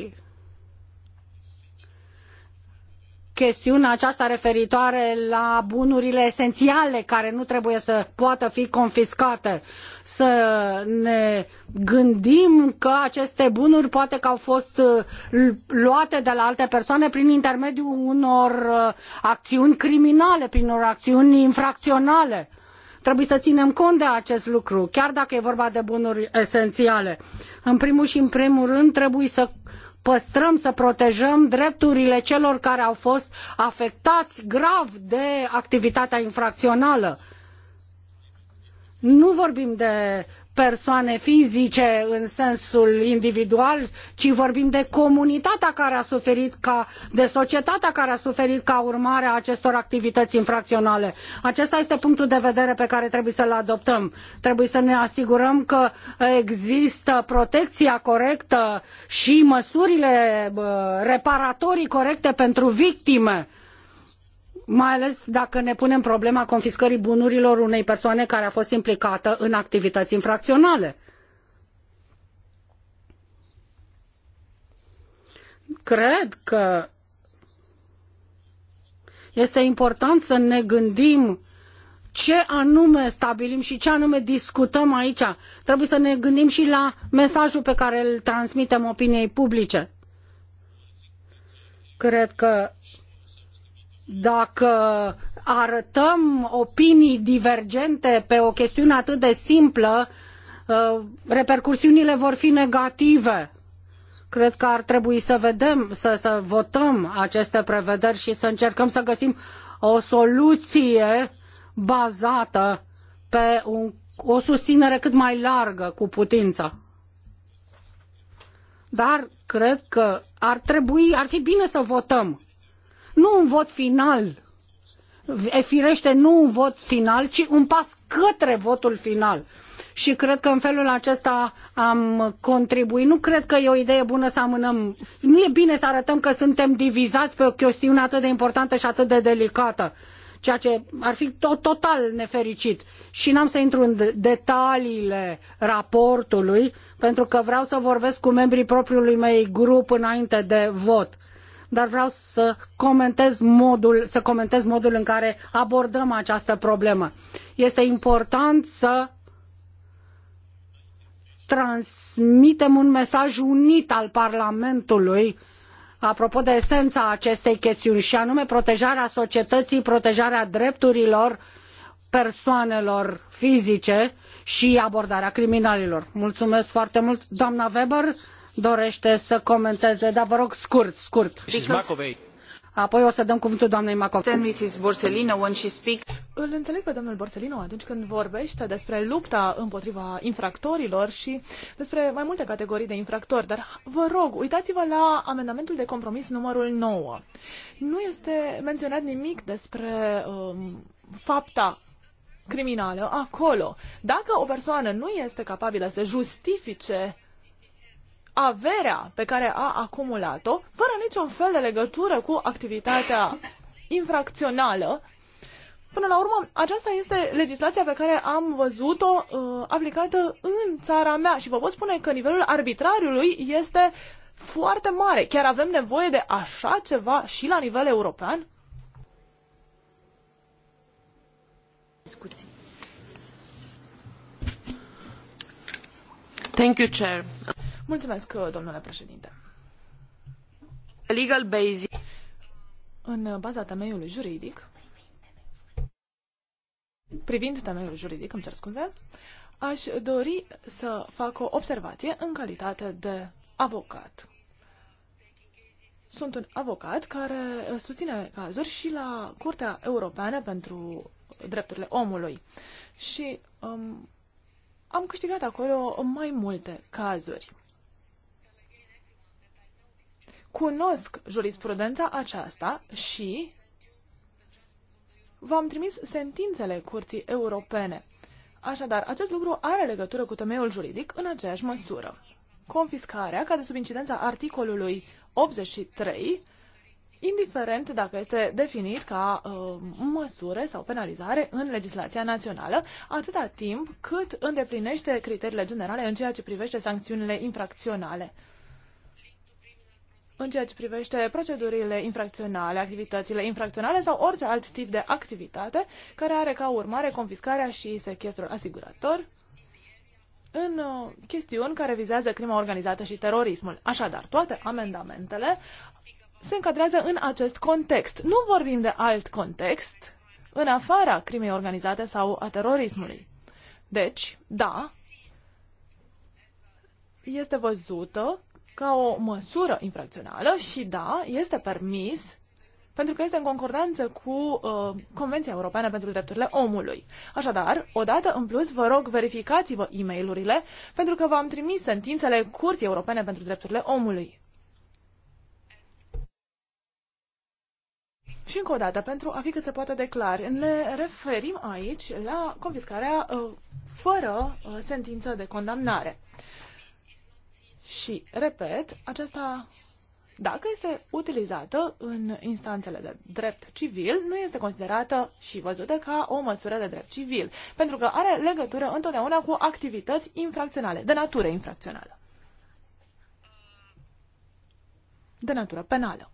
chestiunea aceasta referitoare la bunurile esențiale care nu trebuie să poată fi confiscate. Să ne gândim că aceste bunuri poate că au fost uh, luate de la alte persoane prin intermediul unor uh, acțiuni criminale, prin unor acțiuni infracționale. Trebuie să ținem cont de acest lucru, chiar dacă e vorba de bunuri esențiale. În primul și în primul rând trebuie să păstrăm, să protejăm drepturile celor care au fost afectați grav de activitatea infracțională. Nu vorbim de persoane fizice în sensul individual, ci vorbim de comunitatea care a suferit ca, de societatea care a suferit ca urmare a acestor activități infracționale. Acesta este punctul de vedere pe care trebuie să-l adoptăm. Trebuie să ne asigurăm că există protecția corectă și măsurile reparatorii corecte pentru victime mai ales dacă ne punem problema confiscării bunurilor unei persoane care a fost implicată în activități infracționale. Cred că este important să ne gândim ce anume stabilim și ce anume discutăm aici. Trebuie să ne gândim și la mesajul pe care îl transmitem opiniei publice. Cred că dacă arătăm opinii divergente pe o chestiune atât de simplă, uh, repercursiunile vor fi negative. Cred că ar trebui să vedem, să, să votăm aceste prevederi și să încercăm să găsim o soluție bazată pe un, o susținere cât mai largă cu putință. Dar cred că ar trebui, ar fi bine să votăm nu un vot final, e firește nu un vot final, ci un pas către votul final. Și cred că în felul acesta am contribuit. Nu cred că e o idee bună să amânăm. Nu e bine să arătăm că suntem divizați pe o chestiune atât de importantă și atât de delicată ceea ce ar fi tot, total nefericit. Și n-am să intru în detaliile raportului, pentru că vreau să vorbesc cu membrii propriului meu grup înainte de vot dar vreau să comentez modul, să comentez modul în care abordăm această problemă. Este important să transmitem un mesaj unit al Parlamentului apropo de esența acestei chestiuni și anume protejarea societății, protejarea drepturilor persoanelor fizice și abordarea criminalilor. Mulțumesc foarte mult, doamna Weber dorește să comenteze, dar vă rog scurt, scurt. Apoi o să dăm cuvântul doamnei Macov. Îl înțeleg pe domnul Borsellino atunci când vorbește despre lupta împotriva infractorilor și despre mai multe categorii de infractori, dar vă rog, uitați-vă la amendamentul de compromis numărul 9. Nu este menționat nimic despre um, fapta criminală acolo. Dacă o persoană nu este capabilă să justifice averea pe care a acumulat-o, fără niciun fel de legătură cu activitatea infracțională. Până la urmă, aceasta este legislația pe care am văzut-o uh, aplicată în țara mea și vă pot spune că nivelul arbitrariului este foarte mare. Chiar avem nevoie de așa ceva și la nivel european? Thank you, Chair. Mulțumesc, domnule președinte. Legal basic. În baza temeiului juridic, privind temeiul juridic, îmi cer scuze, aș dori să fac o observație în calitate de avocat. Sunt un avocat care susține cazuri și la Curtea Europeană pentru Drepturile Omului și um, am câștigat acolo mai multe cazuri cunosc jurisprudența aceasta și v-am trimis sentințele Curții Europene. Așadar, acest lucru are legătură cu temeiul juridic în aceeași măsură. Confiscarea cade sub incidența articolului 83, indiferent dacă este definit ca uh, măsură sau penalizare în legislația națională, atâta timp cât îndeplinește criteriile generale în ceea ce privește sancțiunile infracționale în ceea ce privește procedurile infracționale, activitățile infracționale sau orice alt tip de activitate care are ca urmare confiscarea și sechestrul asigurator în uh, chestiuni care vizează crima organizată și terorismul. Așadar, toate amendamentele se încadrează în acest context. Nu vorbim de alt context în afara crimei organizate sau a terorismului. Deci, da, este văzută ca o măsură infracțională și da, este permis pentru că este în concordanță cu uh, Convenția Europeană pentru Drepturile Omului. Așadar, odată în plus, vă rog, verificați-vă e mail pentru că v-am trimis sentințele Curții Europene pentru Drepturile Omului. Și încă o dată, pentru a fi cât se poate declar, ne referim aici la confiscarea uh, fără uh, sentință de condamnare. Uh, și, repet, aceasta, dacă este utilizată în instanțele de drept civil, nu este considerată și văzută ca o măsură de drept civil, pentru că are legătură întotdeauna cu activități infracționale, de natură infracțională, de natură penală.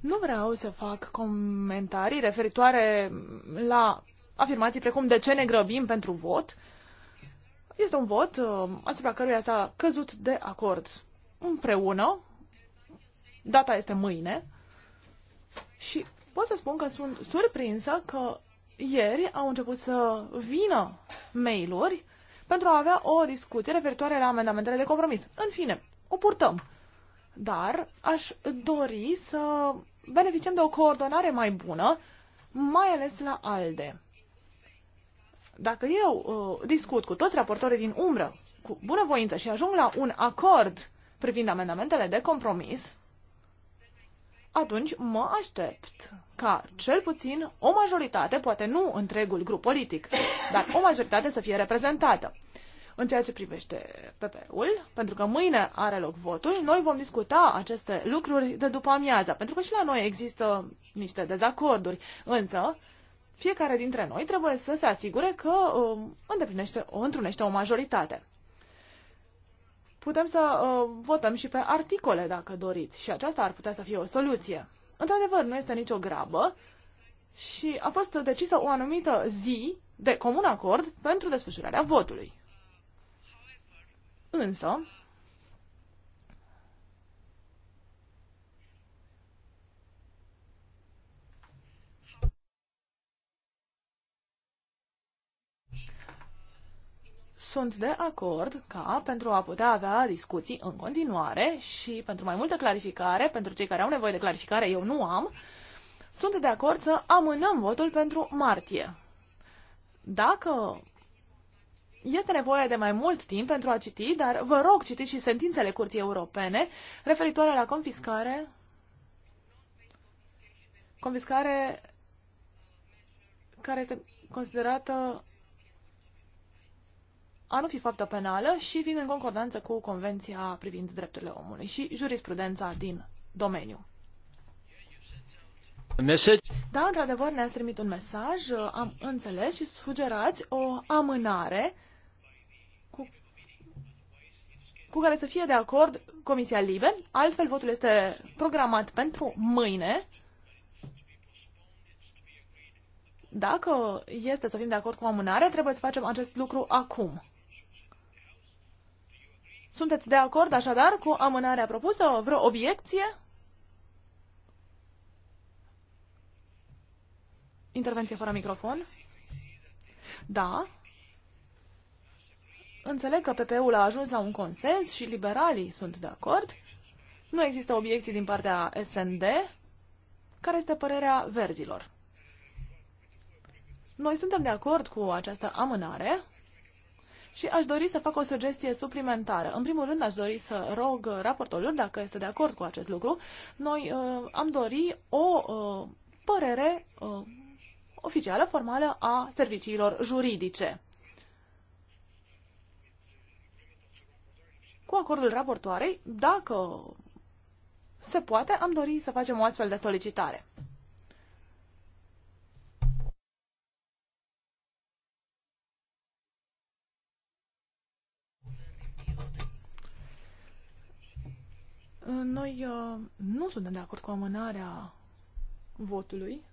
Nu vreau să fac comentarii referitoare la afirmații precum de ce ne grăbim pentru vot. Este un vot uh, asupra căruia s-a căzut de acord împreună. Data este mâine. Și pot să spun că sunt surprinsă că ieri au început să vină mail-uri pentru a avea o discuție referitoare la amendamentele de compromis. În fine, o purtăm dar aș dori să beneficiem de o coordonare mai bună, mai ales la ALDE. Dacă eu uh, discut cu toți raportorii din umbră, cu bunăvoință și ajung la un acord privind amendamentele de compromis, atunci mă aștept ca cel puțin o majoritate, poate nu întregul grup politic, dar o majoritate să fie reprezentată în ceea ce privește PP-ul, pentru că mâine are loc votul, noi vom discuta aceste lucruri de după amiaza, pentru că și la noi există niște dezacorduri, însă fiecare dintre noi trebuie să se asigure că uh, îndeplinește, întrunește o majoritate. Putem să uh, votăm și pe articole, dacă doriți, și aceasta ar putea să fie o soluție. Într-adevăr, nu este nicio grabă și a fost decisă o anumită zi de comun acord pentru desfășurarea votului. Însă, sunt de acord ca, pentru a putea avea discuții în continuare și pentru mai multă clarificare, pentru cei care au nevoie de clarificare, eu nu am, sunt de acord să amânăm votul pentru martie. Dacă este nevoie de mai mult timp pentru a citi, dar vă rog, citiți și sentințele Curții Europene referitoare la confiscare. Confiscare care este considerată a nu fi faptă penală și vin în concordanță cu Convenția privind drepturile omului și jurisprudența din domeniu. Da, într-adevăr, ne-ați trimit un mesaj, am înțeles și sugerați o amânare cu care să fie de acord Comisia Libe. Altfel, votul este programat pentru mâine. Dacă este să fim de acord cu amânare, trebuie să facem acest lucru acum. Sunteți de acord așadar cu amânarea propusă? Vreo obiecție? Intervenție fără microfon. Da, Înțeleg că PP-ul a ajuns la un consens și liberalii sunt de acord. Nu există obiecții din partea SND. Care este părerea verzilor? Noi suntem de acord cu această amânare și aș dori să fac o sugestie suplimentară. În primul rând, aș dori să rog raportorul, dacă este de acord cu acest lucru, noi uh, am dori o uh, părere uh, oficială, formală a serviciilor juridice. cu acordul raportoarei, dacă se poate, am dorit să facem o astfel de solicitare. Noi uh, nu suntem de acord cu amânarea votului.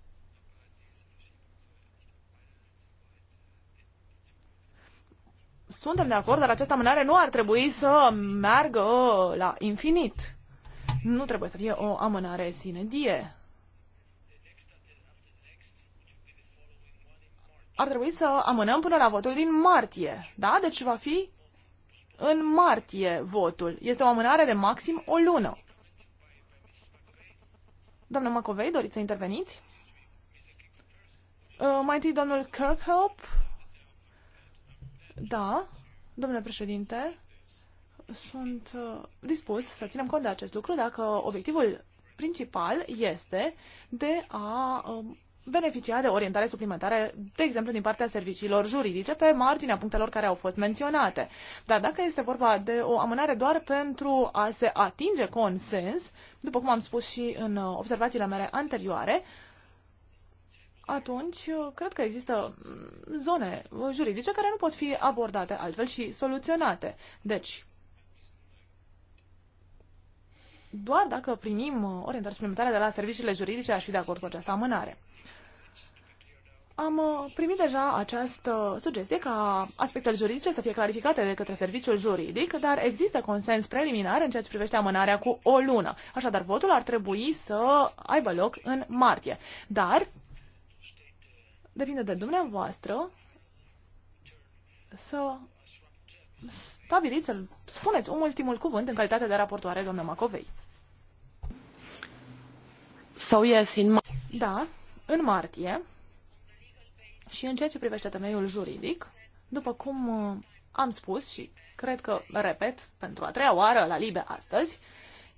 suntem de acord, dar această amânare nu ar trebui să meargă la infinit. Nu trebuie să fie o amânare sine die. Ar trebui să amânăm până la votul din martie. Da? Deci va fi în martie votul. Este o amânare de maxim o lună. Doamna Macovei, doriți să interveniți? Uh, mai întâi domnul Kirkhope da, domnule președinte, sunt uh, dispus să ținem cont de acest lucru dacă obiectivul principal este de a uh, beneficia de orientare suplimentare, de exemplu, din partea serviciilor juridice, pe marginea punctelor care au fost menționate. Dar dacă este vorba de o amânare doar pentru a se atinge consens, după cum am spus și în uh, observațiile mele anterioare, atunci uh, cred că există mm, zone uh, juridice care nu pot fi abordate altfel și soluționate. Deci, doar dacă primim uh, orientare suplimentare de la serviciile juridice, aș fi de acord cu această amânare. Am primit deja această sugestie ca aspectele juridice să fie clarificate de către serviciul juridic, dar există consens preliminar în ceea ce privește amânarea cu o lună. Așadar, votul ar trebui să aibă loc în martie. Dar Depinde de dumneavoastră să stabiliți, să spuneți un ultimul cuvânt în calitate de raportoare, doamna Macovei. Sau yes, in ma- Da, în martie și în ceea ce privește temeiul juridic, după cum uh, am spus și cred că repet pentru a treia oară la Libe astăzi,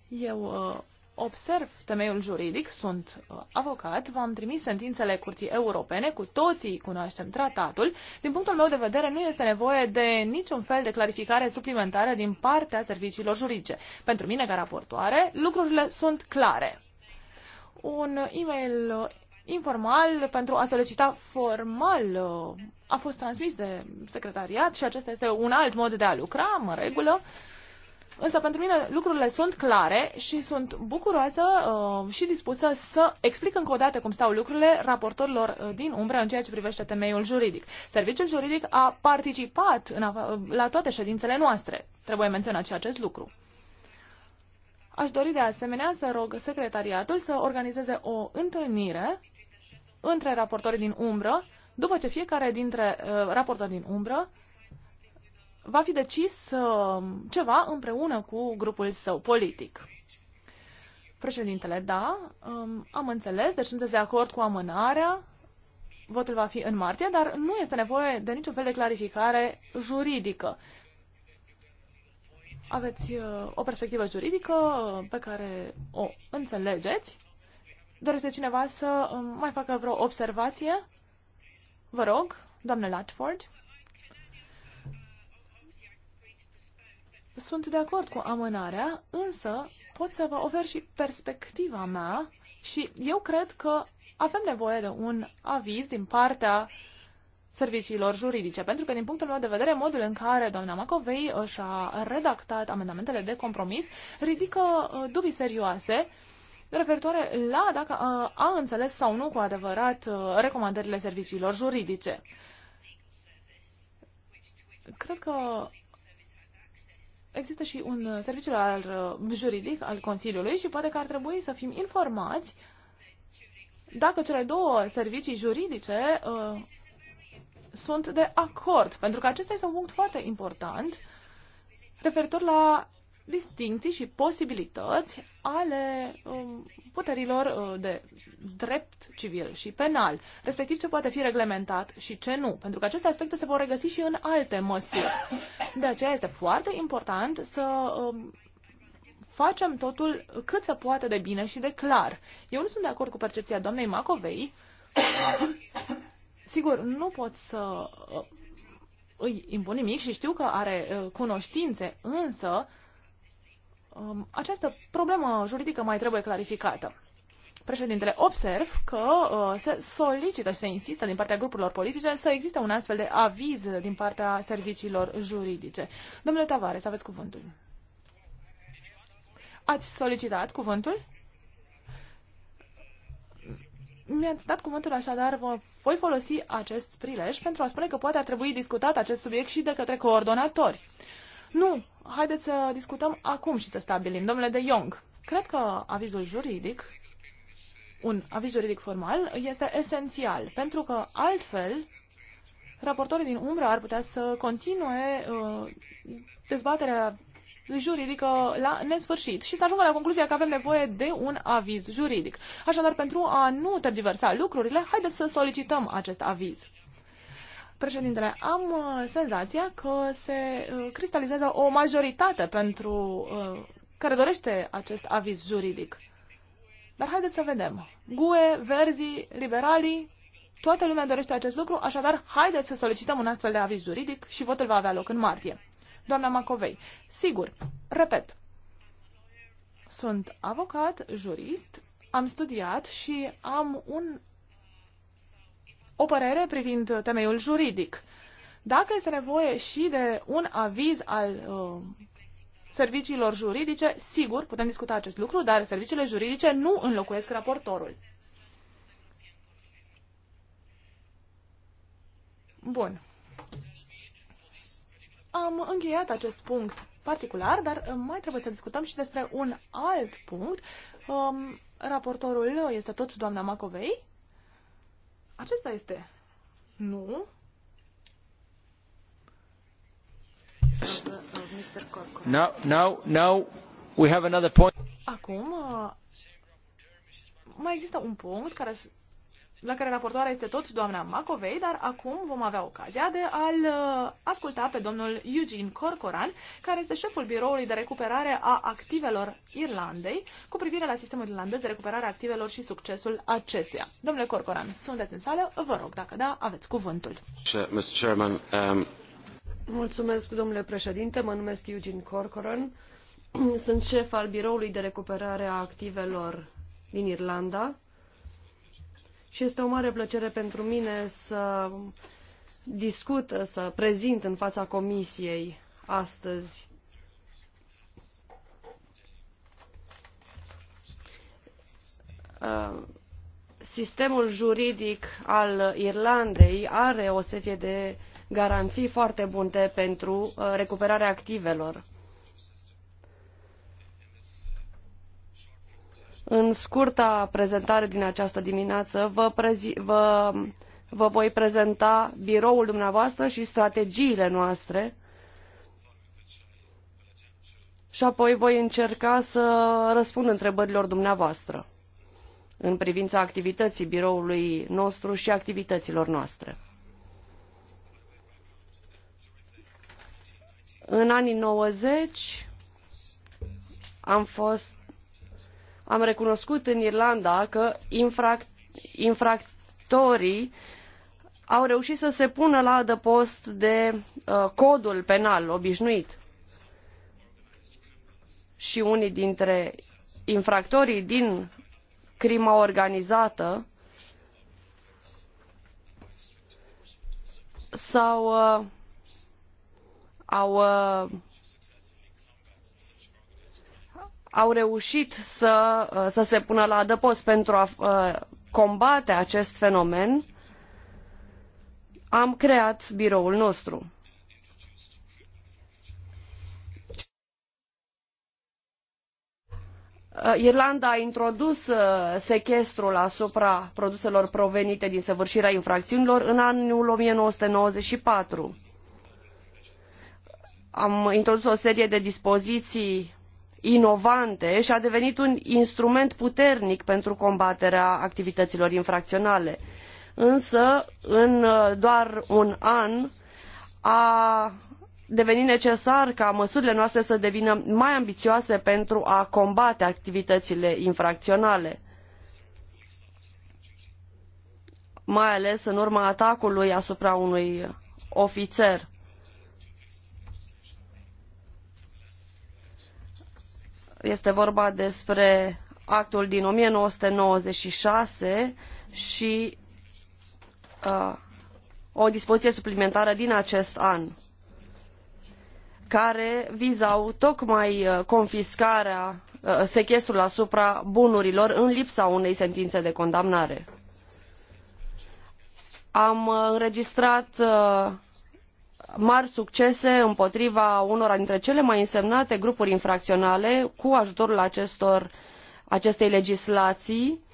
eu uh, observ temeiul juridic, sunt uh, avocat, v-am trimis sentințele Curții Europene, cu toții cunoaștem tratatul. Din punctul meu de vedere, nu este nevoie de niciun fel de clarificare suplimentară din partea serviciilor juridice. Pentru mine, ca raportoare, lucrurile sunt clare. Un e-mail uh, informal pentru a solicita formal uh, a fost transmis de secretariat și acesta este un alt mod de a lucra, în regulă. Însă pentru mine lucrurile sunt clare și sunt bucuroasă uh, și dispusă să explic încă o dată cum stau lucrurile raportorilor uh, din umbră în ceea ce privește temeiul juridic. Serviciul juridic a participat în, la toate ședințele noastre. Trebuie menționat și acest lucru. Aș dori de asemenea să rog secretariatul să organizeze o întâlnire între raportorii din umbră, după ce fiecare dintre uh, raportori din umbră va fi decis um, ceva împreună cu grupul său politic. Președintele, da, um, am înțeles, deci sunteți de acord cu amânarea, votul va fi în martie, dar nu este nevoie de niciun fel de clarificare juridică. Aveți uh, o perspectivă juridică pe care o înțelegeți. Dorește cineva să um, mai facă vreo observație? Vă rog, doamne Latford. sunt de acord cu amânarea, însă pot să vă ofer și perspectiva mea și eu cred că avem nevoie de un aviz din partea serviciilor juridice, pentru că, din punctul meu de vedere, modul în care doamna Macovei uh, și-a redactat amendamentele de compromis ridică uh, dubii serioase referitoare la dacă uh, a înțeles sau nu cu adevărat recomandările serviciilor juridice. Cred că există și un uh, serviciu al uh, juridic al Consiliului și poate că ar trebui să fim informați dacă cele două servicii juridice uh, sunt de acord, pentru că acesta este un punct foarte important referitor la distincții și posibilități ale um, puterilor uh, de drept civil și penal, respectiv ce poate fi reglementat și ce nu, pentru că aceste aspecte se vor regăsi și în alte măsuri. De aceea este foarte important să um, facem totul cât se poate de bine și de clar. Eu nu sunt de acord cu percepția doamnei Macovei. Sigur, nu pot să uh, îi impun nimic și știu că are uh, cunoștințe, însă Um, această problemă juridică mai trebuie clarificată. Președintele, observ că uh, se solicită și se insistă din partea grupurilor politice să existe un astfel de aviz din partea serviciilor juridice. Domnule Tavares, aveți cuvântul. Ați solicitat cuvântul? mi-ați dat cuvântul așadar, vă voi folosi acest prilej pentru a spune că poate ar trebui discutat acest subiect și de către coordonatori. Nu, haideți să discutăm acum și să stabilim. Domnule de Jong, cred că avizul juridic, un aviz juridic formal, este esențial, pentru că altfel raportorii din umbră ar putea să continue uh, dezbaterea juridică la nesfârșit și să ajungă la concluzia că avem nevoie de un aviz juridic. Așadar, pentru a nu tergiversa lucrurile, haideți să solicităm acest aviz. Președintele, am uh, senzația că se uh, cristalizează o majoritate pentru uh, care dorește acest aviz juridic. Dar haideți să vedem. GUE, Verzi, Liberalii, toată lumea dorește acest lucru, așadar haideți să solicităm un astfel de aviz juridic și votul va avea loc în martie. Doamna Macovei, sigur, repet, sunt avocat, jurist, am studiat și am un o părere privind temeiul juridic. Dacă este nevoie și de un aviz al uh, serviciilor juridice, sigur, putem discuta acest lucru, dar serviciile juridice nu înlocuiesc raportorul. Bun. Am încheiat acest punct particular, dar uh, mai trebuie să discutăm și despre un alt punct. Um, raportorul este tot doamna Macovei. Acesta este nu. No, no, no. we have another point. Acum uh, mai există un punct care la care raportoarea este tot doamna Macovei, dar acum vom avea ocazia de a-l uh, asculta pe domnul Eugene Corcoran, care este șeful biroului de recuperare a activelor Irlandei cu privire la sistemul irlandez de recuperare a activelor și succesul acestuia. Domnule Corcoran, sunteți în sală, vă rog, dacă da, aveți cuvântul. Mr. Chairman, um... Mulțumesc, domnule președinte, mă numesc Eugene Corcoran, sunt șef al biroului de recuperare a activelor din Irlanda, și este o mare plăcere pentru mine să discut, să prezint în fața Comisiei astăzi uh, sistemul juridic al Irlandei are o serie de garanții foarte bune pentru uh, recuperarea activelor. În scurta prezentare din această dimineață vă, vă, vă voi prezenta biroul dumneavoastră și strategiile noastre și apoi voi încerca să răspund întrebărilor dumneavoastră în privința activității biroului nostru și activităților noastre. În anii 90 am fost am recunoscut în Irlanda că infrac infractorii au reușit să se pună la adăpost de uh, codul penal obișnuit. Și unii dintre infractorii din crima organizată sau uh, au uh, au reușit să, uh, să se pună la adăpost pentru a uh, combate acest fenomen, am creat biroul nostru. Uh, Irlanda a introdus sechestrul asupra produselor provenite din săvârșirea infracțiunilor în anul 1994. Am introdus o serie de dispoziții inovante și a devenit un instrument puternic pentru combaterea activităților infracționale. Însă, în uh, doar un an, a devenit necesar ca măsurile noastre să devină mai ambițioase pentru a combate activitățile infracționale mai ales în urma atacului asupra unui ofițer. Este vorba despre actul din 1996 și uh, o dispoziție suplimentară din acest an care vizau tocmai uh, confiscarea, uh, sechestrul asupra bunurilor în lipsa unei sentințe de condamnare. Am uh, înregistrat uh, mari succese împotriva unora dintre cele mai însemnate grupuri infracționale cu ajutorul acestor, acestei legislații.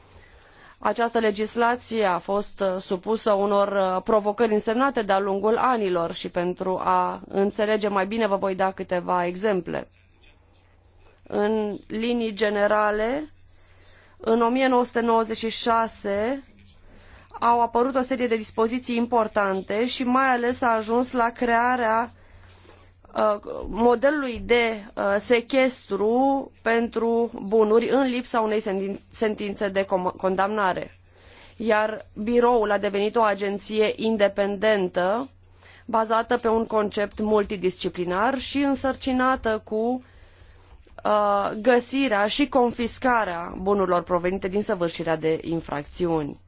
Această legislație a fost supusă unor uh, provocări însemnate de-a lungul anilor și pentru a înțelege mai bine vă voi da câteva exemple. În linii generale, în 1996 au apărut o serie de dispoziții importante și mai ales a ajuns la crearea uh, modelului de uh, sechestru pentru bunuri în lipsa unei sentințe de condamnare. Iar biroul a devenit o agenție independentă bazată pe un concept multidisciplinar și însărcinată cu uh, găsirea și confiscarea bunurilor provenite din săvârșirea de infracțiuni.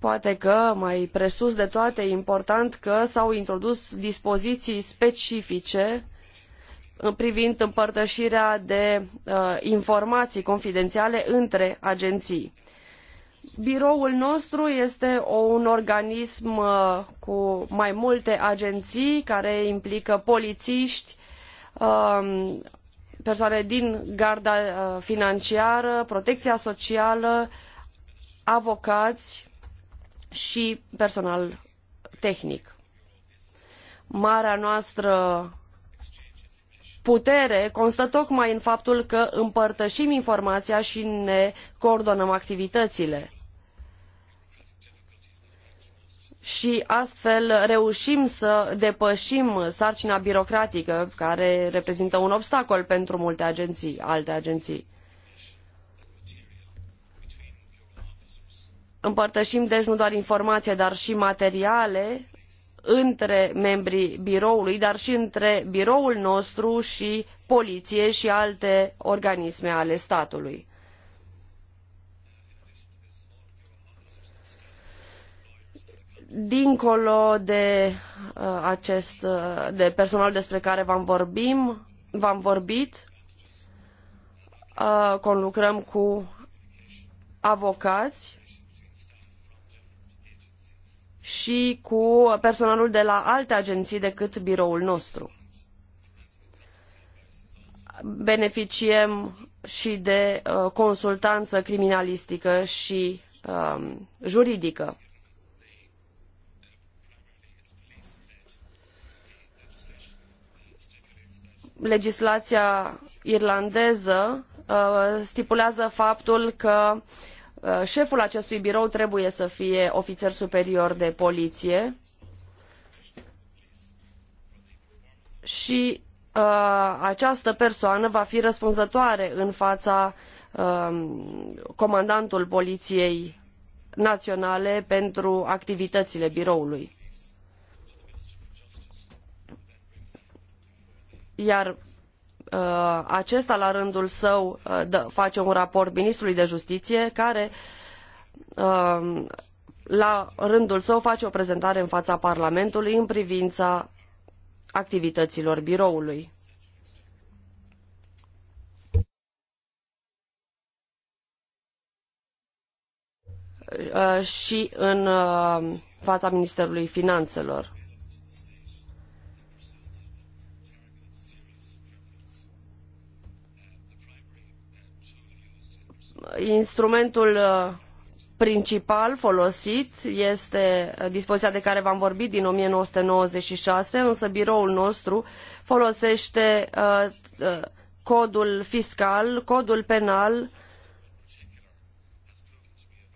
Poate că, mai presus de toate, e important că s-au introdus dispoziții specifice privind împărtășirea de uh, informații confidențiale între agenții. Biroul nostru este un organism uh, cu mai multe agenții care implică polițiști, uh, persoane din garda uh, financiară, protecția socială, avocați, și personal tehnic. Marea noastră putere constă tocmai în faptul că împărtășim informația și ne coordonăm activitățile. Și astfel reușim să depășim sarcina birocratică care reprezintă un obstacol pentru multe agenții, alte agenții. Împărtășim deci nu doar informație, dar și materiale între membrii biroului, dar și între biroul nostru și poliție și alte organisme ale statului. Dincolo de, uh, acest, uh, de personal despre care v-am, vorbim, v-am vorbit, uh, conlucrăm cu avocați și cu personalul de la alte agenții decât biroul nostru. Beneficiem și de uh, consultanță criminalistică și um, juridică. Legislația irlandeză uh, stipulează faptul că Uh, șeful acestui birou trebuie să fie ofițer superior de poliție și uh, această persoană va fi răspunzătoare în fața uh, comandantul poliției naționale pentru activitățile biroului. Iar Uh, acesta la rândul său uh, dă, face un raport ministrului de justiție care uh, la rândul său face o prezentare în fața Parlamentului în privința activităților biroului. și în fața Ministerului Finanțelor. instrumentul uh, principal folosit este uh, dispoziția de care v-am vorbit din 1996, însă biroul nostru folosește uh, codul fiscal, codul penal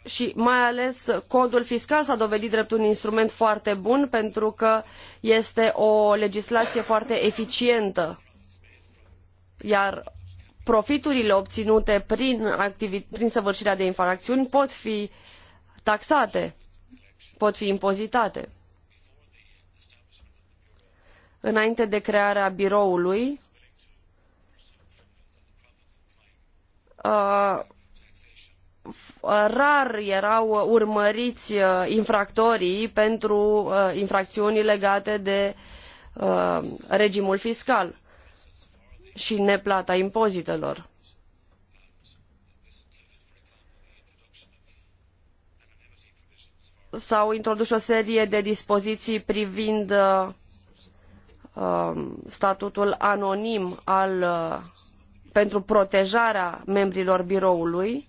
și mai ales codul fiscal s-a dovedit drept un instrument foarte bun pentru că este o legislație foarte eficientă. Iar profiturile obținute prin, activi- prin săvârșirea de infracțiuni pot fi taxate, pot fi impozitate. Înainte de crearea biroului, uh, rar erau urmăriți uh, infractorii pentru uh, infracțiuni legate de regimul fiscal și neplata impozitelor. S-au introdus o serie de dispoziții privind uh, statutul anonim al, uh, pentru protejarea membrilor biroului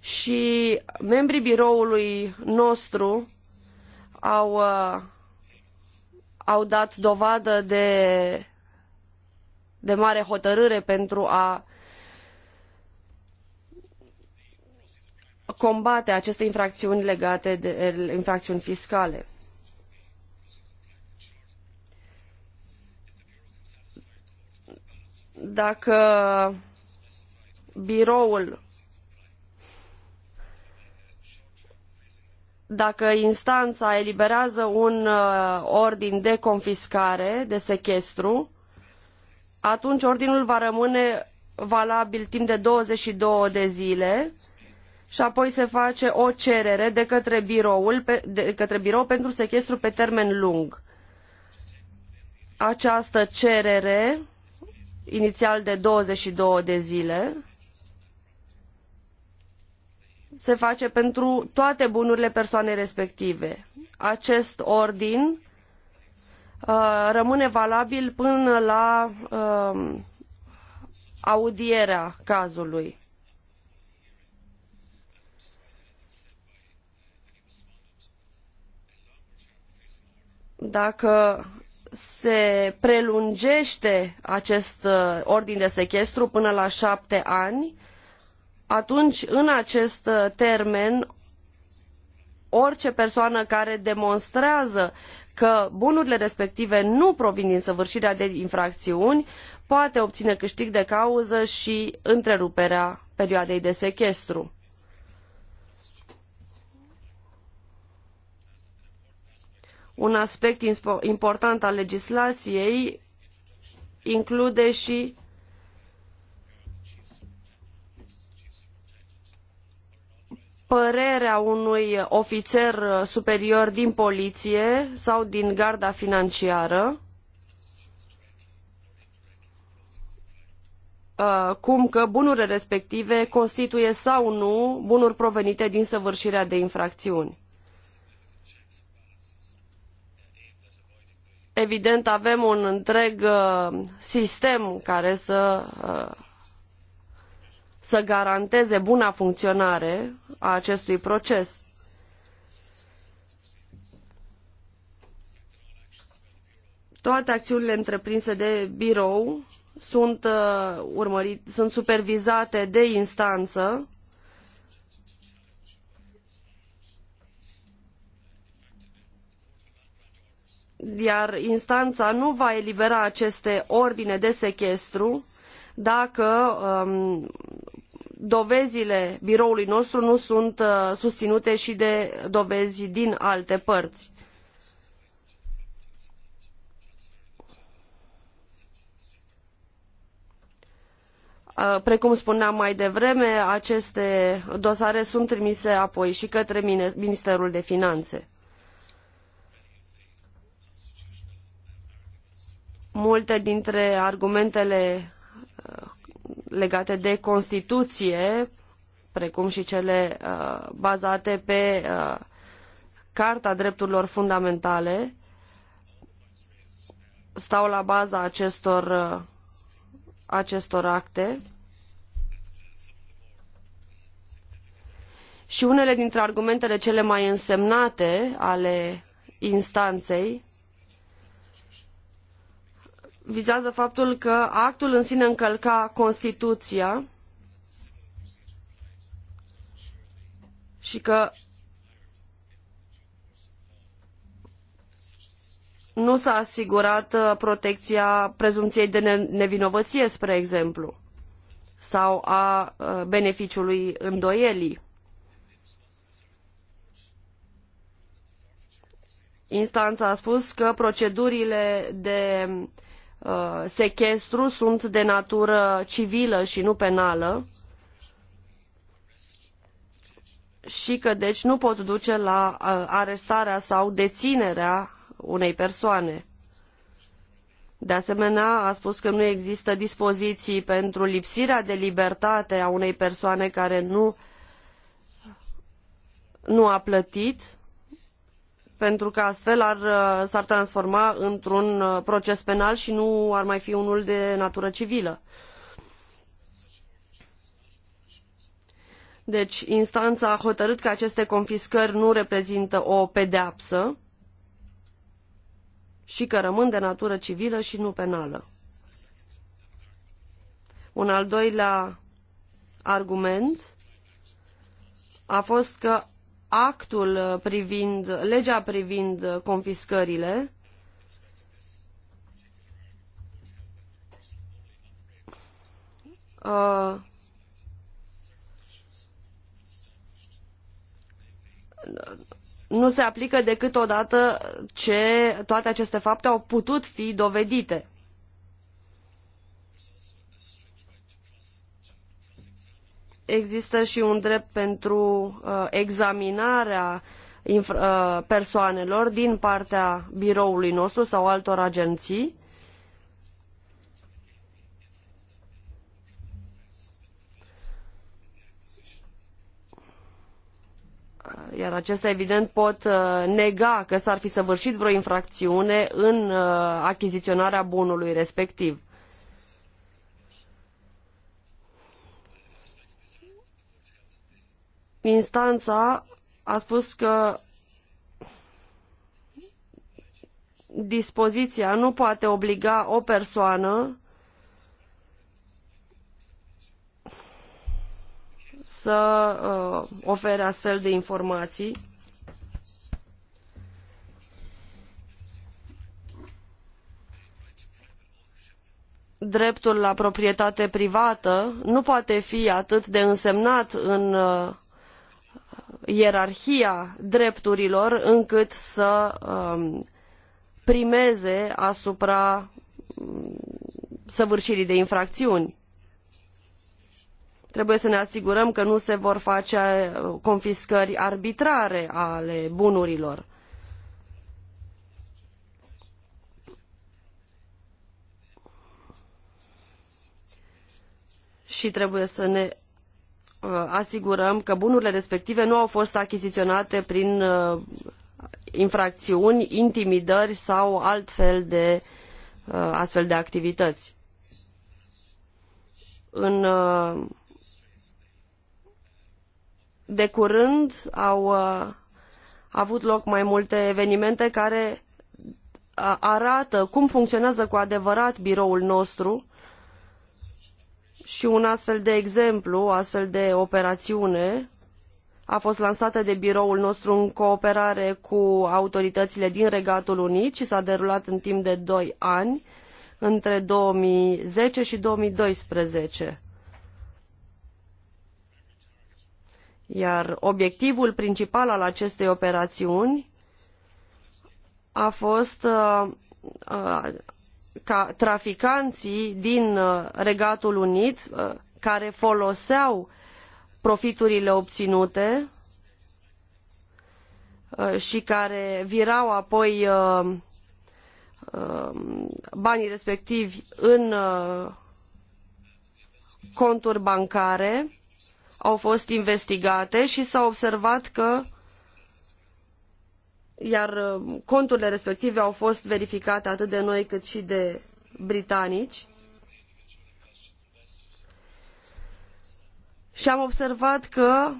și membrii biroului nostru au, uh, au dat dovadă de de mare hotărâre pentru a combate aceste infracțiuni legate de infracțiuni fiscale. Dacă biroul dacă instanța eliberează un uh, ordin de confiscare, de sechestru, atunci ordinul va rămâne valabil timp de 22 de zile și apoi se face o cerere de către, biroul, de către birou pentru sechestru pe termen lung. Această cerere, inițial de 22 de zile, se face pentru toate bunurile persoanei respective. Acest ordin Uh, rămâne valabil până la uh, audierea cazului. Dacă se prelungește acest uh, ordin de sechestru până la șapte ani, atunci în acest termen orice persoană care demonstrează că bunurile respective nu provin din săvârșirea de infracțiuni, poate obține câștig de cauză și întreruperea perioadei de sechestru. Un aspect important al legislației include și părerea unui ofițer superior din poliție sau din garda financiară, uh, cum că bunurile respective constituie sau nu bunuri provenite din săvârșirea de infracțiuni. Evident, avem un întreg uh, sistem care să uh, să garanteze buna funcționare a acestui proces. Toate acțiunile întreprinse de birou sunt, uh, urmărit, sunt supervizate de instanță iar instanța nu va elibera aceste ordine de sechestru dacă um, dovezile biroului nostru nu sunt uh, susținute și de dovezi din alte părți. Uh, precum spuneam mai devreme, aceste dosare sunt trimise apoi și către Ministerul de Finanțe. Multe dintre argumentele legate de Constituție, precum și cele uh, bazate pe uh, Carta Drepturilor Fundamentale, stau la baza acestor, uh, acestor acte. Și unele dintre argumentele cele mai însemnate ale instanței vizează faptul că actul în sine încălca Constituția și că nu s-a asigurat uh, protecția prezumției de nevinovăție, spre exemplu, sau a uh, beneficiului îndoielii. Instanța a spus că procedurile de Uh, sechestru sunt de natură civilă și nu penală și că deci nu pot duce la uh, arestarea sau deținerea unei persoane. De asemenea, a spus că nu există dispoziții pentru lipsirea de libertate a unei persoane care nu, nu a plătit pentru că astfel ar, uh, s-ar transforma într-un uh, proces penal și nu ar mai fi unul de natură civilă. Deci, instanța a hotărât că aceste confiscări nu reprezintă o pedeapsă și că rămân de natură civilă și nu penală. Un al doilea argument a fost că actul privind, legea privind confiscările, uh, nu se aplică decât odată ce toate aceste fapte au putut fi dovedite. există și un drept pentru uh, examinarea uh, persoanelor din partea biroului nostru sau altor agenții. Uh, iar acestea, evident, pot uh, nega că s-ar fi săvârșit vreo infracțiune în uh, achiziționarea bunului respectiv. Instanța a spus că dispoziția nu poate obliga o persoană să uh, ofere astfel de informații. Dreptul la proprietate privată nu poate fi atât de însemnat în uh, ierarhia drepturilor încât să um, primeze asupra um, săvârșirii de infracțiuni. Trebuie să ne asigurăm că nu se vor face uh, confiscări arbitrare ale bunurilor. Și trebuie să ne Uh, asigurăm că bunurile respective nu au fost achiziționate prin uh, infracțiuni, intimidări sau altfel de uh, astfel de activități. În de curând au avut loc mai multe evenimente care arată cum funcționează cu adevărat biroul nostru și un astfel de exemplu, o astfel de operațiune a fost lansată de biroul nostru în cooperare cu autoritățile din Regatul Unit și s-a derulat în timp de doi ani, între 2010 și 2012. Iar obiectivul principal al acestei operațiuni a fost uh, uh, ca traficanții din uh, Regatul Unit uh, care foloseau profiturile obținute uh, și care virau apoi banii respectivi în conturi bancare au fost investigate și s-a observat că iar uh, conturile respective au fost verificate atât de noi cât și de britanici. Și am observat că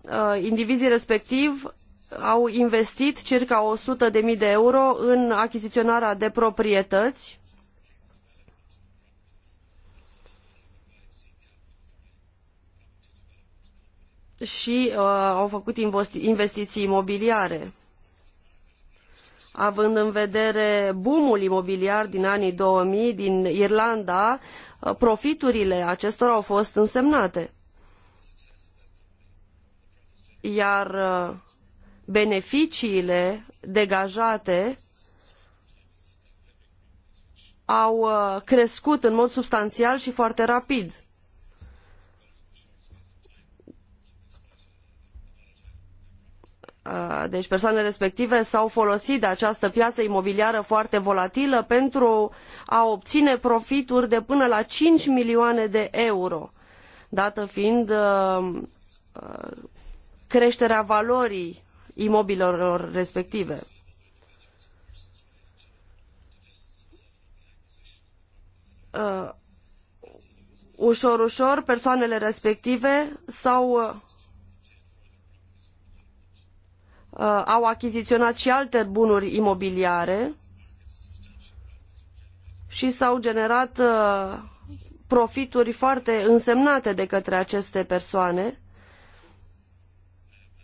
uh, indivizii respectiv au investit circa 100.000 de euro în achiziționarea de proprietăți și uh, au făcut investiții imobiliare având în vedere boomul imobiliar din anii 2000 din Irlanda, profiturile acestora au fost însemnate. Iar uh, beneficiile degajate au uh, crescut în mod substanțial și foarte rapid. Ah, deci persoanele respective s au folosit de această piaă imobiliară foarte volatilă pentru a obine profituri de până la cinci milioane de euro dată fiind ah, creterea valorii imobilelor respective. Ah, ușor, ușor, persoanele respective s-au Uh, au achiziționat și alte bunuri imobiliare și s-au generat uh, profituri foarte însemnate de către aceste persoane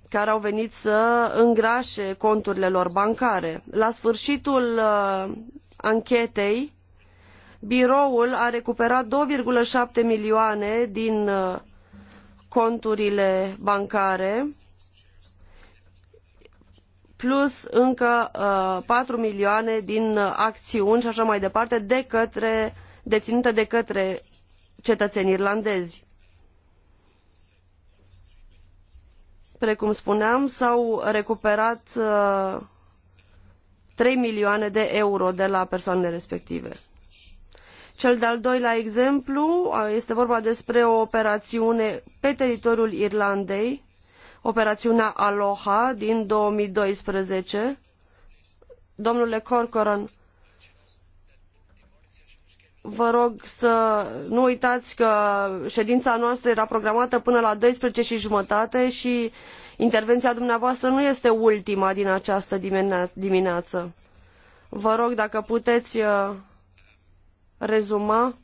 care au venit să îngrașe conturile lor bancare. La sfârșitul uh, anchetei, biroul a recuperat 2,7 milioane din conturile bancare plus încă uh, patru milioane din acțiuni și așa mai departe de către, deținute de către cetățeni irlandezi. Precum spuneam, s-au recuperat uh, trei milioane de euro de la persoanele respective. Cel de-al doilea exemplu uh, este vorba despre o operațiune pe teritoriul Irlandei operațiunea Aloha din 2012. Domnule Corcoran, vă rog să nu uitați că ședința noastră era programată până la 12 și jumătate și intervenția dumneavoastră nu este ultima din această dimineață. Vă rog dacă puteți uh, rezuma.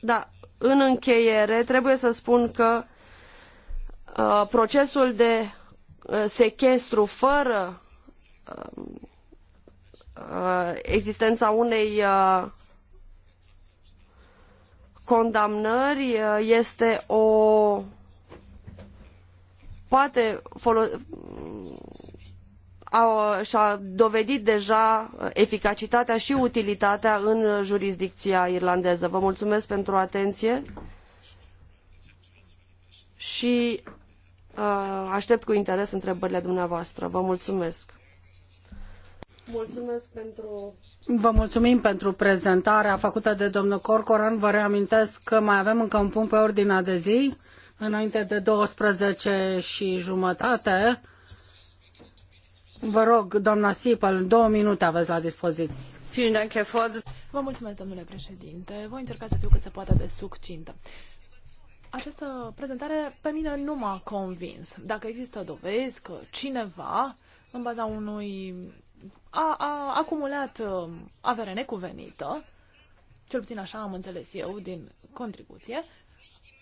Da, în încheiere trebuie să spun că Uh, procesul de uh, sechestru fără uh, existența unei condamnări este o poate folo... a, și-a dovedit deja eficacitatea și utilitatea în jurisdicția irlandeză. Vă mulțumesc pentru atenție și aștept cu interes întrebările dumneavoastră. Vă mulțumesc. Mulțumesc pentru... Vă mulțumim pentru prezentarea făcută de domnul Corcoran. Vă reamintesc că mai avem încă un punct pe ordinea de zi, înainte de 12 și jumătate. Vă rog, doamna Sipel, două minute aveți la dispoziție. Vă mulțumesc, domnule președinte. Voi încerca să fiu cât se poate de succintă această prezentare pe mine nu m-a convins. Dacă există dovezi că cineva, în baza unui... a, a acumulat uh, avere necuvenită, cel puțin așa am înțeles eu din contribuție,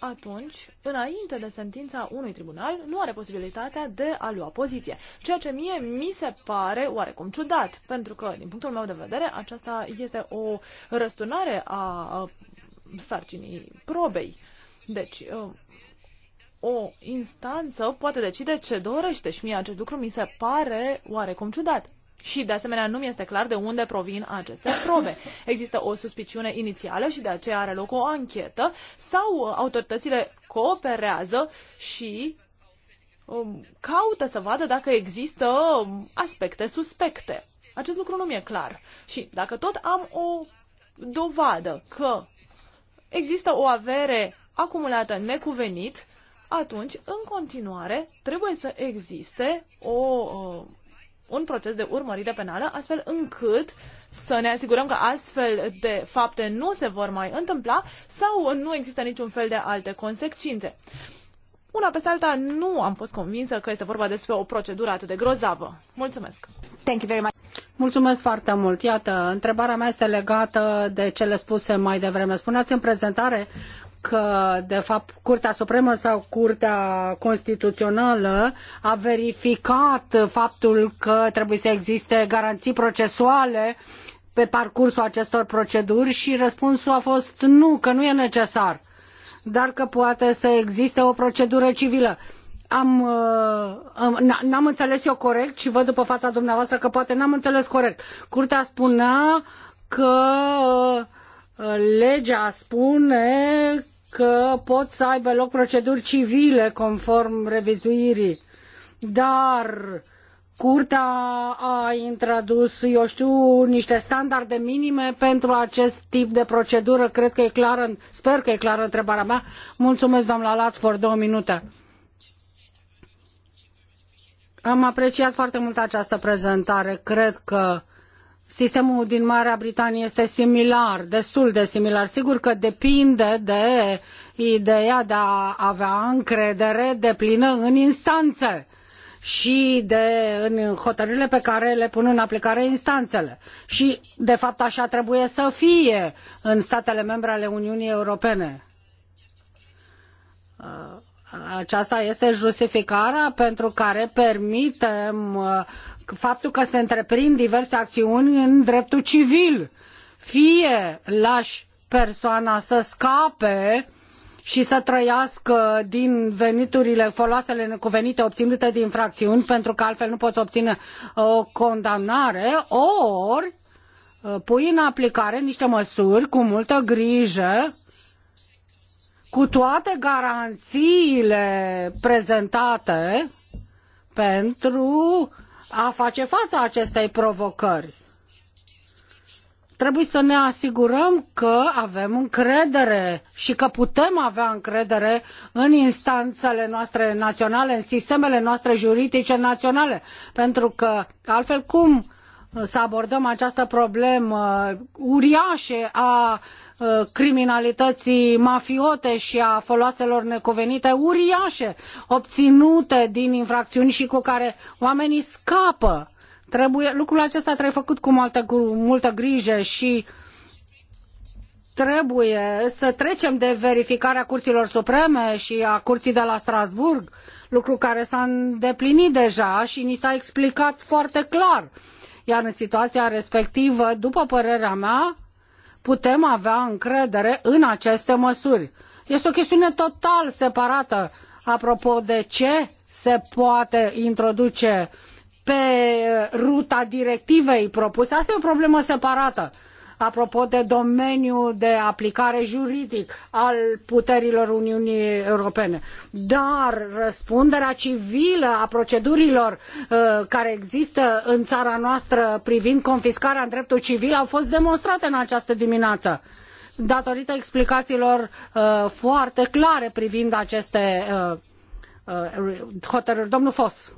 atunci, înainte de sentința unui tribunal, nu are posibilitatea de a lua poziție. Ceea ce mie mi se pare oarecum ciudat, pentru că, din punctul meu de vedere, aceasta este o răsturnare a sarcinii probei. Deci, uh, o instanță poate decide ce dorește și mie acest lucru mi se pare oarecum ciudat. Și, de asemenea, nu mi este clar de unde provin aceste probe. Există o suspiciune inițială și de aceea are loc o anchetă sau uh, autoritățile cooperează și um, caută să vadă dacă există um, aspecte suspecte. Acest lucru nu mi-e clar. Și dacă tot am o dovadă că există o avere acumulată necuvenit, atunci, în continuare, trebuie să existe o, uh, un proces de urmărire penală, astfel încât să ne asigurăm că astfel de fapte nu se vor mai întâmpla sau nu există niciun fel de alte consecințe. Una peste alta, nu am fost convinsă că este vorba despre o procedură atât de grozavă. Mulțumesc! Thank you very much. Mulțumesc foarte mult! Iată, întrebarea mea este legată de cele spuse mai devreme. Spuneați în prezentare că, de fapt, Curtea Supremă sau Curtea Constituțională a verificat faptul că trebuie să existe garanții procesuale pe parcursul acestor proceduri și răspunsul a fost nu, că nu e necesar, dar că poate să existe o procedură civilă. Am, uh, n-am înțeles eu corect și văd după fața dumneavoastră că poate n-am înțeles corect. Curtea spunea că uh, legea spune că pot să aibă loc proceduri civile conform revizuirii, dar curtea a introdus, eu știu, niște standarde minime pentru acest tip de procedură. Cred că e clară, sper că e clară întrebarea mea. Mulțumesc, doamna for două minute. Am apreciat foarte mult această prezentare. Cred că Sistemul din Marea Britanie este similar, destul de similar. Sigur că depinde de ideea de a avea încredere deplină în instanțe și de în hotărârile pe care le pun în aplicare instanțele. Și, de fapt, așa trebuie să fie în statele membre ale Uniunii Europene. Aceasta este justificarea pentru care permitem faptul că se întreprind diverse acțiuni în dreptul civil. Fie lași persoana să scape și să trăiască din veniturile, foloasele necuvenite obținute din infracțiuni, pentru că altfel nu poți obține uh, o condamnare, ori uh, pui în aplicare niște măsuri cu multă grijă, cu toate garanțiile prezentate pentru a face față acestei provocări. Trebuie să ne asigurăm că avem încredere și că putem avea încredere în instanțele noastre naționale, în sistemele noastre juridice naționale, pentru că altfel cum să abordăm această problemă uriașă a Uh, criminalității mafiote și a foloaselor necuvenite uriașe obținute din infracțiuni și cu care oamenii scapă. Trebuie, lucrul acesta trebuie făcut cu multă, cu multă grijă și trebuie să trecem de verificarea curților supreme și a curții de la Strasbourg, lucru care s-a îndeplinit deja și ni s-a explicat foarte clar. Iar în situația respectivă, după părerea mea, putem avea încredere în aceste măsuri. Este o chestiune total separată apropo de ce se poate introduce pe eh, ruta directivei propuse. Asta e o problemă separată apropo de domeniul de aplicare juridic al puterilor Uniunii Europene. Dar răspunderea civilă a procedurilor uh, care există în țara noastră privind confiscarea în dreptul civil au fost demonstrate în această dimineață datorită explicațiilor uh, foarte clare privind aceste uh, uh hotărâri. Domnul Foss.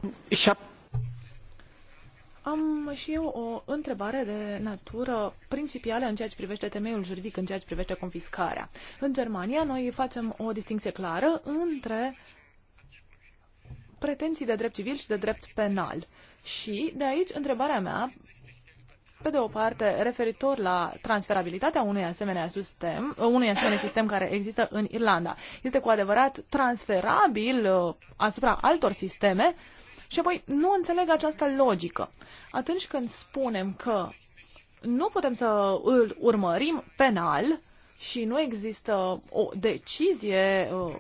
Am și eu o întrebare de natură principială în ceea ce privește temeiul juridic, în ceea ce privește confiscarea. În Germania, noi facem o distinție clară între pretenții de drept civil și de drept penal. Și de aici întrebarea mea, pe de o parte, referitor la transferabilitatea unui asemenea sistem, unui asemenea sistem care există în Irlanda. Este cu adevărat transferabil uh, asupra altor sisteme și apoi nu înțeleg această logică. Atunci când spunem că nu putem să îl urmărim penal și nu există o decizie uh,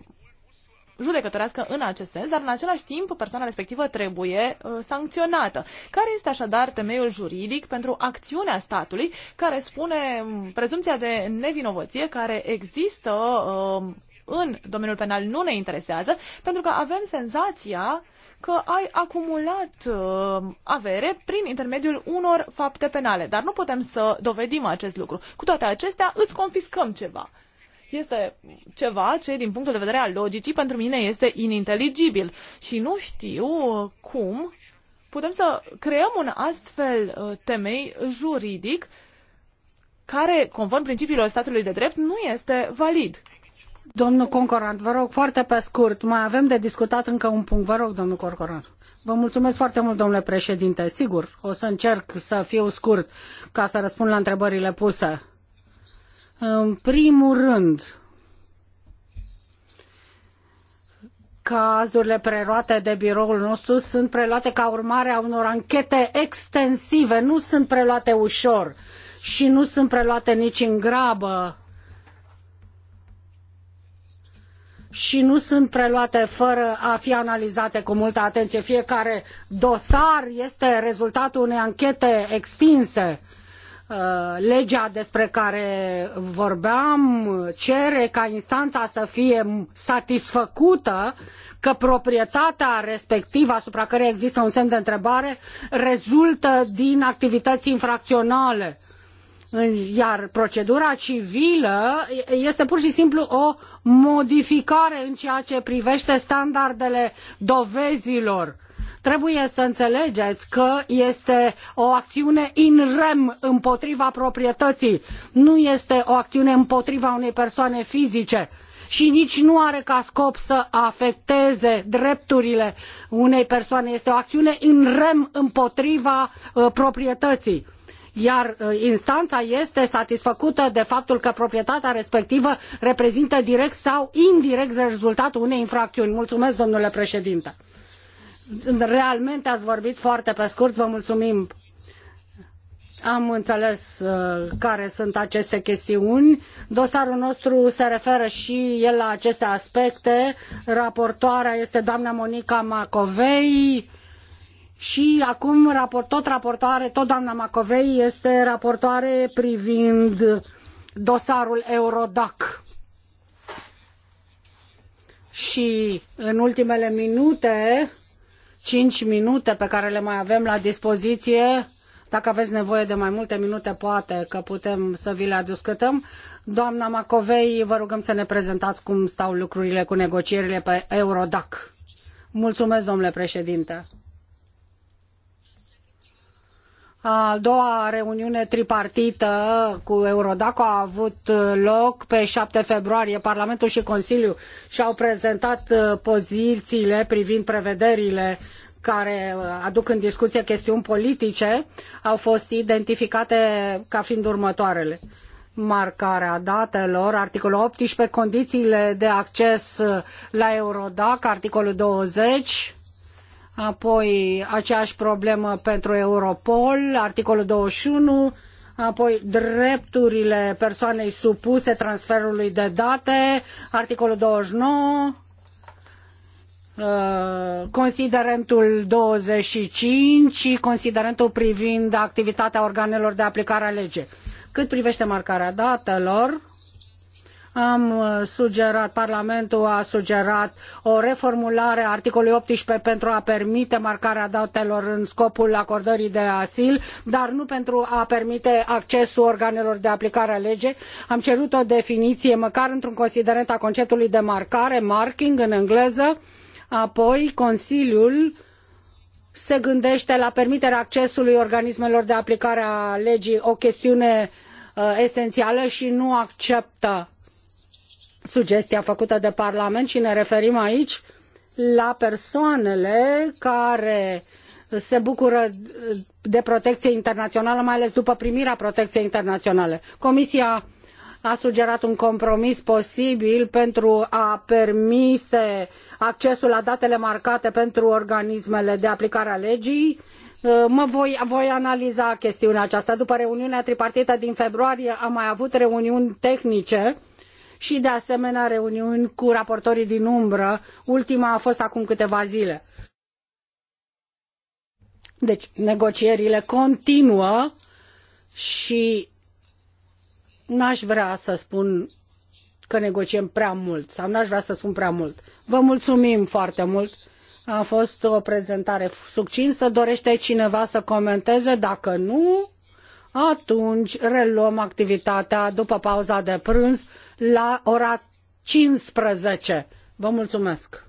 judecătorească în acest sens, dar în același timp persoana respectivă trebuie uh, sancționată. Care este așadar temeiul juridic pentru acțiunea statului care spune um, prezumția de nevinovăție care există uh, în domeniul penal nu ne interesează, pentru că avem senzația că ai acumulat uh, avere prin intermediul unor fapte penale, dar nu putem să dovedim acest lucru. Cu toate acestea, îți confiscăm ceva. Este ceva ce, din punctul de vedere al logicii, pentru mine este ininteligibil și nu știu uh, cum putem să creăm un astfel uh, temei juridic care, conform principiilor statului de drept, nu este valid. Domnul Concorant, vă rog, foarte pe scurt, mai avem de discutat încă un punct. Vă rog, domnul Concorant. Vă mulțumesc foarte mult, domnule președinte. Sigur, o să încerc să fiu scurt ca să răspund la întrebările puse. În primul rând, cazurile preluate de biroul nostru sunt preluate ca urmare a unor anchete extensive, nu sunt preluate ușor și nu sunt preluate nici în grabă și nu sunt preluate fără a fi analizate cu multă atenție. Fiecare dosar este rezultatul unei anchete extinse. Uh, legea despre care vorbeam cere ca instanța să fie satisfăcută că proprietatea respectivă asupra care există un semn de întrebare rezultă din activități infracționale. Uh, iar procedura civilă este pur și simplu o modificare în ceea ce privește standardele dovezilor. Trebuie să înțelegeți că este o acțiune in rem împotriva proprietății, nu este o acțiune împotriva unei persoane fizice și nici nu are ca scop să afecteze drepturile unei persoane. Este o acțiune in rem împotriva uh, proprietății iar uh, instanța este satisfăcută de faptul că proprietatea respectivă reprezintă direct sau indirect rezultatul unei infraciuni. Mulțumesc, domnule președinte. Realmente ați vorbit foarte pe scurt, vă mulțumim. Am înțeles uh, care sunt aceste chestiuni. Dosarul nostru se referă și el la aceste aspecte. Raportoarea este doamna Monica Macovei și acum raport, tot raportoare, tot doamna Macovei este raportoare privind dosarul Eurodac. Și în ultimele minute, cinci minute pe care le mai avem la dispoziție, dacă aveți nevoie de mai multe minute, poate că putem să vi le aduscătăm. Doamna Macovei, vă rugăm să ne prezentați cum stau lucrurile cu negocierile pe Eurodac. Mulțumesc, domnule președinte. A doua reuniune tripartită cu Eurodac a avut loc pe 7 februarie. Parlamentul și Consiliul și-au prezentat uh, pozițiile privind prevederile care uh, aduc în discuție chestiuni politice au fost identificate ca fiind următoarele. Marcarea datelor, articolul 18, condițiile de acces uh, la Eurodac, articolul 20, apoi aceeași problemă pentru Europol, articolul 21, apoi drepturile persoanei supuse transferului de date, articolul 29, uh, considerentul 25 și considerentul privind activitatea organelor de aplicare a legii. Cât privește marcarea datelor, am uh, sugerat, Parlamentul a sugerat o reformulare a articolului 18 pentru a permite marcarea datelor în scopul acordării de asil, dar nu pentru a permite accesul organelor de aplicare a legei. Am cerut o definiție, măcar într-un considerent a conceptului de marcare, marking în engleză, apoi Consiliul se gândește la permiterea accesului organismelor de aplicare a legii o chestiune uh, esențială și nu acceptă sugestia făcută de Parlament și ne referim aici la persoanele care se bucură de protecție internațională, mai ales după primirea protecției internaționale. Comisia a sugerat un compromis posibil pentru a permite accesul la datele marcate pentru organismele de aplicare a legii. Mă voi, voi analiza chestiunea aceasta. După reuniunea tripartită din februarie am mai avut reuniuni tehnice uh, și de asemenea reuniuni cu raportorii din umbră. Ultima a fost acum câteva zile. Deci negocierile continuă și n-aș vrea să spun că negociem prea mult sau n-aș vrea să spun prea mult. Vă mulțumim foarte mult. A fost o prezentare succinsă. Dorește cineva să comenteze? Dacă nu, atunci reluăm activitatea după pauza de prânz la ora 15. Vă mulțumesc!